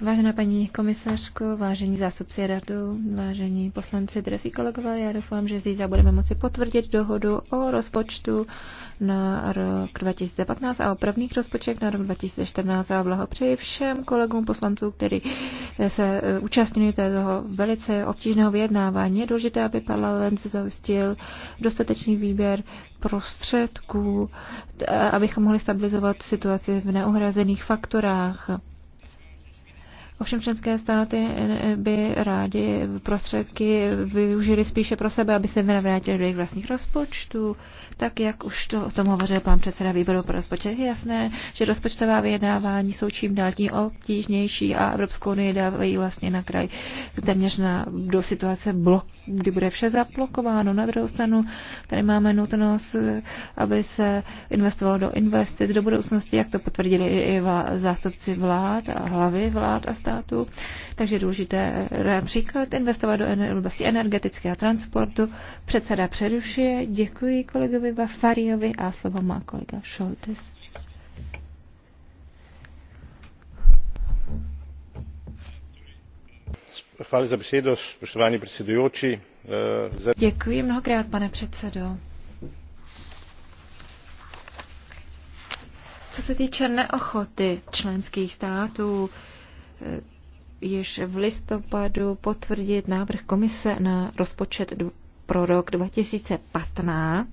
Vážená paní komisařko, vážení zástupci radu, vážení poslanci, drazí kolegové, já doufám, že zítra budeme moci potvrdit dohodu o rozpočtu na rok 2015 a o prvních rozpočtech na rok 2014 a blahopřeji všem kolegům poslancům, kteří se eh, účastnili toho velice obtížného vyjednávání. Je důležité, aby parlament zajistil dostatečný výběr prostředků, eh, abychom mohli stabilizovat situaci v neuhrazených faktorách. Ovšem členské státy eh, by rádi prostředky využili spíše pro sebe, aby se vynavrátili do jejich vlastních rozpočtů. Tak jak už to o tom hovořil pán předseda výboru pro rozpočet, je jasné, že rozpočtová vyjednávání jsou čím dál tím obtížnější a Evropskou unii dávají vlastně na kraj téměř na, do situace, blok, kdy bude vše zablokováno. Na druhou stranu tady máme nutnost, eh, aby se investovalo do investic do budoucnosti, jak to potvrdili i zástupci vlád a hlavy vlád a stát státu. Takže je důležité eh, například investovat do oblasti energetického a transportu. Předseda přerušuje. Děkuji kolegovi Vafariovi a slovo má kolega Šoltes. Eh, Děkuji mnohokrát, pane předsedo. Co se týče neochoty členských států Eh, již v listopadu potvrdit návrh komise na rozpočet pro rok 2015.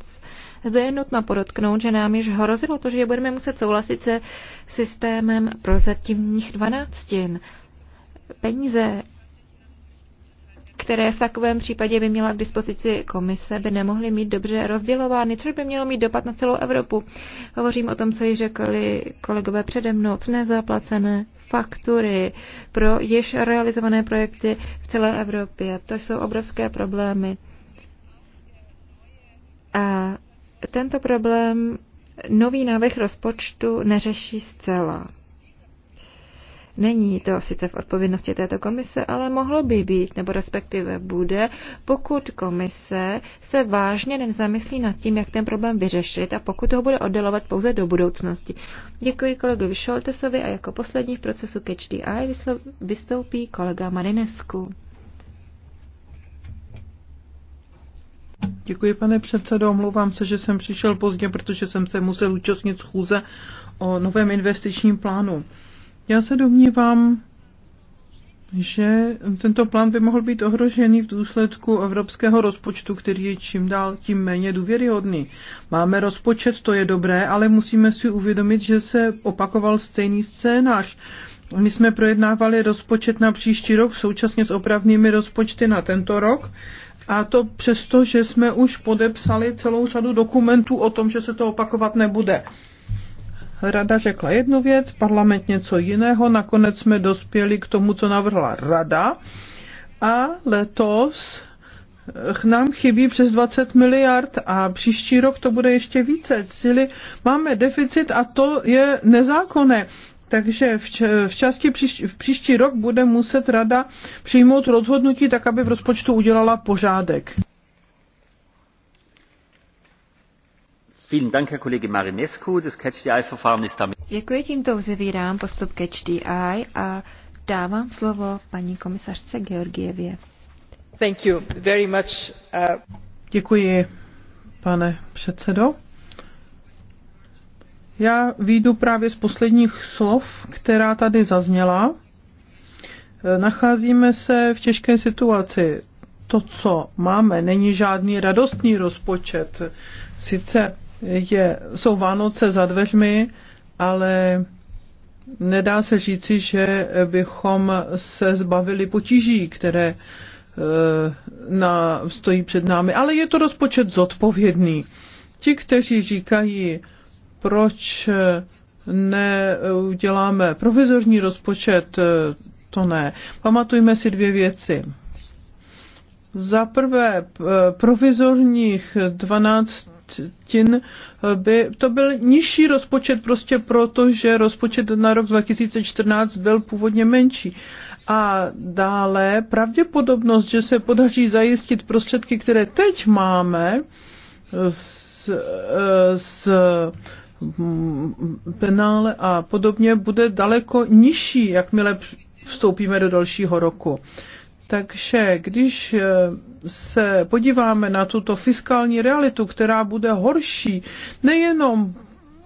Zde je nutno podotknout, že nám již hrozilo to, že budeme muset souhlasit se systémem prozatímních dvanáctin. Peníze, které v takovém případě by měla k dispozici komise, by nemohly mít dobře rozdělovány, což by mělo mít dopad na celou Evropu. Hovořím o tom, co ji řekli kolegové přede mnou, nezaplacené faktury pro již realizované projekty v celé Evropě. To jsou obrovské problémy. A tento problém nový návrh rozpočtu neřeší zcela. Není to sice v odpovědnosti této komise, ale mohlo by být, nebo respektive bude, pokud komise se vážně nezamyslí nad tím, jak ten problém vyřešit a pokud ho bude oddalovat pouze do budoucnosti. Děkuji kolegovi Šoltesovi a jako poslední v procesu Catch vystoupí kolega Marinesku. Děkuji, pane předsedo. Omlouvám se, že jsem přišel pozdě, protože jsem se musel účastnit schůze o novém investičním plánu. Já se domnívám, že tento plán by mohl být ohrožený v důsledku evropského rozpočtu, který je čím dál tím méně důvěryhodný. Máme rozpočet, to je dobré, ale musíme si uvědomit, že se opakoval stejný scénář. My jsme projednávali rozpočet na příští rok současně s opravnými rozpočty na tento rok. A to přesto, že jsme už podepsali celou řadu dokumentů o tom, že se to opakovat nebude. Rada řekla jednu věc, parlament něco jiného, nakonec jsme dospěli k tomu, co navrhla Rada a letos eh, nám chybí přes 20 miliard a příští rok to bude ještě více. Cíli máme deficit a to je nezákonné. Takže v, v, části příští, v příští rok bude muset rada přijmout rozhodnutí tak, aby v rozpočtu udělala pořádek. Děkuji, tímto uzavírám postup Catch the Eye a dávám slovo paní komisařce Georgievě. Thank you very much. Uh... Děkuji, pane předsedo. Já výjdu právě z posledních slov, která tady zazněla. Nacházíme se v těžké situaci. To, co máme, není žádný radostný rozpočet. Sice je, jsou Vánoce za dveřmi, ale nedá se říci, že bychom se zbavili potíží, které eh, na, stojí před námi. Ale je to rozpočet zodpovědný. Ti, kteří říkají, proč eh, neuděláme provizorní rozpočet, eh, to ne. Pamatujme si dvě věci. Za prvé, provizorních 12 desetin eh, by to byl nižší rozpočet prostě proto, že rozpočet na rok 2014 byl původně menší. A dále pravděpodobnost, že se podaří zajistit prostředky, které teď máme z, eh, z mm, penále a podobně, bude daleko nižší, jakmile vstoupíme do dalšího roku. Takže když eh, se podíváme na tuto fiskální realitu, která bude horší, nejenom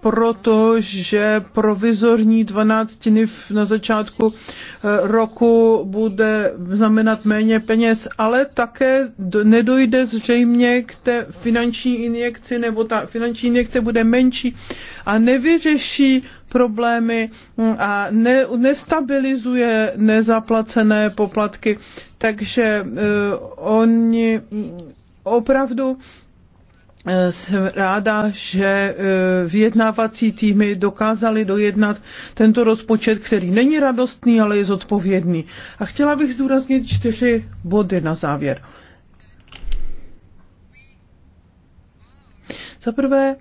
proto, že provizorní dvanáctiny na začátku eh, roku bude znamenat méně peněz, ale také nedojde zřejmě k té finanční injekci, nebo ta finanční injekce bude menší a nevyřeší problémy mm, a ne, nestabilizuje nezaplacené poplatky. Takže eh, oni opravdu eh, jsem ráda, že eh, vyjednávací týmy dokázali dojednat tento rozpočet, který není radostný, ale je zodpovědný. A chtěla bych zdůraznit čtyři body na závěr. Za prvé,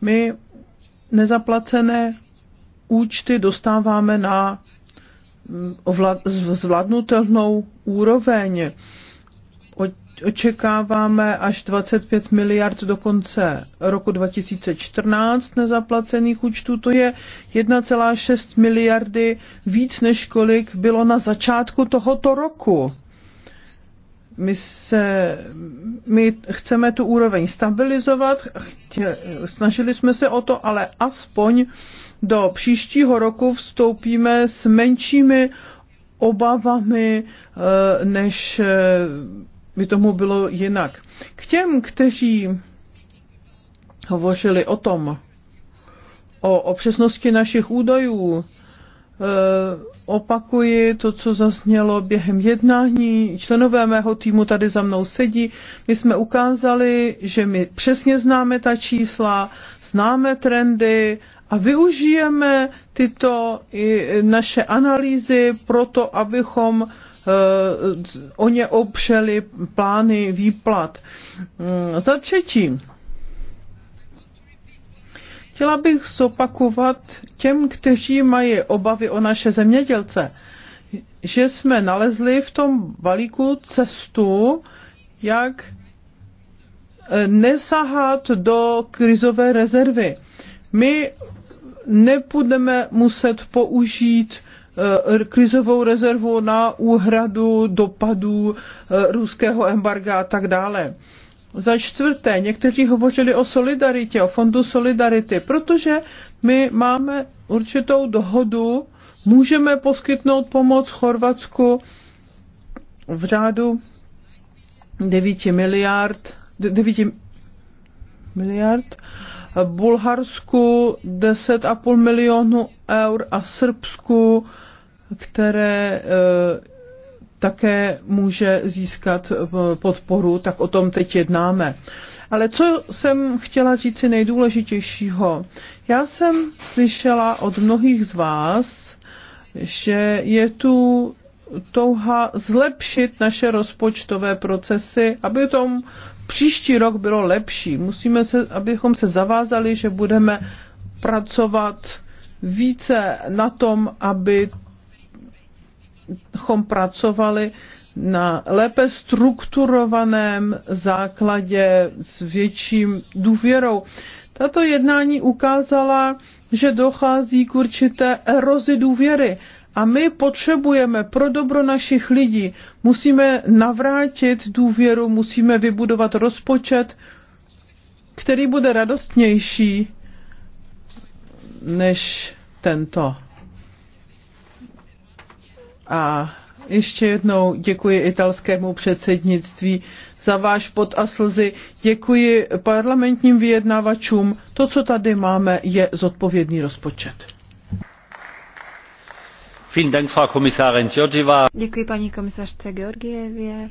my nezaplacené účty dostáváme na zvládnutelnou úroveň. Očekáváme až 25 miliard do konce roku 2014 nezaplacených účtů. To je 1,6 miliardy víc, než kolik bylo na začátku tohoto roku. My, se, my chceme tu úroveň stabilizovat, chtě, snažili jsme se o to, ale aspoň do příštího roku vstoupíme s menšími obavami, eh, než eh, by tomu bylo jinak. K těm, kteří hovořili o tom, o, o přesnosti našich údajů, Eh, opakuji to, co zaznělo během jednání. Členové mého týmu tady za mnou sedí. My jsme ukázali, že my přesně známe ta čísla, známe trendy a využijeme tyto i naše analýzy pro to, abychom eh, o ně opřeli plány výplat. Mm, za třetí, Chtěla bych zopakovat těm, kteří mají obavy o naše zemědělce, že jsme nalezli v tom balíku cestu, jak eh, nesahat do krizové rezervy. My nebudeme muset použít eh, krizovou rezervu na úhradu dopadů eh, ruského embarga a tak dále. Za čtvrté, někteří hovořili o solidaritě, o fondu solidarity, protože my máme určitou dohodu, můžeme poskytnout pomoc Chorvatsku v řádu 9 miliard, 9 miliard, Bulharsku 10,5 milionu eur a Srbsku, které eh, také může získat podporu, tak o tom teď jednáme. Ale co jsem chtěla říct si nejdůležitějšího? Já jsem slyšela od mnohých z vás, že je tu touha zlepšit naše rozpočtové procesy, aby tom příští rok bylo lepší. Musíme se, abychom se zavázali, že budeme pracovat více na tom, aby abychom pracovali na lépe strukturovaném základě s větším důvěrou. Tato jednání ukázala, že dochází k určité erozi důvěry a my potřebujeme pro dobro našich lidí, musíme navrátit důvěru, musíme vybudovat rozpočet, který bude radostnější než tento. A ještě jednou děkuji italskému předsednictví za váš pod a slzy. Děkuji parlamentním vyjednavačům. To, co tady máme, je zodpovědný rozpočet. Děkuji paní komisařce Georgievě.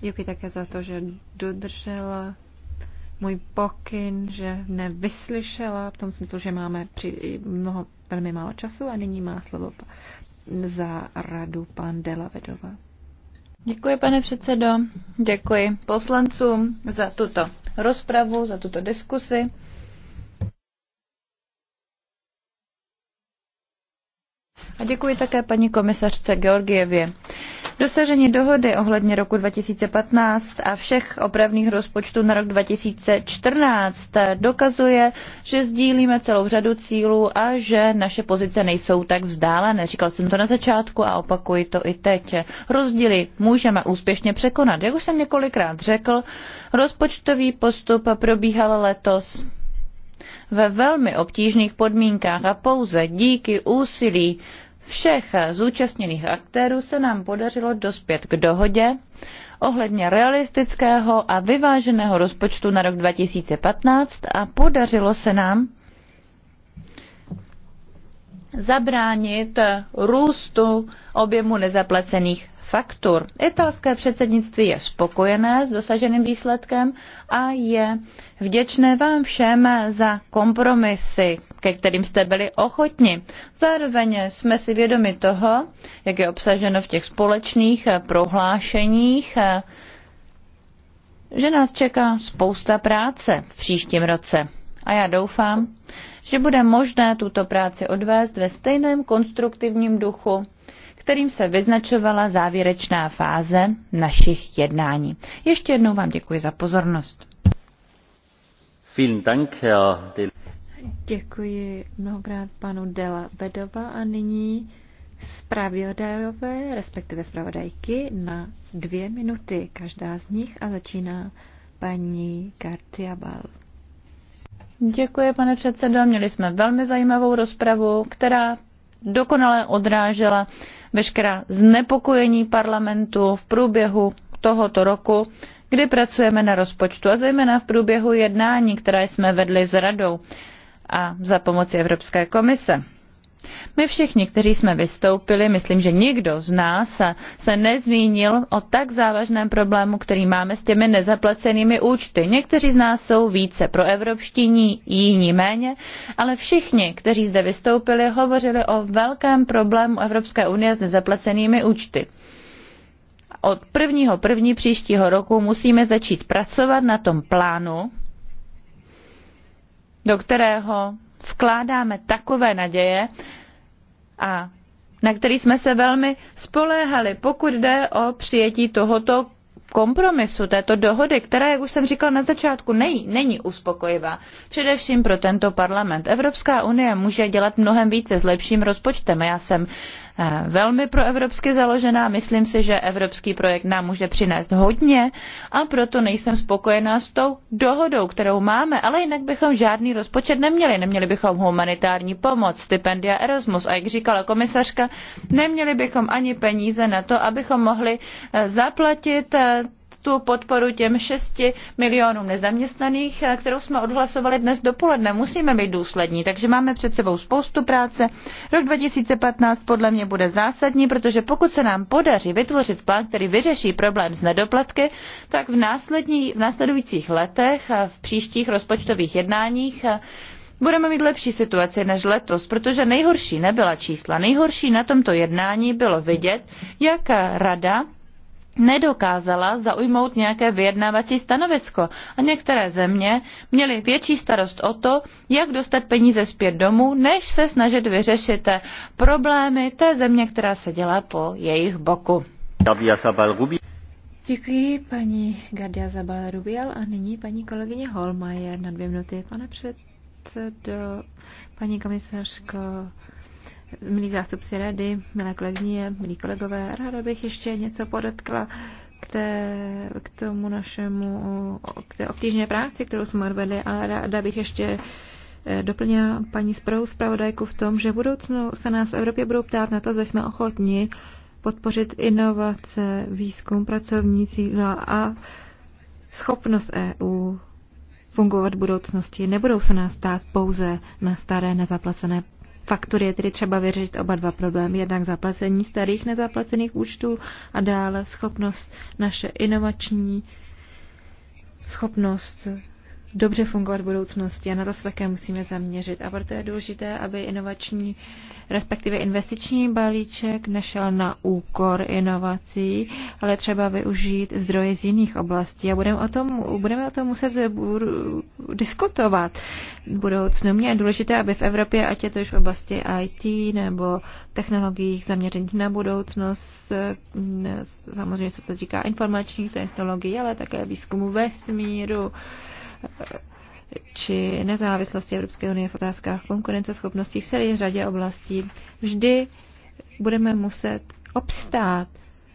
Děkuji také za to, že dodržela můj pokyn, že mne vyslyšela v tom smyslu, že máme při mnoho, velmi málo času a nyní má slovo za radu pan Delavedova. Děkuji, pane předsedo. Děkuji poslancům za tuto rozpravu, za tuto diskusi. A děkuji také paní komisařce Georgievě. Dosažení dohody ohledně roku 2015 a všech opravných rozpočtů na rok 2014 dokazuje, že sdílíme celou řadu cílů a že naše pozice nejsou tak vzdálené. Říkal jsem to na začátku a opakuji to i teď. Rozdíly můžeme úspěšně překonat. Jak už jsem několikrát řekl, rozpočtový postup probíhal letos ve velmi obtížných podmínkách a pouze díky úsilí všech zúčastněných aktérů se nám podařilo dospět k dohodě ohledně realistického a vyváženého rozpočtu na rok 2015 a podařilo se nám zabránit růstu objemu nezaplacených faktur. Italské předsednictví je spokojené s dosaženým výsledkem a je vděčné vám všem za kompromisy, ke kterým jste byli ochotni. Zároveň jsme si vědomi toho, jak je obsaženo v těch společných prohlášeních, že nás čeká spousta práce v příštím roce. A já doufám, že bude možné tuto práci odvést ve stejném konstruktivním duchu, kterým se vyznačovala závěrečná fáze našich jednání. Ještě jednou vám děkuji za pozornost. Děkuji mnohokrát panu Dela Bedova a nyní zpravodajové, respektive zpravodajky, na dvě minuty každá z nich a začíná paní Gartiabal. Děkuji, pane předsedo. Měli jsme velmi zajímavou rozpravu, která dokonale odrážela veškerá znepokojení parlamentu v průběhu tohoto roku, kdy pracujeme na rozpočtu a zejména v průběhu jednání, která jsme vedli s radou a za pomoci Evropské komise. My všichni, kteří jsme vystoupili, myslím, že nikdo z nás se nezmínil o tak závažném problému, který máme s těmi nezaplacenými účty. Někteří z nás jsou více pro proevropštění, jiní méně, ale všichni, kteří zde vystoupili, hovořili o velkém problému Evropské unie s nezaplacenými účty od prvního první příštího roku musíme začít pracovat na tom plánu, do kterého vkládáme takové naděje a na který jsme se velmi spoléhali, pokud jde o přijetí tohoto kompromisu, této dohody, která, jak už jsem říkala na začátku, nej, není uspokojivá. Především pro tento parlament. Evropská unie může dělat mnohem více s lepším rozpočtem. Já jsem Eh, velmi proevropsky založená. Myslím si, že evropský projekt nám může přinést hodně a proto nejsem spokojená s tou dohodou, kterou máme, ale jinak bychom žádný rozpočet neměli. Neměli bychom humanitární pomoc, stipendia Erasmus a jak říkala komisařka, neměli bychom ani peníze na to, abychom mohli eh, zaplatit eh, tu podporu těm 6 milionům nezaměstnaných, eh, kterou jsme odhlasovali dnes dopoledne. Musíme být důslední, takže máme před sebou spoustu práce. Rok 2015 podle mě bude zásadní, protože pokud se nám podaří vytvořit plán, který vyřeší problém s nedoplatky, tak v, následní, v následujících letech a v příštích rozpočtových jednáních eh, budeme mít lepší situaci než letos, protože nejhorší nebyla čísla. Nejhorší na tomto jednání bylo vidět, jak rada nedokázala zaujmout nějaké vyjednávací stanovisko a některé země měly větší starost o to, jak dostat peníze zpět domů, než se snažit vyřešit problémy té země, která seděla po jejich boku. Děkuji paní Gardia Zabal Rubial a nyní paní kolegyně Holmajer na dvě minuty. Pane předsedo, paní komisařko, milí zástupci rady, milé kolegyně, milí kolegové, ráda bych ještě něco podotkla k, té, k tomu našemu, k té obtížné práci, kterou jsme odvedli, ale ráda bych ještě eh, doplnila paní Sprou zpravodajku v tom, že v budoucnu se nás v Evropě budou ptát na to, zda jsme ochotni podpořit inovace, výzkum, pracovní a schopnost EU fungovat v budoucnosti. Nebudou se nás stát pouze na staré nezaplacené Faktory, je tedy třeba vyřešit oba dva problémy, jednak zaplacení starých nezaplacených účtů a dále schopnost naše inovační schopnost dobře fungovat v budoucnosti a na to se také musíme zaměřit. A proto je důležité, aby inovační uh, respektive investiční balíček nešel na úkor inovací, ale třeba využít zdroje z jiných oblastí. A budeme o tom, budeme o tom muset diskutovat v budoucnu. Mně je důležité, aby v Evropě, ať je to už v oblasti IT nebo technologiích zaměřených na budoucnost, samozřejmě se to týká informačních technologií, ale také výzkumu vesmíru, či nezávislosti Evropské unie v otázkách konkurenceschopnosti v celé řadě oblastí, vždy budeme muset obstát.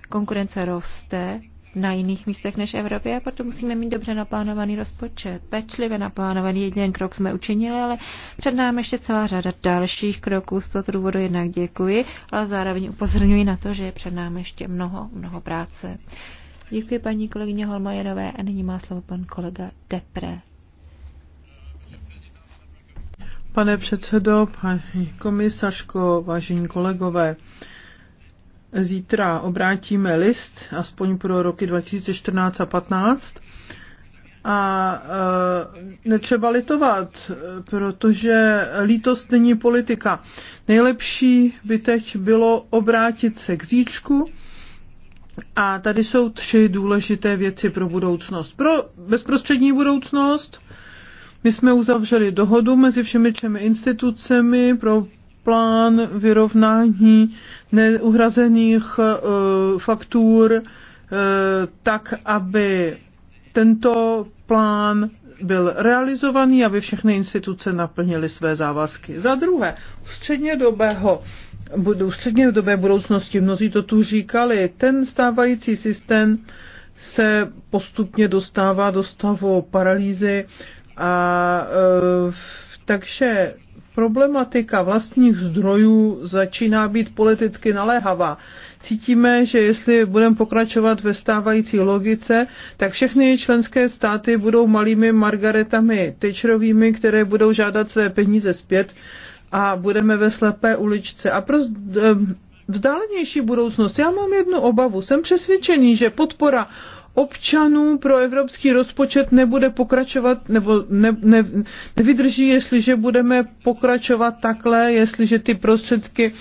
Konkurence roste na jiných místech než Evropě a proto musíme mít dobře naplánovaný rozpočet. Pečlivě naplánovaný jeden krok jsme učinili, ale před námi ještě celá řada dalších kroků. Z toho důvodu jednak děkuji, ale zároveň upozorňuji na to, že je před námi ještě mnoho, mnoho práce. Děkuji paní kolegyně Holmajerové a nyní má slovo pan kolega Depre pane předsedo, paní komisařko, vážení kolegové. Zítra obrátíme list, aspoň pro roky 2014 a 2015, a e, netřeba litovat, protože lítost není politika. Nejlepší by teď bylo obrátit se k zíčku. a tady jsou tři důležité věci pro budoucnost. Pro bezprostřední budoucnost, my jsme uzavřeli dohodu mezi všemi třemi institucemi pro plán vyrovnání neuhrazených e, faktur e, tak, aby tento plán byl realizovaný, aby všechny instituce naplnily své závazky. Za druhé, střednědobého v době budoucnosti, mnozí to tu říkali, ten stávající systém se postupně dostává do stavu paralýzy a e, takže problematika vlastních zdrojů začíná být politicky naléhavá. Cítíme, že jestli budeme pokračovat ve stávající logice, tak všechny členské státy budou malými Margaretami Tečrovými, které budou žádat své peníze zpět a budeme ve slepé uličce. A pro e, vzdálenější budoucnost, já mám jednu obavu. Jsem přesvědčený, že podpora občanů pro evropský rozpočet nebude pokračovat nebo ne, ne, nevydrží, jestliže budeme pokračovat takhle, jestliže ty prostředky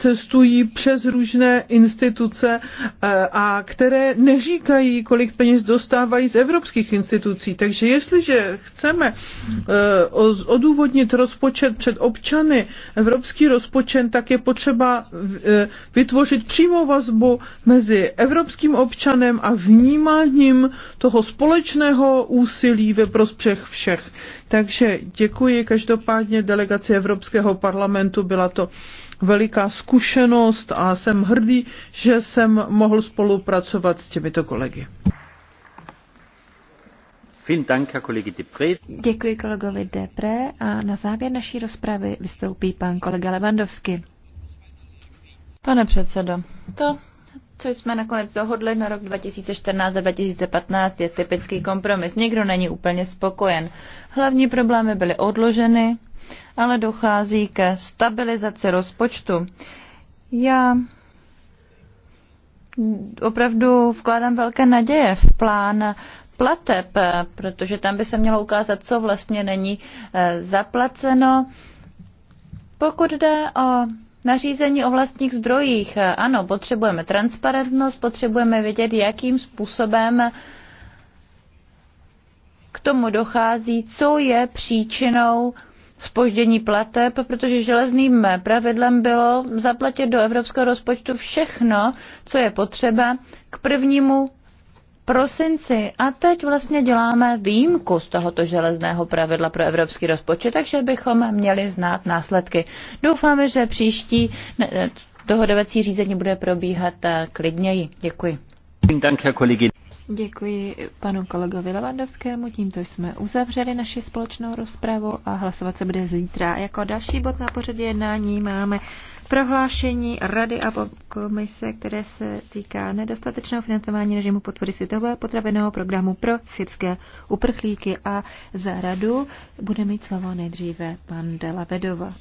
cestují přes různé instituce eh, a které neříkají, kolik peněz dostávají z evropských institucí. Takže jestliže chceme eh, odůvodnit rozpočet před občany, evropský rozpočet, tak je potřeba eh, vytvořit přímou vazbu mezi evropským občanem a vnímáním toho společného úsilí ve prospěch všech. Takže děkuji každopádně delegaci Evropského parlamentu, byla to veliká zkušenost a jsem hrdý, že jsem mohl spolupracovat s těmito kolegy. Děkuji kolegovi Depre a na závěr naší rozpravy vystoupí pan kolega Levandovsky. Pane předsedo, to, co jsme nakonec dohodli na rok 2014 a 2015, je typický kompromis. Nikdo není úplně spokojen. Hlavní problémy byly odloženy, ale dochází ke stabilizaci rozpočtu. Já opravdu vkládám velké naděje v plán plateb, protože tam by se mělo ukázat, co vlastně není eh, zaplaceno. Pokud jde o nařízení o vlastních zdrojích, eh, ano, potřebujeme transparentnost, potřebujeme vědět, jakým způsobem k tomu dochází, co je příčinou spoždění plateb, protože železným pravidlem bylo zaplatit do evropského rozpočtu všechno, co je potřeba k prvnímu prosinci. A teď vlastně děláme výjimku z tohoto železného pravidla pro evropský rozpočet, takže bychom měli znát následky. Doufáme, že příští dohodovací řízení bude probíhat eh, klidněji. Děkuji. Děkuji. Děkuji panu kolegovi Levandovskému, tímto jsme uzavřeli naši společnou rozpravu a hlasovat se bude zítra. Jako další bod na pořadě jednání máme prohlášení Rady a komise, které se týká nedostatečného financování režimu podpory světového potraveného programu pro syrské uprchlíky a za radu bude mít slovo nejdříve pan Dela Vedova.